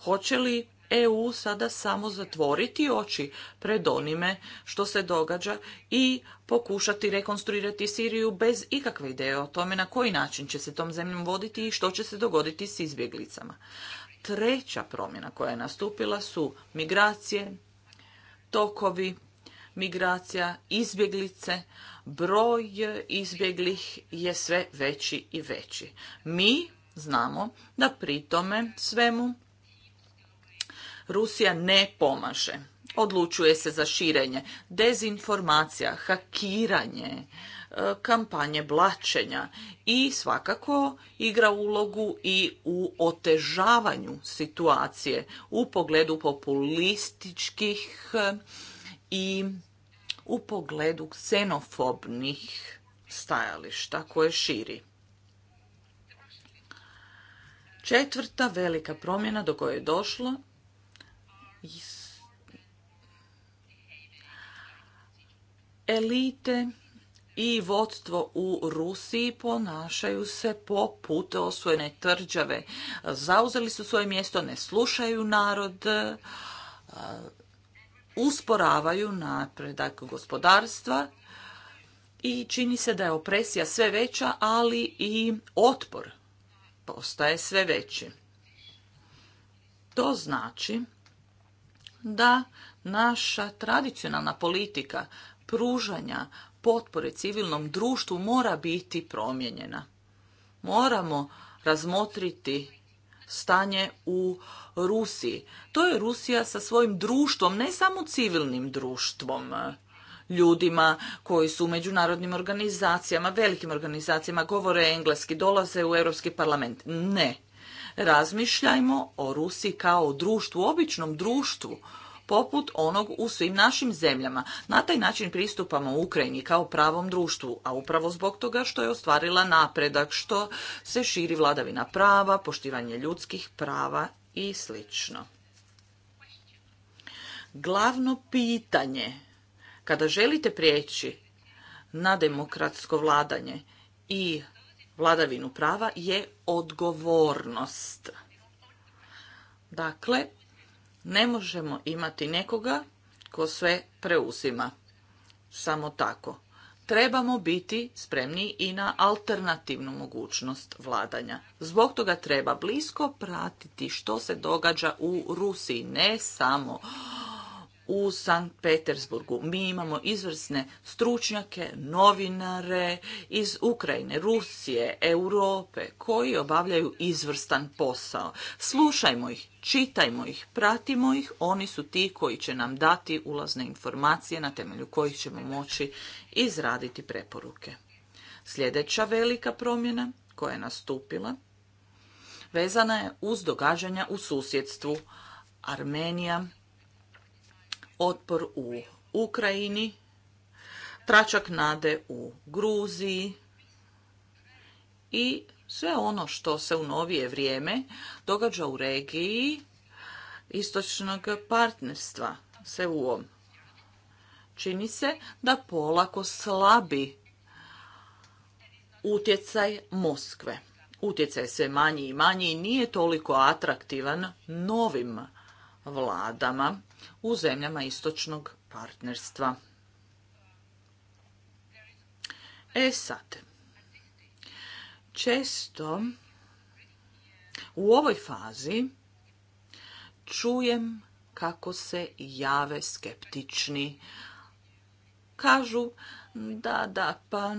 Hoće li EU sada samo zatvoriti oči pred onime što se događa i pokušati rekonstruirati Siriju bez ikakve ideje o tome na koji način će se tom zemljom voditi i što će se dogoditi s izbjeglicama. Treća promjena koja je nastupila su migracije, tokovi, migracija, izbjeglice, broj izbjeglih je sve veći i veći. Mi znamo da pri tome svemu Rusija ne pomaže. Odlučuje se za širenje dezinformacija, hakiranje, e, kampanje blačenja i svakako igra ulogu i u otežavanju situacije u pogledu populističkih e, i u pogledu ksenofobnih stajališta koje širi. Četvrta velika promjena do koje je došlo Elite i vodstvo u Rusiji ponašaju se poput osvojene trđave. Zauzeli su svoje mjesto, ne slušaju narod, usporavaju napredak gospodarstva i čini se da je opresija sve veća, ali i otpor postaje sve veći. To znači da naša tradicionalna politika pružanja potpore civilnom društvu mora biti promijenjena. Moramo razmotriti stanje u Rusiji. To je Rusija sa svojim društvom, ne samo civilnim društvom, ljudima koji su u međunarodnim organizacijama, velikim organizacijama, govore engleski, dolaze u Europski parlament. Ne. Razmišljajmo o Rusi kao o društvu, običnom društvu, poput onog u svim našim zemljama. Na taj način pristupamo Ukrajini kao pravom društvu, a upravo zbog toga što je ostvarila napredak, što se širi vladavina prava, poštivanje ljudskih prava i sl. Glavno pitanje kada želite prijeći na demokratsko vladanje i vladavinu prava je odgovornost. Dakle, ne možemo imati nekoga ko sve preuzima. Samo tako. Trebamo biti spremni i na alternativnu mogućnost vladanja. Zbog toga treba blisko pratiti što se događa u Rusiji, ne samo u Sankt Petersburgu. Mi imamo izvrsne stručnjake, novinare iz Ukrajine, Rusije, Europe koji obavljaju izvrstan posao. Slušajmo ih, čitajmo ih, pratimo ih, oni su ti koji će nam dati ulazne informacije na temelju kojih ćemo moći izraditi preporuke. Sljedeća velika promjena koja je nastupila vezana je uz događanja u susjedstvu Armenija, otpor u Ukrajini, tračak nade u Gruziji i sve ono što se u novije vrijeme događa u regiji istočnog partnerstva se uom. Čini se da polako slabi utjecaj Moskve. Utjecaj sve manji i manji i nije toliko atraktivan novim vladama u zemljama istočnog partnerstva. E sad, često u ovoj fazi čujem kako se jave skeptični. Kažu da, da, pa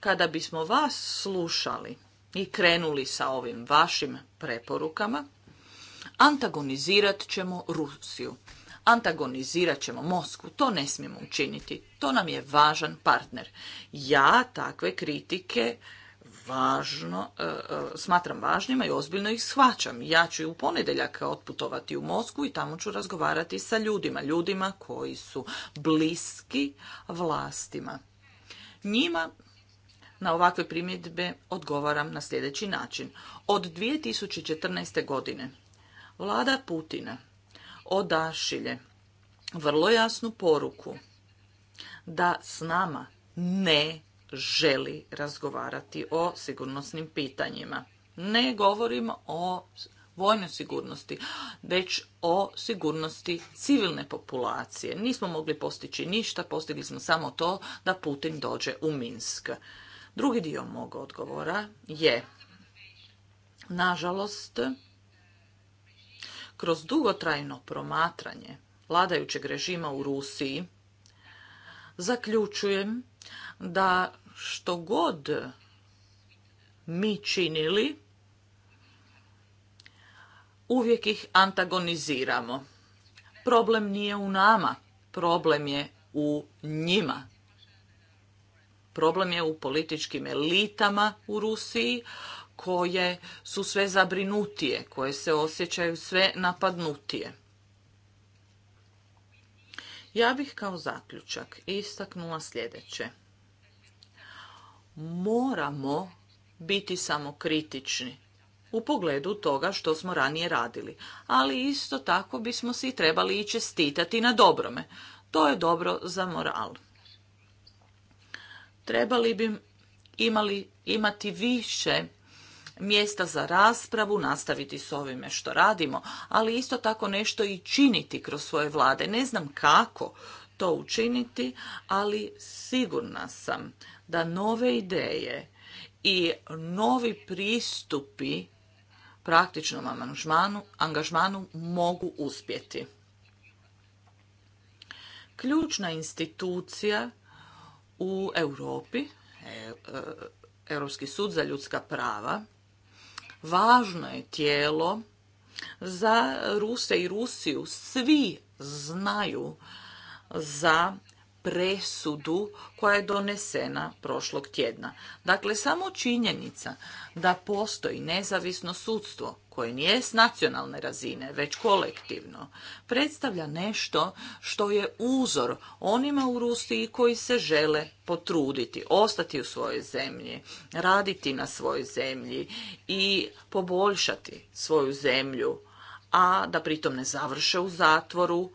kada bismo vas slušali i krenuli sa ovim vašim preporukama, Antagonizirat ćemo Rusiju. Antagonizirat ćemo Moskvu. To ne smijemo učiniti. To nam je važan partner. Ja takve kritike važno, e, e, smatram važnima i ozbiljno ih shvaćam. Ja ću i u ponedjeljak otputovati u Mosku i tamo ću razgovarati sa ljudima, ljudima koji su bliski vlastima. Njima na ovakve primjedbe odgovaram na sljedeći način. Od 2014. godine Vlada Putina odašilje vrlo jasnu poruku da s nama ne želi razgovarati o sigurnosnim pitanjima. Ne govorimo o vojnoj sigurnosti, već o sigurnosti civilne populacije. Nismo mogli postići ništa, postigli smo samo to da Putin dođe u Minsk. Drugi dio mog odgovora je, nažalost, kroz dugotrajno promatranje vladajućeg režima u Rusiji zaključujem da što god mi činili, uvijek ih antagoniziramo. Problem nije u nama, problem je u njima. Problem je u političkim elitama u Rusiji, koje su sve zabrinutije, koje se osjećaju sve napadnutije. Ja bih kao zaključak istaknula sljedeće. Moramo biti samokritični u pogledu toga što smo ranije radili, ali isto tako bismo si trebali i čestitati na dobrome. To je dobro za moral. Trebali bi imali, imati više mjesta za raspravu, nastaviti s ovime što radimo, ali isto tako nešto i činiti kroz svoje vlade. Ne znam kako to učiniti, ali sigurna sam da nove ideje i novi pristupi praktičnom angažmanu, angažmanu mogu uspjeti. Ključna institucija u Europi, e, e, Europski sud za ljudska prava, Važno je tijelo za Ruse i Rusiju. Svi znaju za presudu koja je donesena prošlog tjedna. Dakle, samo činjenica da postoji nezavisno sudstvo koje nije s nacionalne razine, već kolektivno, predstavlja nešto što je uzor onima u Rusiji koji se žele potruditi, ostati u svojoj zemlji, raditi na svojoj zemlji i poboljšati svoju zemlju, a da pritom ne završe u zatvoru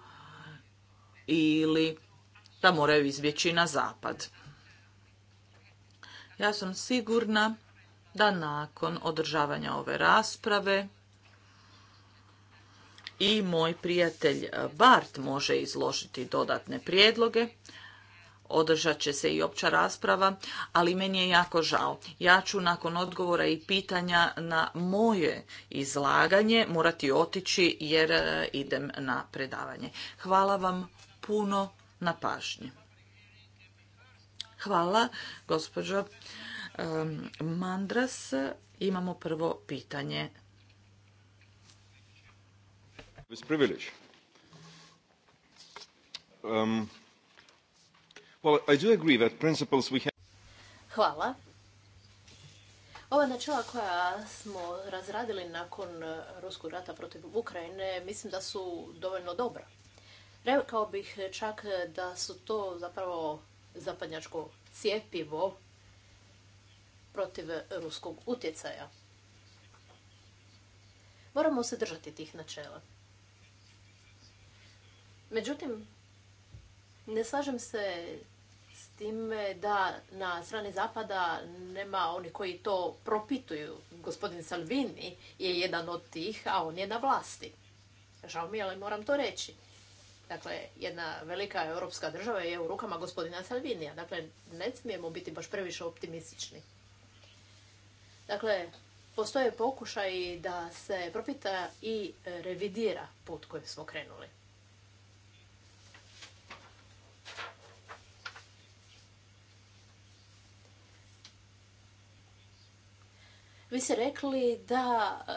ili da moraju izbjeći na zapad. Ja sam sigurna da nakon održavanja ove rasprave i moj prijatelj Bart može izložiti dodatne prijedloge. Održat će se i opća rasprava, ali meni je jako žao. Ja ću nakon odgovora i pitanja na moje izlaganje morati otići jer e, idem na predavanje. Hvala vam puno na pažnje. Hvala, gospođo Mandras. Imamo prvo pitanje. With privilege. Hvala. Ova načela koja smo razradili nakon Ruskog rata protiv Ukrajine mislim da su dovoljno dobra. Rekao bih čak da su to zapravo zapadnjačko cijepivo protiv ruskog utjecaja. Moramo se držati tih načela. Međutim, ne slažem se s time da na strani Zapada nema oni koji to propituju. Gospodin Salvini je jedan od tih, a on je na vlasti. Žao mi je, ali moram to reći. Dakle, jedna velika europska država je u rukama gospodina Salvinija. Dakle, ne smijemo biti baš previše optimistični. Dakle, postoje pokušaj da se propita i e, revidira put kojim smo krenuli. Vi ste rekli da e,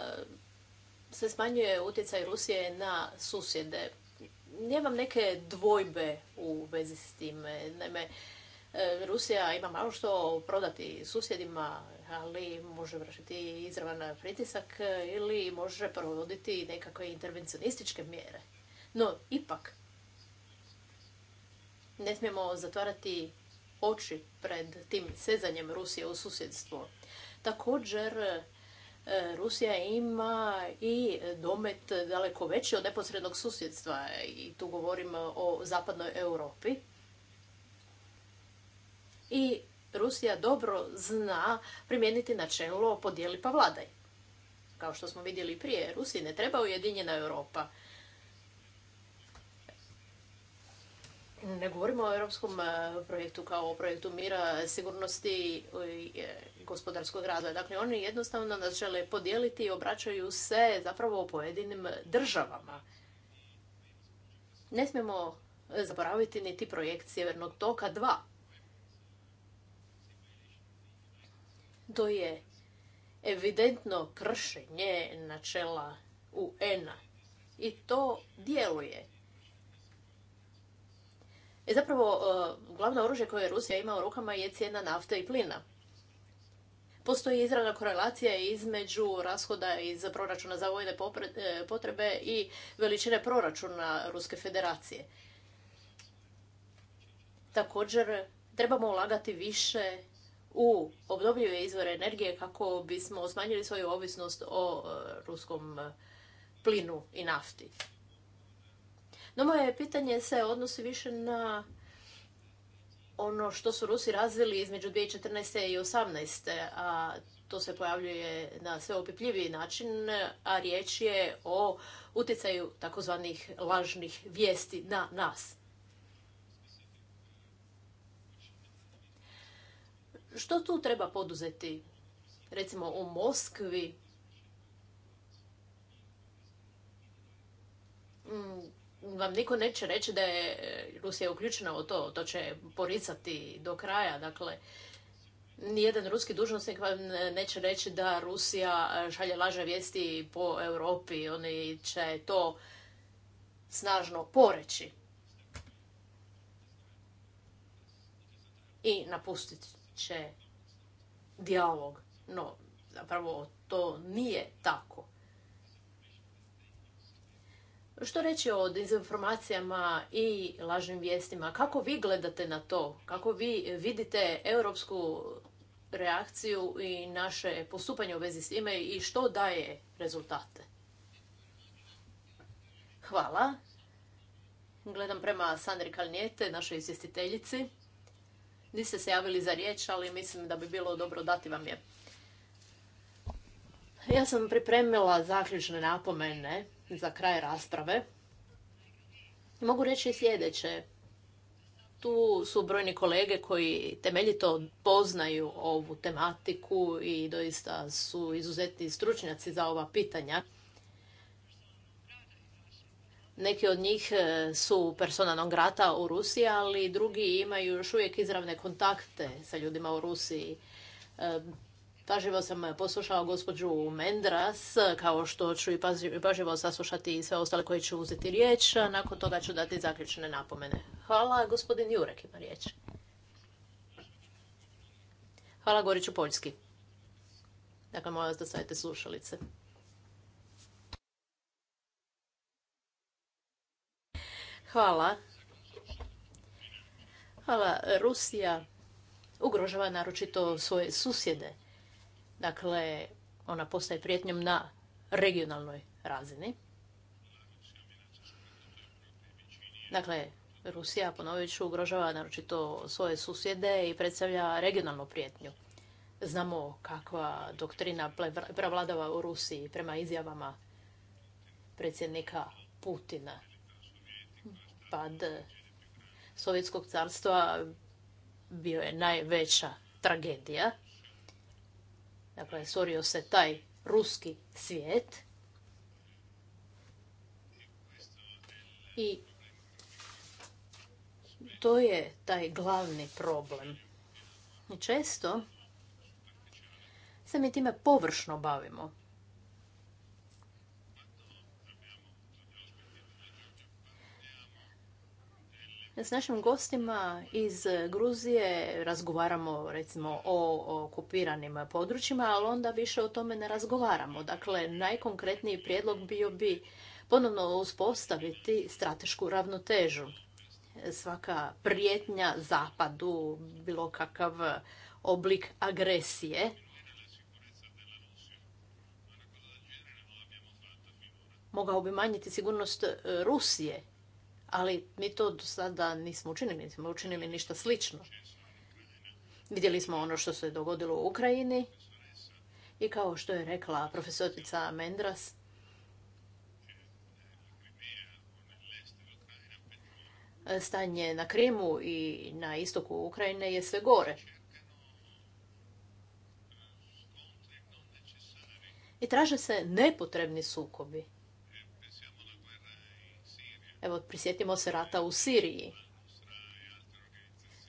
se smanjuje utjecaj Rusije na susjede. Nemam neke dvojbe u vezi s time. Naime, E, Rusija ima malo što prodati susjedima, ali može vršiti izravan pritisak ili može provoditi nekakve intervencionističke mjere. No, ipak, ne smijemo zatvarati oči pred tim sezanjem Rusije u susjedstvo. Također, e, Rusija ima i domet daleko veći od neposrednog susjedstva i tu govorimo o zapadnoj Europi i Rusija dobro zna primijeniti načelo podijeli pa vladaj. Kao što smo vidjeli prije, Rusiji ne treba ujedinjena Europa. Ne govorimo o europskom e, projektu kao o projektu mira, sigurnosti i e, gospodarskog razvoja. Dakle, oni jednostavno nas žele podijeliti i obraćaju se zapravo o pojedinim državama. Ne smijemo zaboraviti niti projekt Sjevernog toka 2 To je evidentno kršenje načela UN-a i to djeluje. I e, zapravo, e, glavno oružje koje Rusija ima u rukama je cijena nafte i plina. Postoji izravna korelacija između rashoda iz proračuna za vojne e, potrebe i veličine proračuna Ruske federacije. Također, trebamo ulagati više u obnovljive izvore energije kako bismo smanjili svoju ovisnost o e, ruskom e, plinu i nafti. No moje pitanje se odnosi više na ono što su Rusi razvili između 2014. i 2018. A to se pojavljuje na sve opipljiviji način, a riječ je o utjecaju takozvanih lažnih vijesti na nas. Što tu treba poduzeti? Recimo u Moskvi. Mm, vam niko neće reći da je Rusija uključena u to. To će poricati do kraja. Dakle, Nijedan ruski dužnosnik vam neće reći da Rusija šalje laže vijesti po Europi. Oni će to snažno poreći i napustiti će dijalog. No, zapravo to nije tako. Što reći o dezinformacijama i lažnim vijestima? Kako vi gledate na to? Kako vi vidite europsku reakciju i naše postupanje u vezi s time i što daje rezultate? Hvala. Gledam prema Sandri Kalnijete, našoj izvjestiteljici niste se javili za riječ, ali mislim da bi bilo dobro dati vam je. Ja sam pripremila zaključne napomene za kraj rasprave. Mogu reći sljedeće. Tu su brojni kolege koji temeljito poznaju ovu tematiku i doista su izuzetni stručnjaci za ova pitanja. Neki od njih e, su persona non grata u Rusiji, ali drugi imaju još uvijek izravne kontakte sa ljudima u Rusiji. E, pažljivo sam poslušao gospođu Mendras, kao što ću i paživo saslušati i sve ostale koji će uzeti riječ. Nakon toga ću dati zaključne napomene. Hvala, gospodin Jurek ima riječ. Hvala, Goriću Poljski. Dakle, molim vas da stavite slušalice. Hvala. Hvala. Rusija ugrožava naročito svoje susjede. Dakle, ona postaje prijetnjom na regionalnoj razini. Dakle, Rusija, ponovit ću, ugrožava naročito svoje susjede i predstavlja regionalnu prijetnju. Znamo kakva doktrina pravladava u Rusiji prema izjavama predsjednika Putina raspad Sovjetskog carstva bio je najveća tragedija. Dakle, stvorio se taj ruski svijet. I to je taj glavni problem. I često se mi time površno bavimo. S našim gostima iz Gruzije razgovaramo recimo o okupiranim područjima, ali onda više o tome ne razgovaramo. Dakle, najkonkretniji prijedlog bio bi ponovno uspostaviti stratešku ravnotežu. Svaka prijetnja zapadu, bilo kakav oblik agresije, mogao bi manjiti sigurnost Rusije ali mi to do sada nismo učinili, nismo učinili ništa slično. Vidjeli smo ono što se dogodilo u Ukrajini i kao što je rekla profesorica Mendras, stanje na Krimu i na istoku Ukrajine je sve gore. I traže se nepotrebni sukobi. Evo, prisjetimo se rata u Siriji.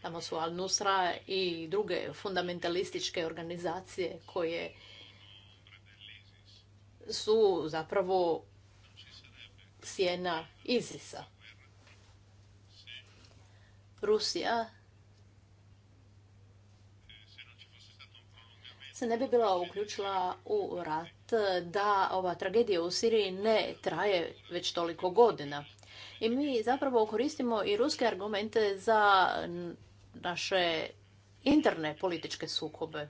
Tamo su Al-Nusra i druge fundamentalističke organizacije koje su zapravo sjena Izisa. Rusija se ne bi bila uključila u rat da ova tragedija u Siriji ne traje već toliko godina. I mi zapravo koristimo i ruske argumente za naše interne političke sukobe.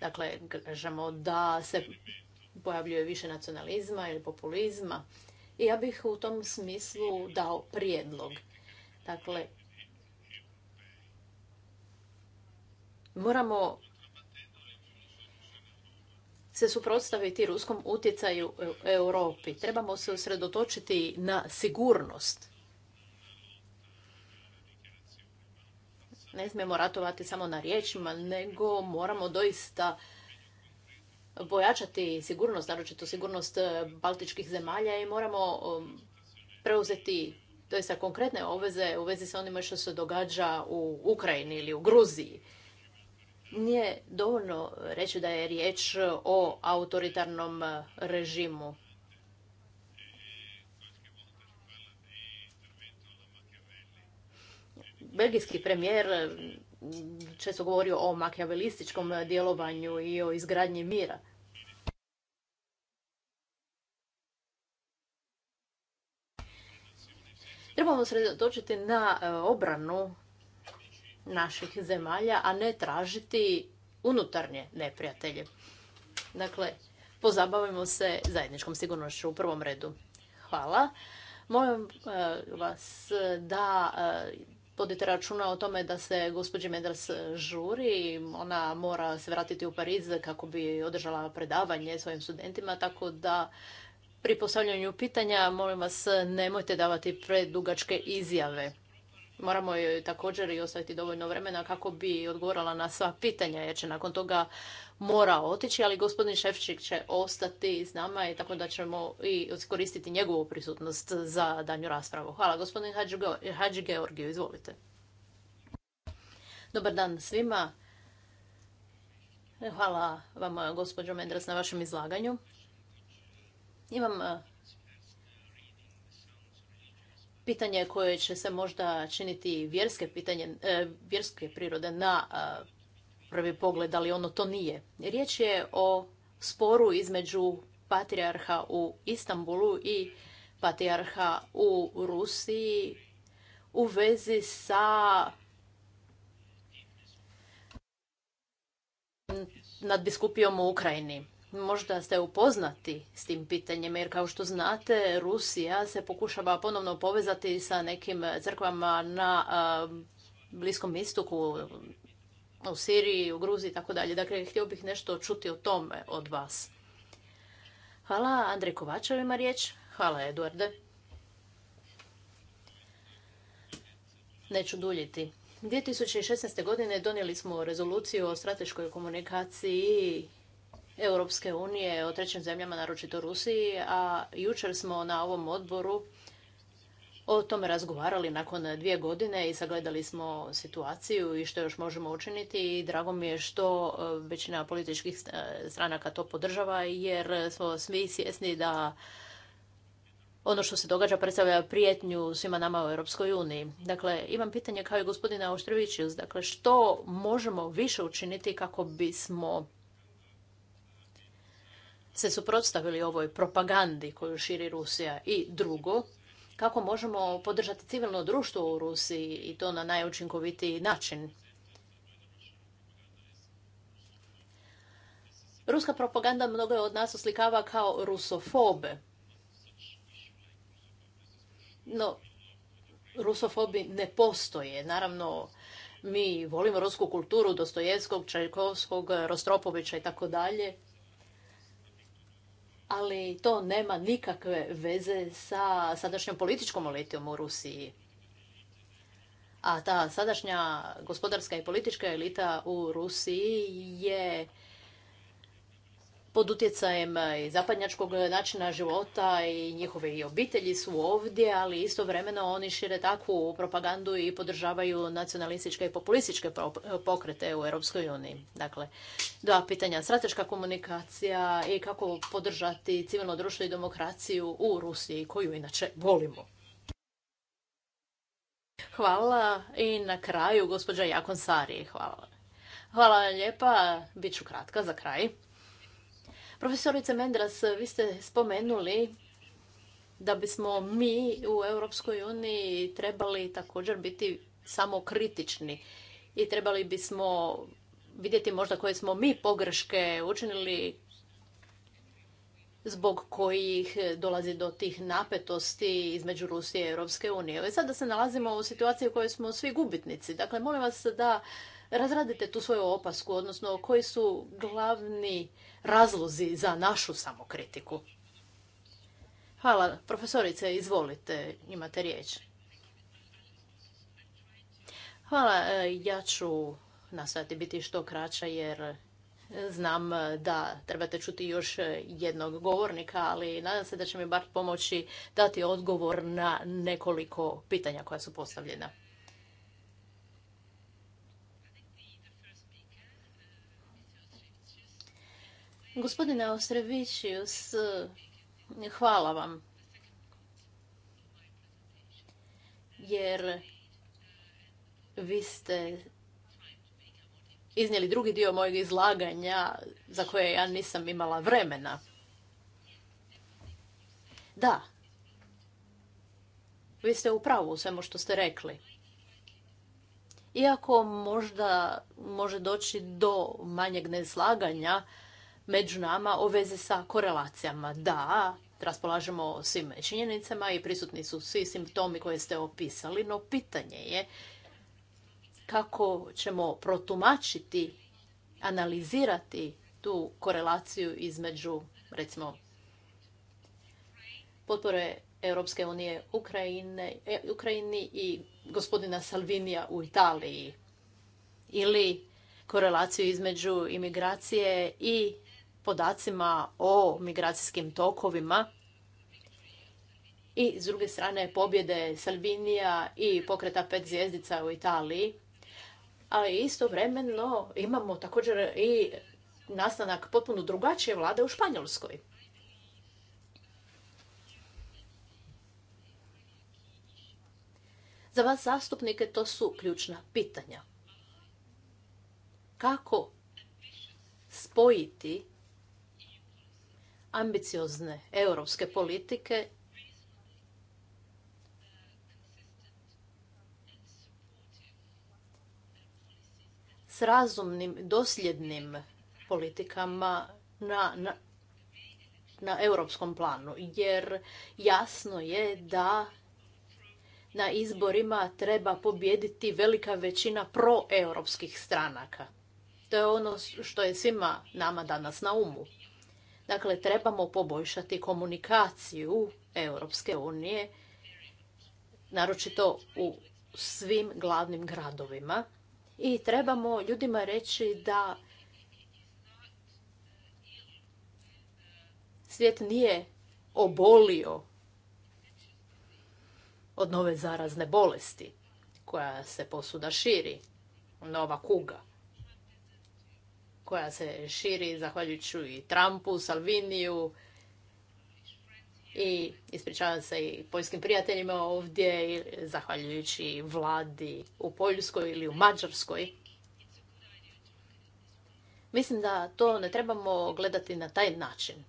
Dakle, kažemo da se pojavljuje više nacionalizma ili populizma. I ja bih u tom smislu dao prijedlog. Dakle, moramo se suprotstaviti ruskom utjecaju u Europi. Trebamo se usredotočiti na sigurnost. Ne smijemo ratovati samo na riječima, nego moramo doista bojačati sigurnost, naročito sigurnost e, baltičkih zemalja i moramo e, preuzeti doista konkretne obveze u vezi sa onima što se događa u Ukrajini ili u Gruziji. Nije dovoljno reći da je riječ o autoritarnom režimu. Belgijski premijer često govorio o makijavelističkom djelovanju i o izgradnji mira. Trebamo se na e, obranu naših zemalja, a ne tražiti unutarnje neprijatelje. Dakle, pozabavimo se zajedničkom sigurnošću u prvom redu. Hvala. Molim e, vas da podite e, računa o tome da se gospođi medras žuri. Ona mora se vratiti u Pariz kako bi održala predavanje svojim studentima, tako da pri postavljanju pitanja molim vas nemojte davati predugačke izjave. Moramo joj također i ostaviti dovoljno vremena kako bi odgovorila na sva pitanja, jer će nakon toga mora otići, ali gospodin Šefčik će ostati s nama i tako da ćemo i iskoristiti njegovu prisutnost za danju raspravu. Hvala, gospodin Hadži Georgiju, izvolite. Dobar dan svima. Hvala vam, gospođo Mendras, na vašem izlaganju. Imam pitanje koje će se možda činiti vjerske, pitanje, e, vjerske prirode na e, prvi pogled, ali ono to nije. Riječ je o sporu između patrijarha u Istanbulu i patrijarha u Rusiji u vezi sa nadbiskupijom u Ukrajini. Možda ste upoznati s tim pitanjem, jer kao što znate, Rusija se pokušava ponovno povezati sa nekim crkvama na Bliskom istoku, u Siriji, u Gruziji i tako dalje. Dakle, htio bih nešto čuti o tome od vas. Hvala, Andrej Kovačev ima riječ. Hvala, Eduarde. Neću duljiti. 2016. godine donijeli smo rezoluciju o strateškoj komunikaciji Europske unije o trećim zemljama, naročito Rusiji, a jučer smo na ovom odboru o tome razgovarali nakon dvije godine i sagledali smo situaciju i što još možemo učiniti i drago mi je što e, većina političkih e, stranaka to podržava jer smo svi svjesni da ono što se događa predstavlja prijetnju svima nama u Europskoj uniji. Dakle, imam pitanje kao i gospodina Oštrevićius, dakle što možemo više učiniti kako bismo se suprotstavili ovoj propagandi koju širi Rusija i drugo, kako možemo podržati civilno društvo u Rusiji i to na najučinkovitiji način. Ruska propaganda mnogo od nas oslikava kao rusofobe. No, rusofobi ne postoje. Naravno, mi volimo rusku kulturu Dostojevskog, Čajkovskog, Rostropovića i tako dalje ali to nema nikakve veze sa sadašnjom političkom elitom u Rusiji. A ta sadašnja gospodarska i politička elita u Rusiji je pod utjecajem e, zapadnjačkog načina života i njihove obitelji su ovdje, ali istovremeno oni šire takvu propagandu i podržavaju nacionalističke i populističke e, pokrete u Europskoj uniji. Dakle, dva pitanja. Strateška komunikacija i kako podržati civilno društvo i demokraciju u Rusiji, koju inače volimo. Hvala i na kraju gospođa Jakon Sari. Hvala. Hvala lijepa. bit ću kratka za kraj. Profesorice Mendras, vi ste spomenuli da bismo mi u Europskoj uniji trebali također biti samokritični i trebali bismo vidjeti možda koje smo mi pogreške učinili zbog kojih dolazi do tih napetosti između Rusije i Europske unije. Sada se nalazimo u situaciji u kojoj smo svi gubitnici. Dakle, molim vas da razradite tu svoju opasku, odnosno koji su glavni razlozi za našu samokritiku. Hvala. Profesorice, izvolite, imate riječ. Hvala, e, ja ću nastaviti biti što kraća jer znam da trebate čuti još jednog govornika, ali nadam se da će mi bar pomoći dati odgovor na nekoliko pitanja koja su postavljena. Gospodine Ostrevićius, hvala vam. Jer vi ste iznijeli drugi dio mojeg izlaganja za koje ja nisam imala vremena. Da, vi ste u pravu u svemu što ste rekli. Iako možda može doći do manjeg neslaganja, među nama o vezi sa korelacijama. Da, raspolažemo svim činjenicama i prisutni su svi simptomi koje ste opisali, no pitanje je kako ćemo protumačiti, analizirati tu korelaciju između, recimo, potpore Europske unije Ukrajine, e, Ukrajini i gospodina Salvinija u Italiji ili korelaciju između imigracije i podacima o migracijskim tokovima i s druge strane pobjede Salvinija i pokreta pet zvijezdica u Italiji. Ali istovremeno imamo također i nastanak potpuno drugačije vlade u Španjolskoj. Za vas zastupnike to su ključna pitanja. Kako spojiti ambiciozne europske politike s razumnim, dosljednim politikama na, na, na europskom planu. Jer jasno je da na izborima treba pobijediti velika većina proeuropskih stranaka. To je ono što je svima nama danas na umu. Dakle, trebamo poboljšati komunikaciju Europske unije, naročito u svim glavnim gradovima. I trebamo ljudima reći da svijet nije obolio od nove zarazne bolesti koja se posuda širi, nova kuga koja se širi zahvaljujući i Trumpu, Salviniju i ispričavam se i poljskim prijateljima ovdje, zahvaljujući vladi u Poljskoj ili u Mađarskoj. Mislim da to ne trebamo gledati na taj način.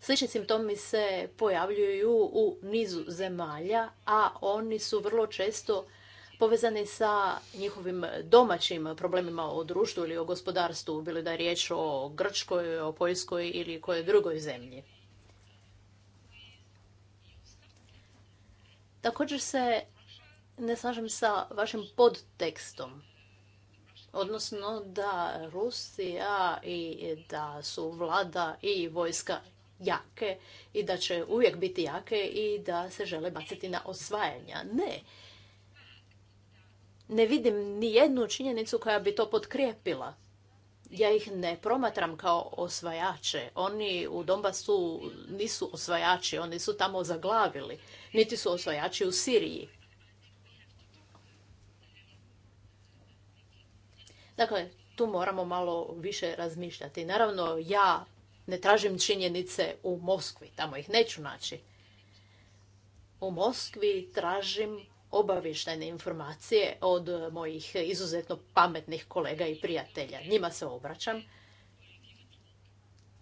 Slični simptomi se pojavljuju u nizu zemalja, a oni su vrlo često povezani sa njihovim domaćim problemima o društvu ili o gospodarstvu, bilo da je riječ o Grčkoj, o Poljskoj ili kojoj drugoj zemlji. Također se ne slažem sa vašim podtekstom, odnosno da Rusija i da su vlada i vojska jake i da će uvijek biti jake i da se žele baciti na osvajanja. Ne, ne vidim ni jednu činjenicu koja bi to potkrijepila. Ja ih ne promatram kao osvajače. Oni u Donbasu nisu osvajači, oni su tamo zaglavili. Niti su osvajači u Siriji. Dakle, tu moramo malo više razmišljati. Naravno, ja ne tražim činjenice u Moskvi, tamo ih neću naći. U Moskvi tražim obavještajne informacije od mojih izuzetno pametnih kolega i prijatelja. Njima se obraćam.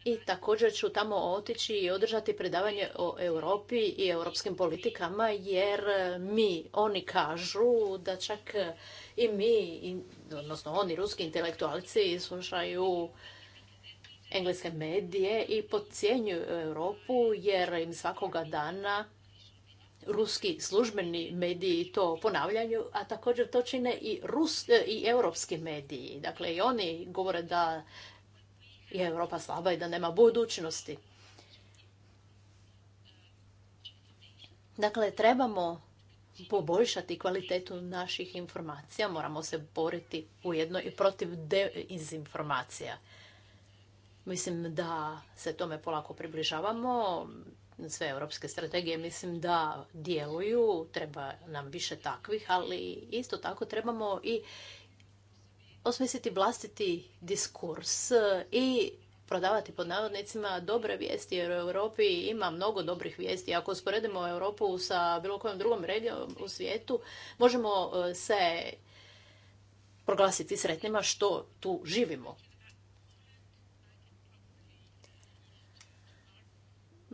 I također ću tamo otići i održati predavanje o Europi i europskim politikama jer mi, oni kažu da čak i mi, odnosno oni ruski intelektualci slušaju engleske medije i podcjenjuju Europu jer im svakoga dana ruski službeni mediji to ponavljaju, a također to čine i, rus, e, i europski mediji. Dakle, i oni govore da je Europa slaba i da nema budućnosti. Dakle, trebamo poboljšati kvalitetu naših informacija, moramo se boriti ujedno i protiv dezinformacija. Mislim da se tome polako približavamo sve europske strategije mislim da djeluju, treba nam više takvih, ali isto tako trebamo i osmisliti vlastiti diskurs i prodavati pod navodnicima dobre vijesti jer u Europi ima mnogo dobrih vijesti. Ako usporedimo Europu sa bilo kojom drugom regijom u svijetu, možemo e, se proglasiti sretnima što tu živimo.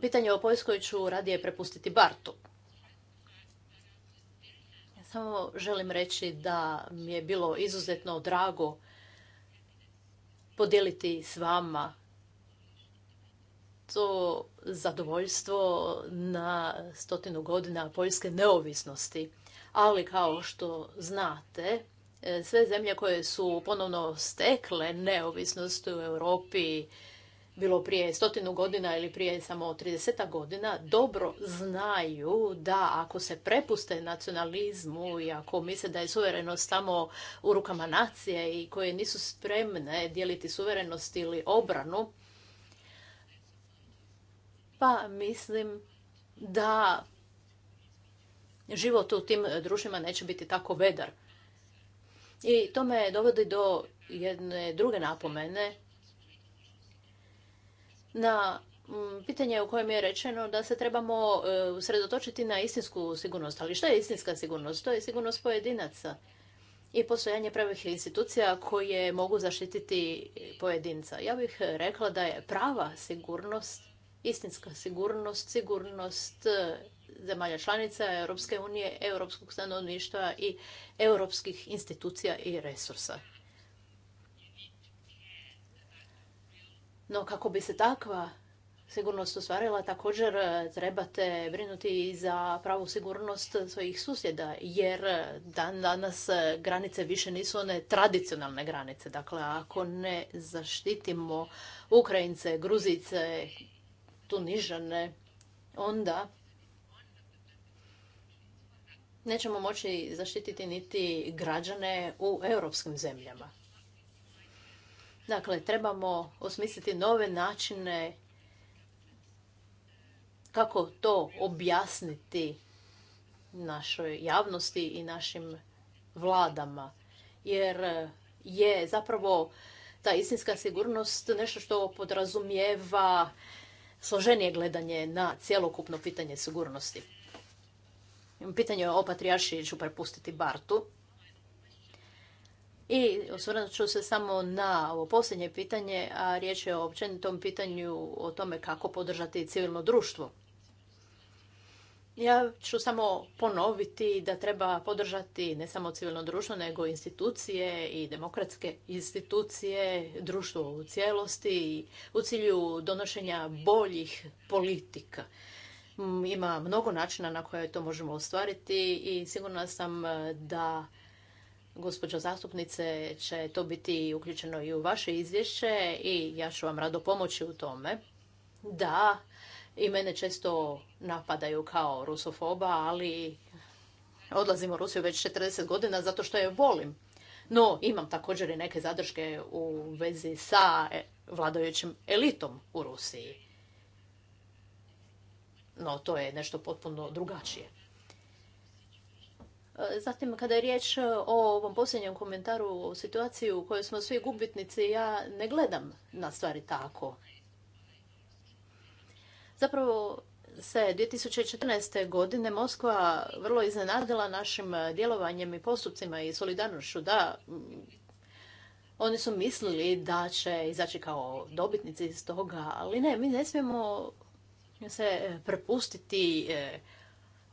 Pitanje o Poljskoj ću radije prepustiti Bartu. samo želim reći da mi je bilo izuzetno drago podijeliti s vama to zadovoljstvo na stotinu godina poljske neovisnosti. Ali kao što znate, e, sve zemlje koje su ponovno stekle neovisnost u Europi bilo prije stotinu godina ili prije samo 30 godina, dobro znaju da ako se prepuste nacionalizmu i ako misle da je suverenost samo u rukama nacije i koje nisu spremne dijeliti suverenost ili obranu, pa mislim da život u tim društvima neće biti tako vedar. I to me dovodi do jedne druge napomene na mm, pitanje u kojem je rečeno da se trebamo e, usredotočiti na istinsku sigurnost. Ali što je istinska sigurnost? To je sigurnost pojedinaca i postojanje pravih institucija koje mogu zaštititi pojedinca. Ja bih rekla da je prava sigurnost, istinska sigurnost, sigurnost e, zemalja članica Europske unije, europskog stanovništva i europskih institucija i resursa. No kako bi se takva sigurnost ostvarila, također e, trebate brinuti i za pravu sigurnost svojih susjeda, jer e, dan danas e, granice više nisu one tradicionalne granice. Dakle, ako ne zaštitimo Ukrajince, Gruzice, Tunižane, onda nećemo moći zaštititi niti građane u europskim zemljama. Dakle, trebamo osmisliti nove načine kako to objasniti našoj javnosti i našim vladama. Jer je zapravo ta istinska sigurnost nešto što podrazumijeva složenije gledanje na cjelokupno pitanje sigurnosti. Pitanje o patrijaršiji ću prepustiti Bartu. I osvrnut ću se samo na ovo posljednje pitanje, a riječ je o općenitom pitanju o tome kako podržati civilno društvo. Ja ću samo ponoviti da treba podržati ne samo civilno društvo, nego institucije i demokratske institucije, društvo u cijelosti u cilju donošenja boljih politika. Mm, ima mnogo načina na koje to možemo ostvariti i sigurna sam eh, da gospođo zastupnice, će to biti uključeno i u vaše izvješće i ja ću vam rado pomoći u tome. Da, i mene često napadaju kao rusofoba, ali odlazim u Rusiju već 40 godina zato što je volim. No, imam također i neke zadrške u vezi sa e, vladajućim elitom u Rusiji. No, to je nešto potpuno drugačije. E, zatim, kada je riječ e, o ovom posljednjem komentaru o situaciji u kojoj smo svi gubitnici, ja ne gledam na stvari tako. Zapravo, se 2014. godine Moskva vrlo iznenadila našim e, djelovanjem i postupcima i solidarnošću da mm, oni su mislili da će izaći kao dobitnici iz toga, ali ne, mi ne smijemo se prepustiti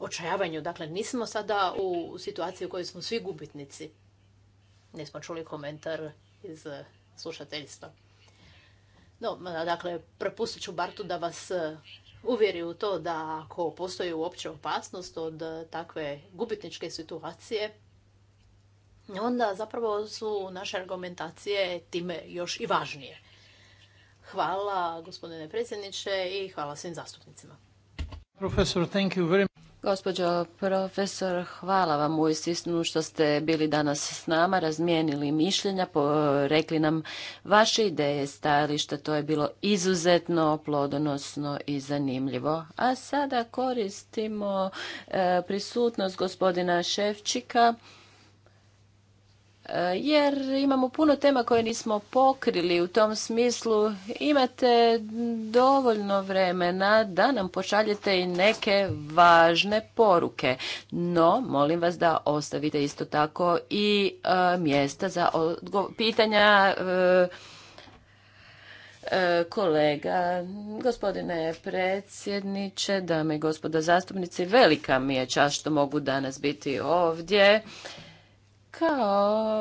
očajavanju. Dakle, nismo sada u situaciji u kojoj smo svi gubitnici. Nismo čuli komentar iz slušateljstva. No, dakle, prepustit ću Bartu da vas e, uvjeri u to da ako postoji uopće opasnost od e, takve gubitničke situacije, onda zapravo su naše argumentacije time još i važnije. Hvala gospodine predsjedniče i hvala svim zastupnicima. Profesor, thank you very Gospođo profesor, hvala vam u istinu što ste bili danas s nama, razmijenili mišljenja, po, rekli nam vaše ideje, stajališta, to je bilo izuzetno plodonosno i zanimljivo. A sada koristimo e, prisutnost gospodina Ševčika E, jer imamo puno tema koje nismo pokrili u tom smislu. Imate dovoljno vremena da nam pošaljete i neke važne poruke. No, molim vas da ostavite isto tako i e, mjesta za pitanja e, kolega. Gospodine predsjedniče, dame i gospoda zastupnici, velika mi je čast što mogu danas biti ovdje kao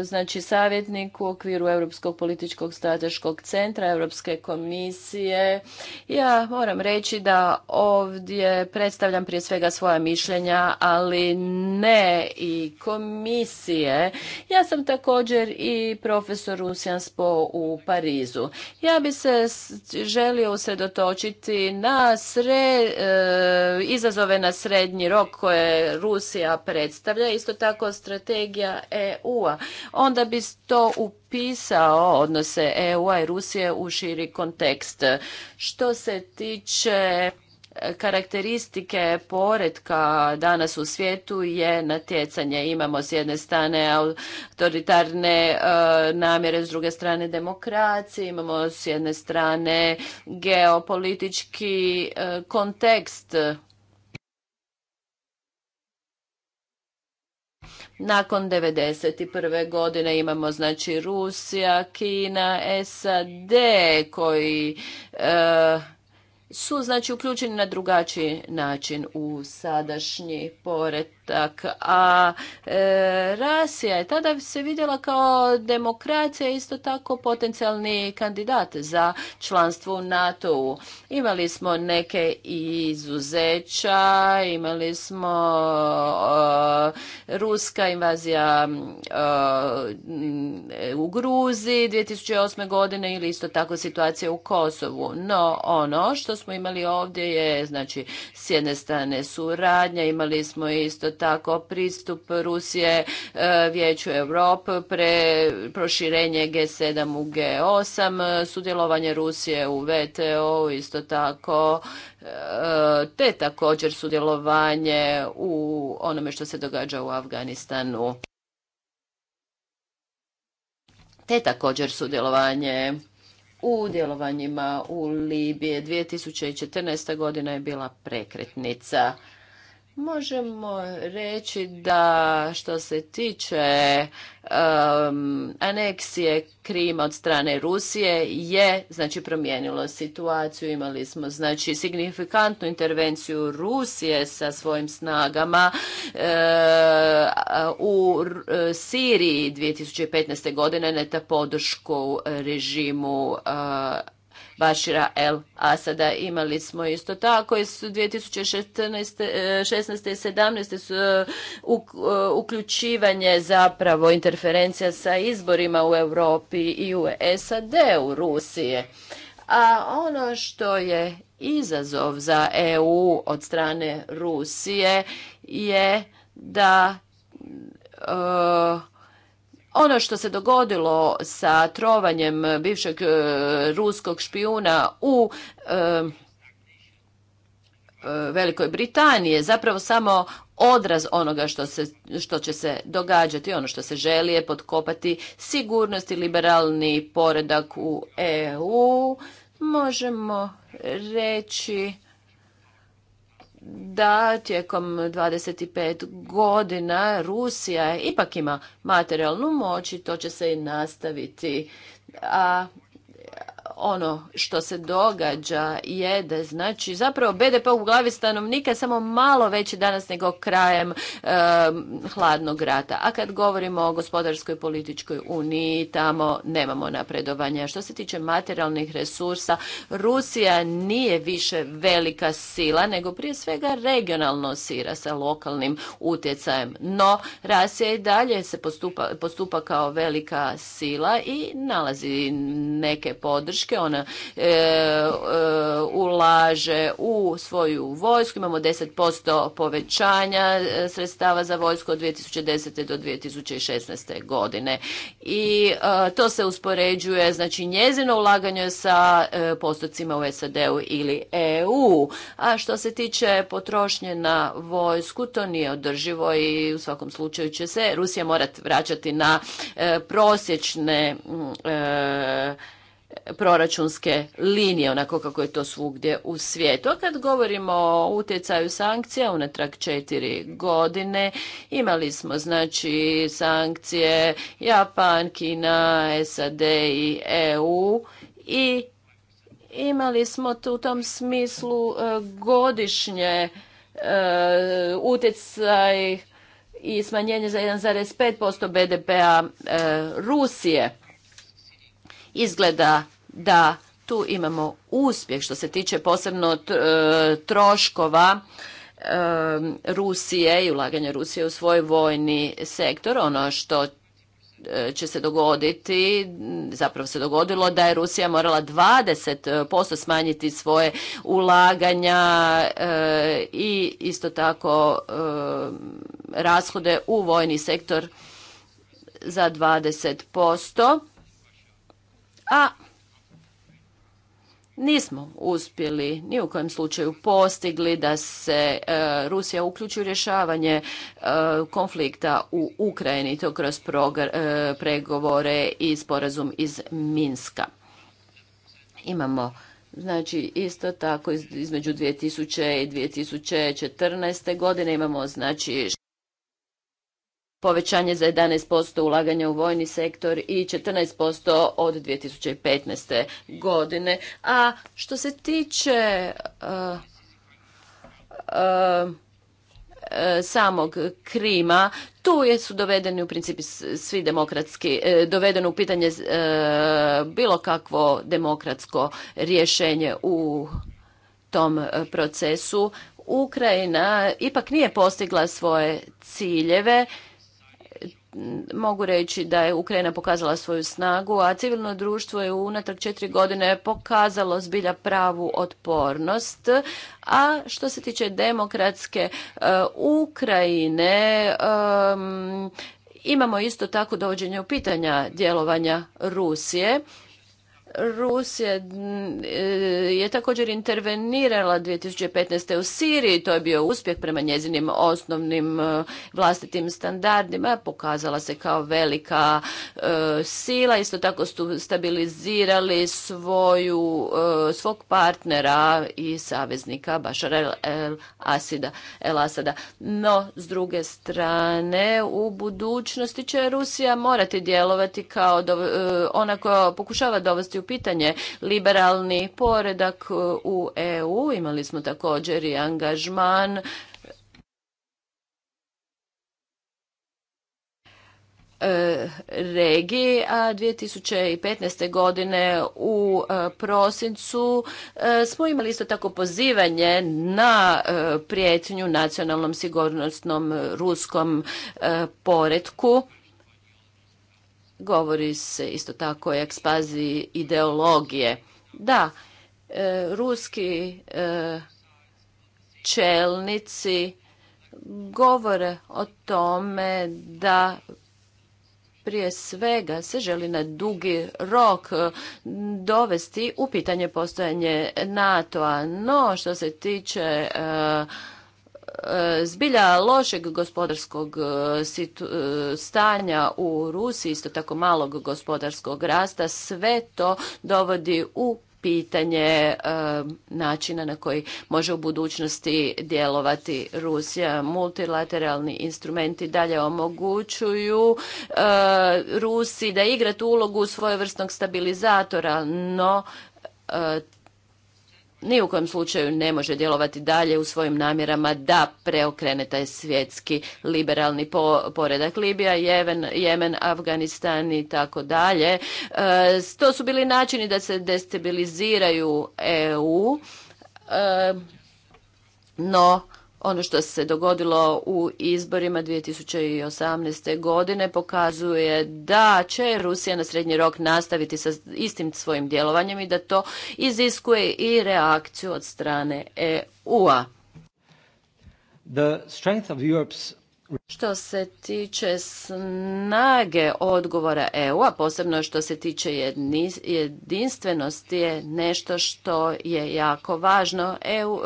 e, znači savjetnik u okviru Europskog političkog strateškog centra Europske komisije ja moram reći da ovdje predstavljam prije svega svoja mišljenja ali ne i komisije ja sam također i profesor u u Parizu ja bi se želio usredotočiti na sre, e, izazove na srednji rok koje Rusija predstavlja isto tako strategija EU-a, onda bi to upisao odnose EU-a i Rusije u širi kontekst. Što se tiče e, karakteristike poretka danas u svijetu je natjecanje. Imamo s jedne strane autoritarne e, namjere, s druge strane demokracije, imamo s jedne strane geopolitički e, kontekst Nakon 1991. godine imamo znači Rusija, Kina, SAD koji e, su znači uključeni na drugačiji način u sadašnji poretak. A e, Rasija je tada se vidjela kao demokracija, isto tako potencijalni kandidat za članstvo u NATO-u. Imali smo neke izuzeća, imali smo e, ruska invazija e, u Gruziji 2008. godine ili isto tako situacija u Kosovu. No ono što smo imali ovdje je, znači, s jedne strane suradnja, imali smo isto tako pristup Rusije e, Vijeću Europe, pre, proširenje G7 u G8, e, sudjelovanje Rusije u VTO, isto tako e, te također sudjelovanje u onome što se događa u Afganistanu te također sudjelovanje u djelovanjima u Libije. 2014. godina je bila prekretnica Možemo reći da što se tiče aneksije Krima od strane Rusije je znači promijenilo situaciju. Imali smo znači signifikantnu intervenciju Rusije sa svojim snagama eh, u Siriji 2015. godine na podršku režimu eh, Bašira El Asada. Imali smo isto tako e, i 2016. i 17. su uključivanje zapravo interferencija sa izborima u Europi i u SAD u Rusije. A ono što je izazov za EU od strane Rusije je da e, ono što se dogodilo sa trovanjem bivšeg e, ruskog špijuna u e, e, Velikoj Britaniji je zapravo samo odraz onoga što, se, što će se događati, ono što se želi je podkopati sigurnost i liberalni poredak u EU. Možemo reći da tijekom 25 godina Rusija ipak ima materijalnu moć i to će se i nastaviti. A ono što se događa je da Znači, zapravo BDP u glavi stanovnika je samo malo veći danas nego krajem hladnog rata. A kad govorimo o gospodarskoj političkoj uniji, tamo nemamo napredovanja. Što se tiče materijalnih resursa, Rusija nije više velika sila, nego prije svega regionalno sira sa lokalnim utjecajem. No, Rasija i dalje se postupa, postupa kao velika sila i nalazi neke podrške ona e, e, ulaže u svoju vojsku, imamo 10% povećanja e, sredstava za vojsku od 2010. do 2016. godine. I to se uspoređuje, znači njezino ulaganje sa postocima u SAD-u ili EU. A što se tiče potrošnje na vojsku, to nije održivo i u svakom slučaju će se Rusija morati vraćati na prosječne proračunske linije, onako kako je to svugdje u svijetu. A kad govorimo o utjecaju sankcija, unatrag četiri godine, imali smo znači sankcije Japan, Kina, SAD i EU i imali smo u tom smislu e, godišnje e, utjecaj i smanjenje za 1,5% BDP-a e, Rusije. Izgleda da tu imamo uspjeh što se tiče posebno e, troškova e, Rusije i ulaganja Rusije u svoj vojni sektor. Ono što e, će se dogoditi, zapravo se dogodilo da je Rusija morala 20% smanjiti svoje ulaganja i isto tako rashode u vojni sektor za 20% a nismo uspjeli ni u kojem slučaju postigli da se e, Rusija uključi u rješavanje e, konflikta u Ukrajini to kroz e, pregovore i sporazum iz Minska. Imamo Znači, isto tako između 2000 i 2014. godine imamo znači povećanje za 11% ulaganja u vojni sektor i 14% od 2015. godine. A što se tiče uh, uh, samog Krima, tu je su dovedeni u principi svi demokratski, uh, dovedeno u pitanje bilo kakvo demokratsko rješenje u tom procesu. Ukrajina ipak nije postigla svoje ciljeve mogu reći da je Ukrajina pokazala svoju snagu, a civilno društvo je unatrag četiri godine pokazalo zbilja pravu otpornost. A što se tiče demokratske e, Ukrajine, imamo isto tako dovođenje u pitanja djelovanja Rusije Rusija e, je također intervenirala 2015. u Siriji, to je bio uspjeh prema njezinim osnovnim e, vlastitim standardima, pokazala se kao velika e, sila, isto tako su stabilizirali svoju, svog partnera i saveznika Bašara el, Asida, el Asada. No, s druge strane, u budućnosti će Rusija morati djelovati kao ona koja pokušava dovesti u pitanje liberalni poredak e, u EU. Imali smo također i angažman e, regiji, a 2015. godine u e, prosincu smo imali isto tako pozivanje na prijetnju nacionalnom sigurnosnom ruskom poretku Govori se isto tako o ekspaziji ideologije. Da, e, ruski e, čelnici govore o tome da prije svega se želi na dugi rok e, dovesti u pitanje postojanje NATO-a. No, što se tiče E, zbilja lošeg gospodarskog e, e, stanja u Rusiji, isto tako malog gospodarskog rasta, sve to dovodi u pitanje načina na koji može u budućnosti djelovati Rusija. Multilateralni instrumenti dalje omogućuju Rusiji da igra tu ulogu svojevrsnog stabilizatora, no ni u kojem slučaju ne može djelovati dalje u svojim namjerama da preokrene taj svjetski liberalni poredak. Libija, Jemen, Afganistan i tako dalje. E, to su bili načini da se destabiliziraju EU, e, no ono što se dogodilo u izborima 2018. godine pokazuje da će Rusija na srednji rok nastaviti sa istim svojim djelovanjem i da to iziskuje i reakciju od strane EU-a. The strength of Europe's što se tiče snage odgovora EU-a, posebno što se tiče jedinstvenosti, je nešto što je jako važno. EU,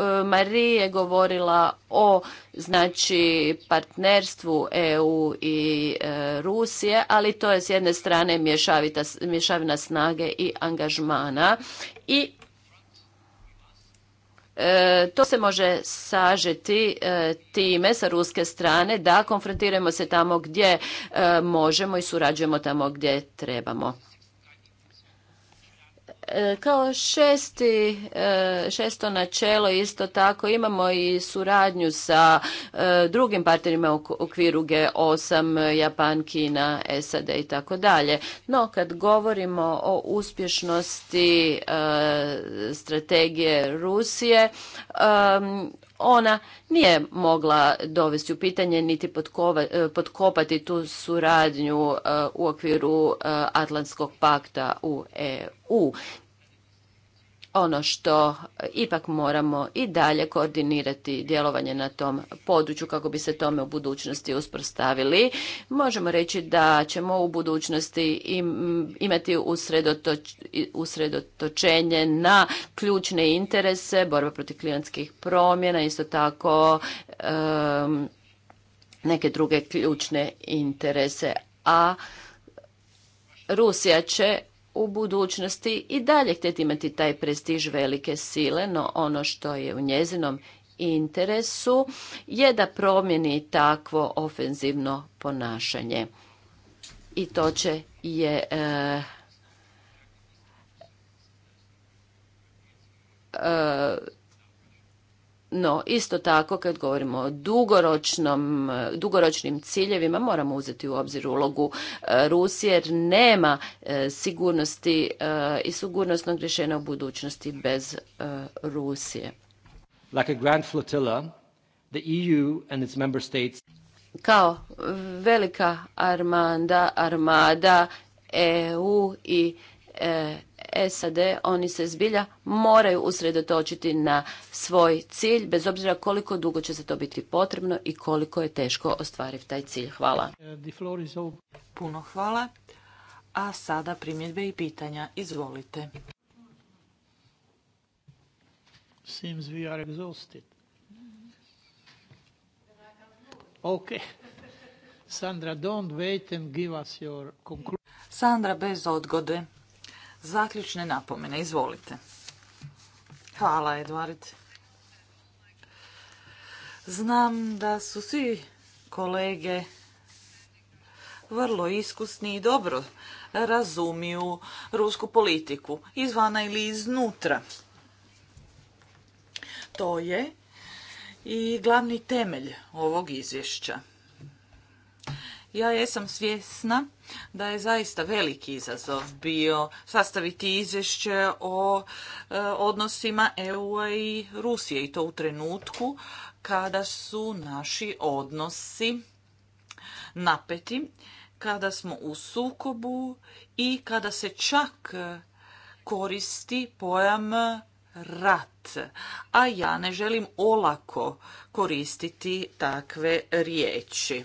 e, je govorila o znači partnerstvu EU i e, Rusije, ali to je s jedne strane mješavina snage i angažmana i E, to se može sažeti e, time sa ruske strane da konfrontiramo se tamo gdje e, možemo i surađujemo tamo gdje trebamo. E, kao šesti, e, šesto načelo isto tako imamo i suradnju sa e, drugim partnerima u okviru G8, Japan, Kina, SAD i tako dalje. No kad govorimo o uspješnosti strategije Rusije, ona nije mogla dovesti u pitanje niti podkopati tu suradnju u okviru Atlantskog pakta u EU ono što e, ipak moramo i dalje koordinirati djelovanje na tom području kako bi se tome u budućnosti usprostavili. Možemo reći da ćemo u budućnosti imati usredotočenje na ključne interese, borba protiv klimatskih promjena, isto tako neke druge ključne interese, a Rusija će u budućnosti i dalje htjeti imati taj prestiž velike sile, no ono što je u njezinom interesu je da promjeni takvo ofenzivno ponašanje. I to će je e, e, no, isto tako kad govorimo o dugoročnom, dugoročnim ciljevima moramo uzeti u obzir ulogu e, Rusije jer nema e, sigurnosti e, i sigurnosnog rješenja u budućnosti bez Rusije. kao velika armanda, armada EU i SAD, oni se zbilja moraju usredotočiti na svoj cilj, bez obzira koliko dugo će se to biti potrebno i koliko je teško ostvariti taj cilj. Hvala. Puno hvala. A sada primjedbe i pitanja. Izvolite. Sandra, don't wait and give us your Sandra, bez odgode. Zaključne napomene, izvolite. Hvala, Eduard. Znam da su svi kolege vrlo iskusni i dobro razumiju rusku politiku, izvana ili iznutra. To je i glavni temelj ovog izvješća. Ja jesam svjesna da je zaista veliki izazov bio sastaviti izvješće o e, odnosima EU i Rusije i to u trenutku kada su naši odnosi napeti, kada smo u sukobu i kada se čak koristi pojam rat, a ja ne želim olako koristiti takve riječi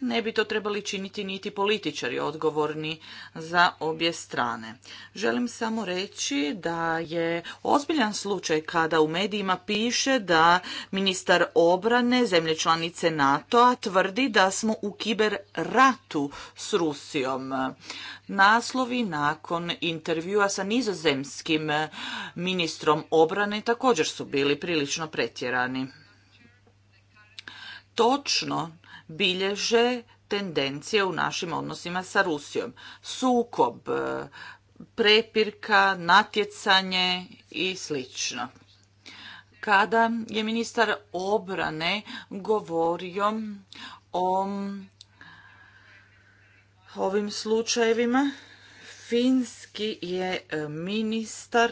ne bi to trebali činiti niti političari odgovorni za obje strane. Želim samo reći da je ozbiljan slučaj kada u medijima piše da ministar obrane zemlje članice NATO-a tvrdi da smo u kiber ratu s Rusijom. Naslovi nakon intervjua sa nizozemskim ministrom obrane također su bili prilično pretjerani. Točno bilježe tendencije u našim odnosima sa Rusijom. Sukob, e, prepirka, natjecanje i slično. Kada je ministar obrane govorio o ovim slučajevima, finski je ministar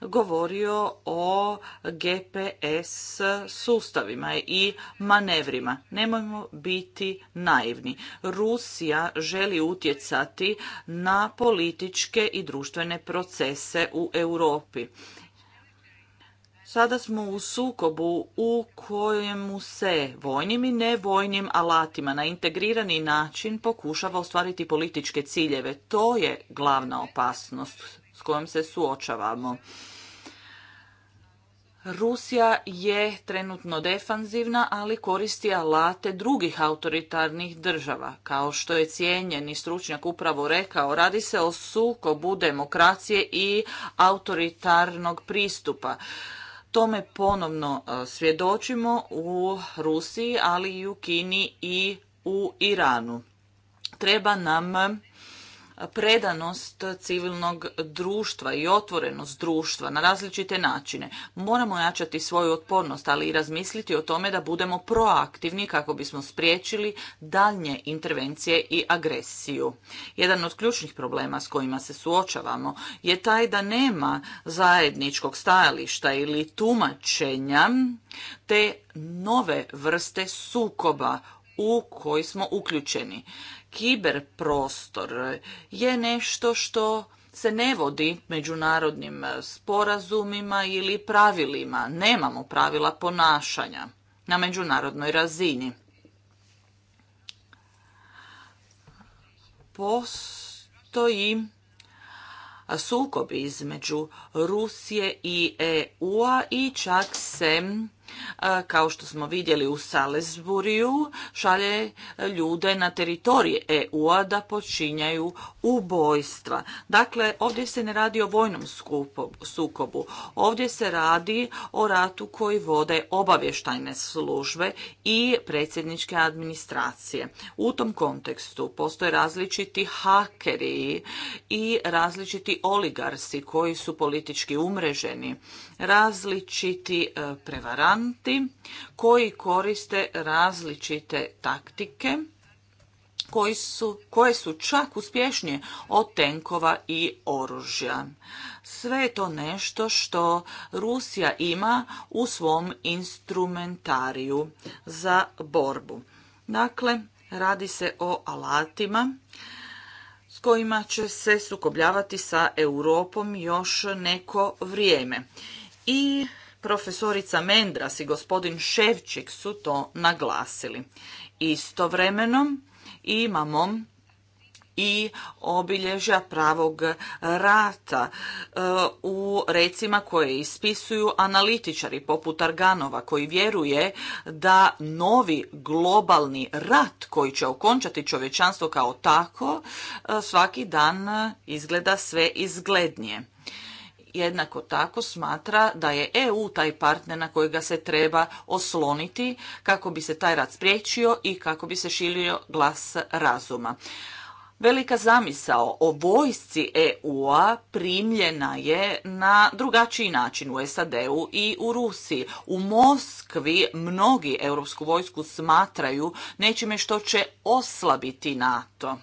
govorio o GPS sustavima i manevrima. Nemojmo biti naivni. Rusija želi utjecati na političke i društvene procese u Europi. Sada smo u sukobu u kojemu se vojnim i nevojnim alatima na integrirani način pokušava ostvariti političke ciljeve. To je glavna opasnost s kojom se suočavamo. Rusija je trenutno defanzivna, ali koristi alate drugih autoritarnih država. Kao što je cijenjeni stručnjak upravo rekao, radi se o sukobu demokracije i autoritarnog pristupa. Tome ponovno e, svjedočimo u Rusiji, ali i u Kini i u Iranu. Treba nam predanost civilnog društva i otvorenost društva na različite načine. Moramo jačati svoju otpornost, ali i razmisliti o tome da budemo proaktivni kako bismo spriječili daljnje intervencije i agresiju. Jedan od ključnih problema s kojima se suočavamo je taj da nema zajedničkog stajališta ili tumačenja te nove vrste sukoba u koji smo uključeni. Kiberprostor je nešto što se ne vodi međunarodnim sporazumima ili pravilima. Nemamo pravila ponašanja na međunarodnoj razini. Postoji sukobi između Rusije i EU-a i čak se kao što smo vidjeli u Salesburiju, šalje e, ljude na teritorije EU-a da počinjaju ubojstva. Dakle, ovdje se ne radi o vojnom sukobu. Ovdje se radi o ratu koji vode obavještajne službe i predsjedničke administracije. U tom kontekstu postoje različiti hakeri i različiti oligarsi koji su politički umreženi, različiti e, prevaranti, koji koriste različite taktike koje su čak uspješnije od tenkova i oružja. Sve je to nešto što Rusija ima u svom instrumentariju za borbu. Dakle, radi se o alatima s kojima će se sukobljavati sa Europom još neko vrijeme. I Profesorica Mendras i gospodin Ševčik su to naglasili. Istovremeno imamo i obilježja pravog rata e, u recima koje ispisuju analitičari poput Arganova koji vjeruje da novi globalni rat koji će okončati čovječanstvo kao tako e, svaki dan izgleda sve izglednije jednako tako smatra da je EU taj partner na kojega se treba osloniti kako bi se taj rad spriječio i kako bi se šilio glas razuma. Velika zamisao o vojsci EU-a primljena je na drugačiji način u SAD-u i u Rusiji. U Moskvi mnogi europsku vojsku smatraju nečime što će oslabiti NATO.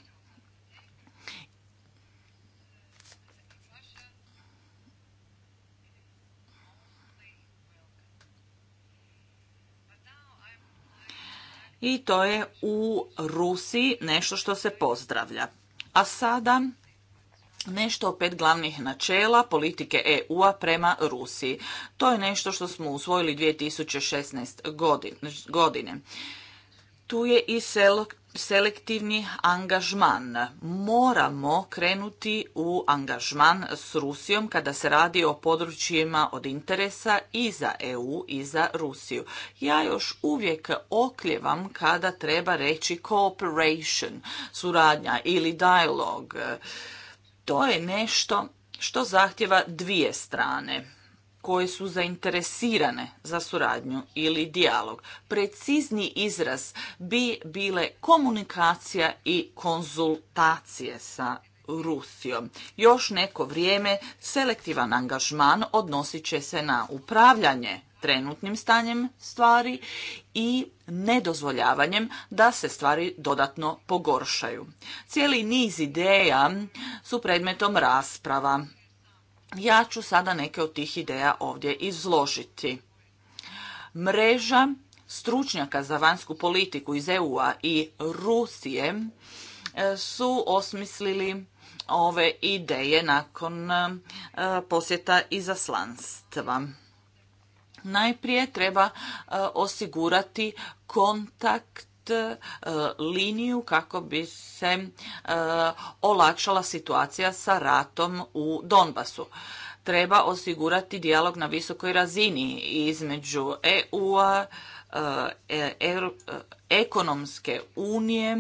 i to je u Rusiji nešto što se pozdravlja. A sada nešto o pet glavnih načela politike EU-a prema Rusiji. To je nešto što smo usvojili 2016. godine. Tu je i selektivni angažman. Moramo krenuti u angažman s Rusijom kada se radi o područjima od interesa i za EU i za Rusiju. Ja još uvijek okljevam kada treba reći cooperation, suradnja ili dialog. To je nešto što zahtjeva dvije strane koje su zainteresirane za suradnju ili dijalog. Precizni izraz bi bile komunikacija i konzultacije sa Rusijom. Još neko vrijeme selektivan angažman odnosit će se na upravljanje trenutnim stanjem stvari i nedozvoljavanjem da se stvari dodatno pogoršaju. Cijeli niz ideja su predmetom rasprava ja ću sada neke od tih ideja ovdje izložiti. Mreža stručnjaka za vanjsku politiku iz EU-a i Rusije e, su osmislili ove ideje nakon e, posjeta izaslanstva. Najprije treba e, osigurati kontakt E, liniju kako bi se e, olakšala situacija sa ratom u Donbasu treba osigurati dijalog na visokoj razini između EU-a, e, ekonomske unije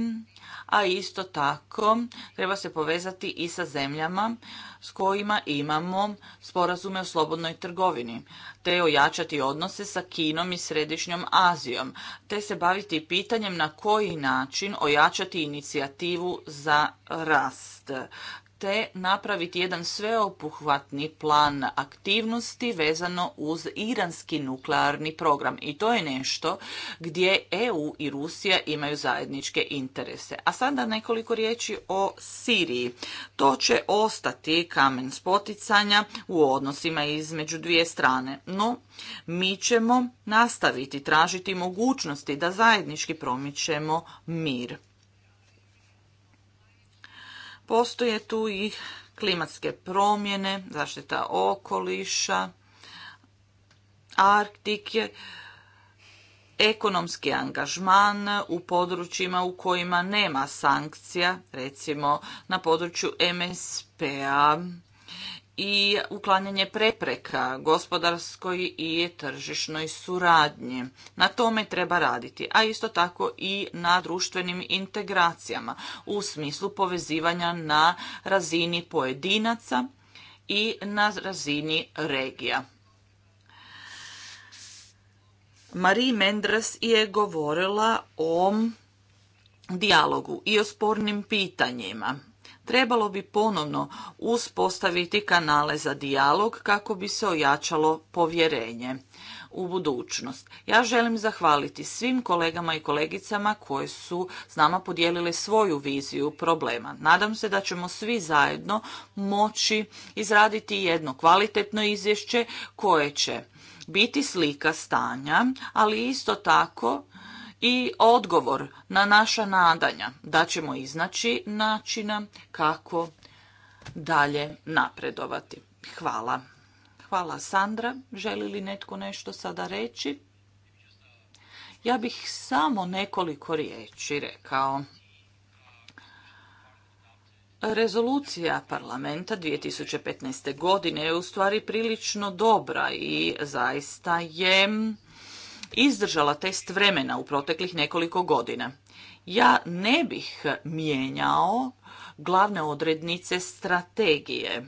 a isto tako treba se povezati i sa zemljama s kojima imamo sporazume o slobodnoj trgovini, te ojačati odnose sa Kinom i Središnjom Azijom, te se baviti pitanjem na koji način ojačati inicijativu za rast te napraviti jedan sveopuhvatni plan aktivnosti vezano uz iranski nuklearni program. I to je nešto gdje EU i Rusija imaju zajedničke interese. A sada nekoliko riječi o Siriji. To će ostati kamen spoticanja u odnosima između dvije strane. No, mi ćemo nastaviti tražiti mogućnosti da zajednički promičemo mir. Postoje tu i klimatske promjene, zaštita okoliša, Arktik ekonomski angažman u područjima u kojima nema sankcija, recimo na području MSP-a i uklanjanje prepreka gospodarskoj i tržišnoj suradnji. Na tome treba raditi, a isto tako i na društvenim integracijama u smislu povezivanja na razini pojedinaca i na razini regija. Marie Mendres je govorila o dijalogu i o spornim pitanjima trebalo bi ponovno uspostaviti kanale za dijalog kako bi se ojačalo povjerenje u budućnost. Ja želim zahvaliti svim kolegama i kolegicama koje su s nama podijelile svoju viziju problema. Nadam se da ćemo svi zajedno moći izraditi jedno kvalitetno izvješće koje će biti slika stanja, ali isto tako i odgovor na naša nadanja da ćemo iznaći načina kako dalje napredovati. Hvala. Hvala Sandra. Želi li netko nešto sada reći? Ja bih samo nekoliko riječi rekao. Rezolucija parlamenta 2015. godine je u stvari prilično dobra i zaista je izdržala test vremena u proteklih nekoliko godina. Ja ne bih mijenjao glavne odrednice strategije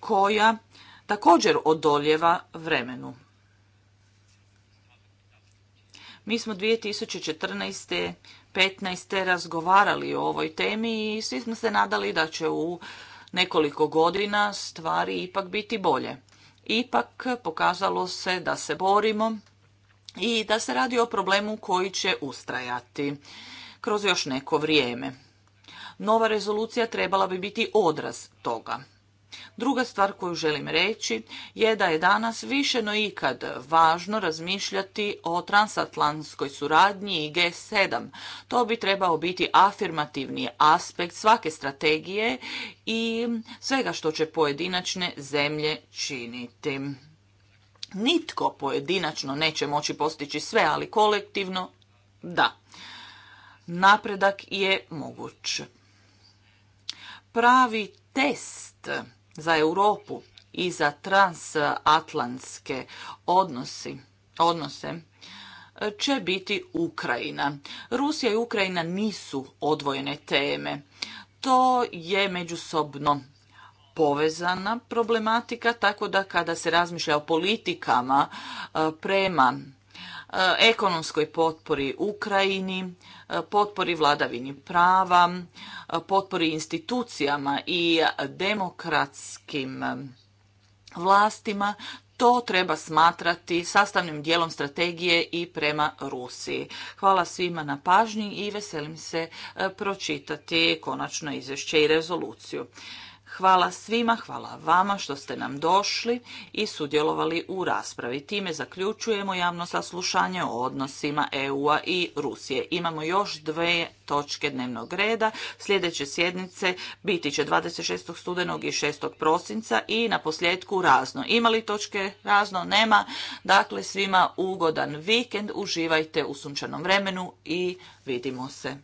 koja također odoljeva vremenu. Mi smo 2014. 15. razgovarali o ovoj temi i svi smo se nadali da će u nekoliko godina stvari ipak biti bolje. Ipak pokazalo se da se borimo i da se radi o problemu koji će ustrajati kroz još neko vrijeme. Nova rezolucija trebala bi biti odraz toga. Druga stvar koju želim reći je da je danas više no ikad važno razmišljati o transatlantskoj suradnji i G7. To bi trebao biti afirmativni aspekt svake strategije i svega što će pojedinačne zemlje činiti. Nitko pojedinačno neće moći postići sve, ali kolektivno da. Napredak je moguć. Pravi test za Europu i za transatlantske odnosi, odnose e, će biti Ukrajina. Rusija i Ukrajina nisu odvojene teme. To je međusobno povezana problematika, tako da kada se razmišlja o politikama e, prema e, ekonomskoj potpori Ukrajini, e, potpori vladavini prava, potpori institucijama i demokratskim vlastima, to treba smatrati sastavnim dijelom strategije i prema Rusiji. Hvala svima na pažnji i veselim se pročitati konačno izvješće i rezoluciju. Hvala svima, hvala vama što ste nam došli i sudjelovali u raspravi. Time zaključujemo javno saslušanje o odnosima EU-a i Rusije. Imamo još dve točke dnevnog reda. Sljedeće sjednice biti će 26. studenog i 6. prosinca i na posljedku razno. Ima li točke razno? Nema. Dakle, svima ugodan vikend. Uživajte u sunčanom vremenu i vidimo se.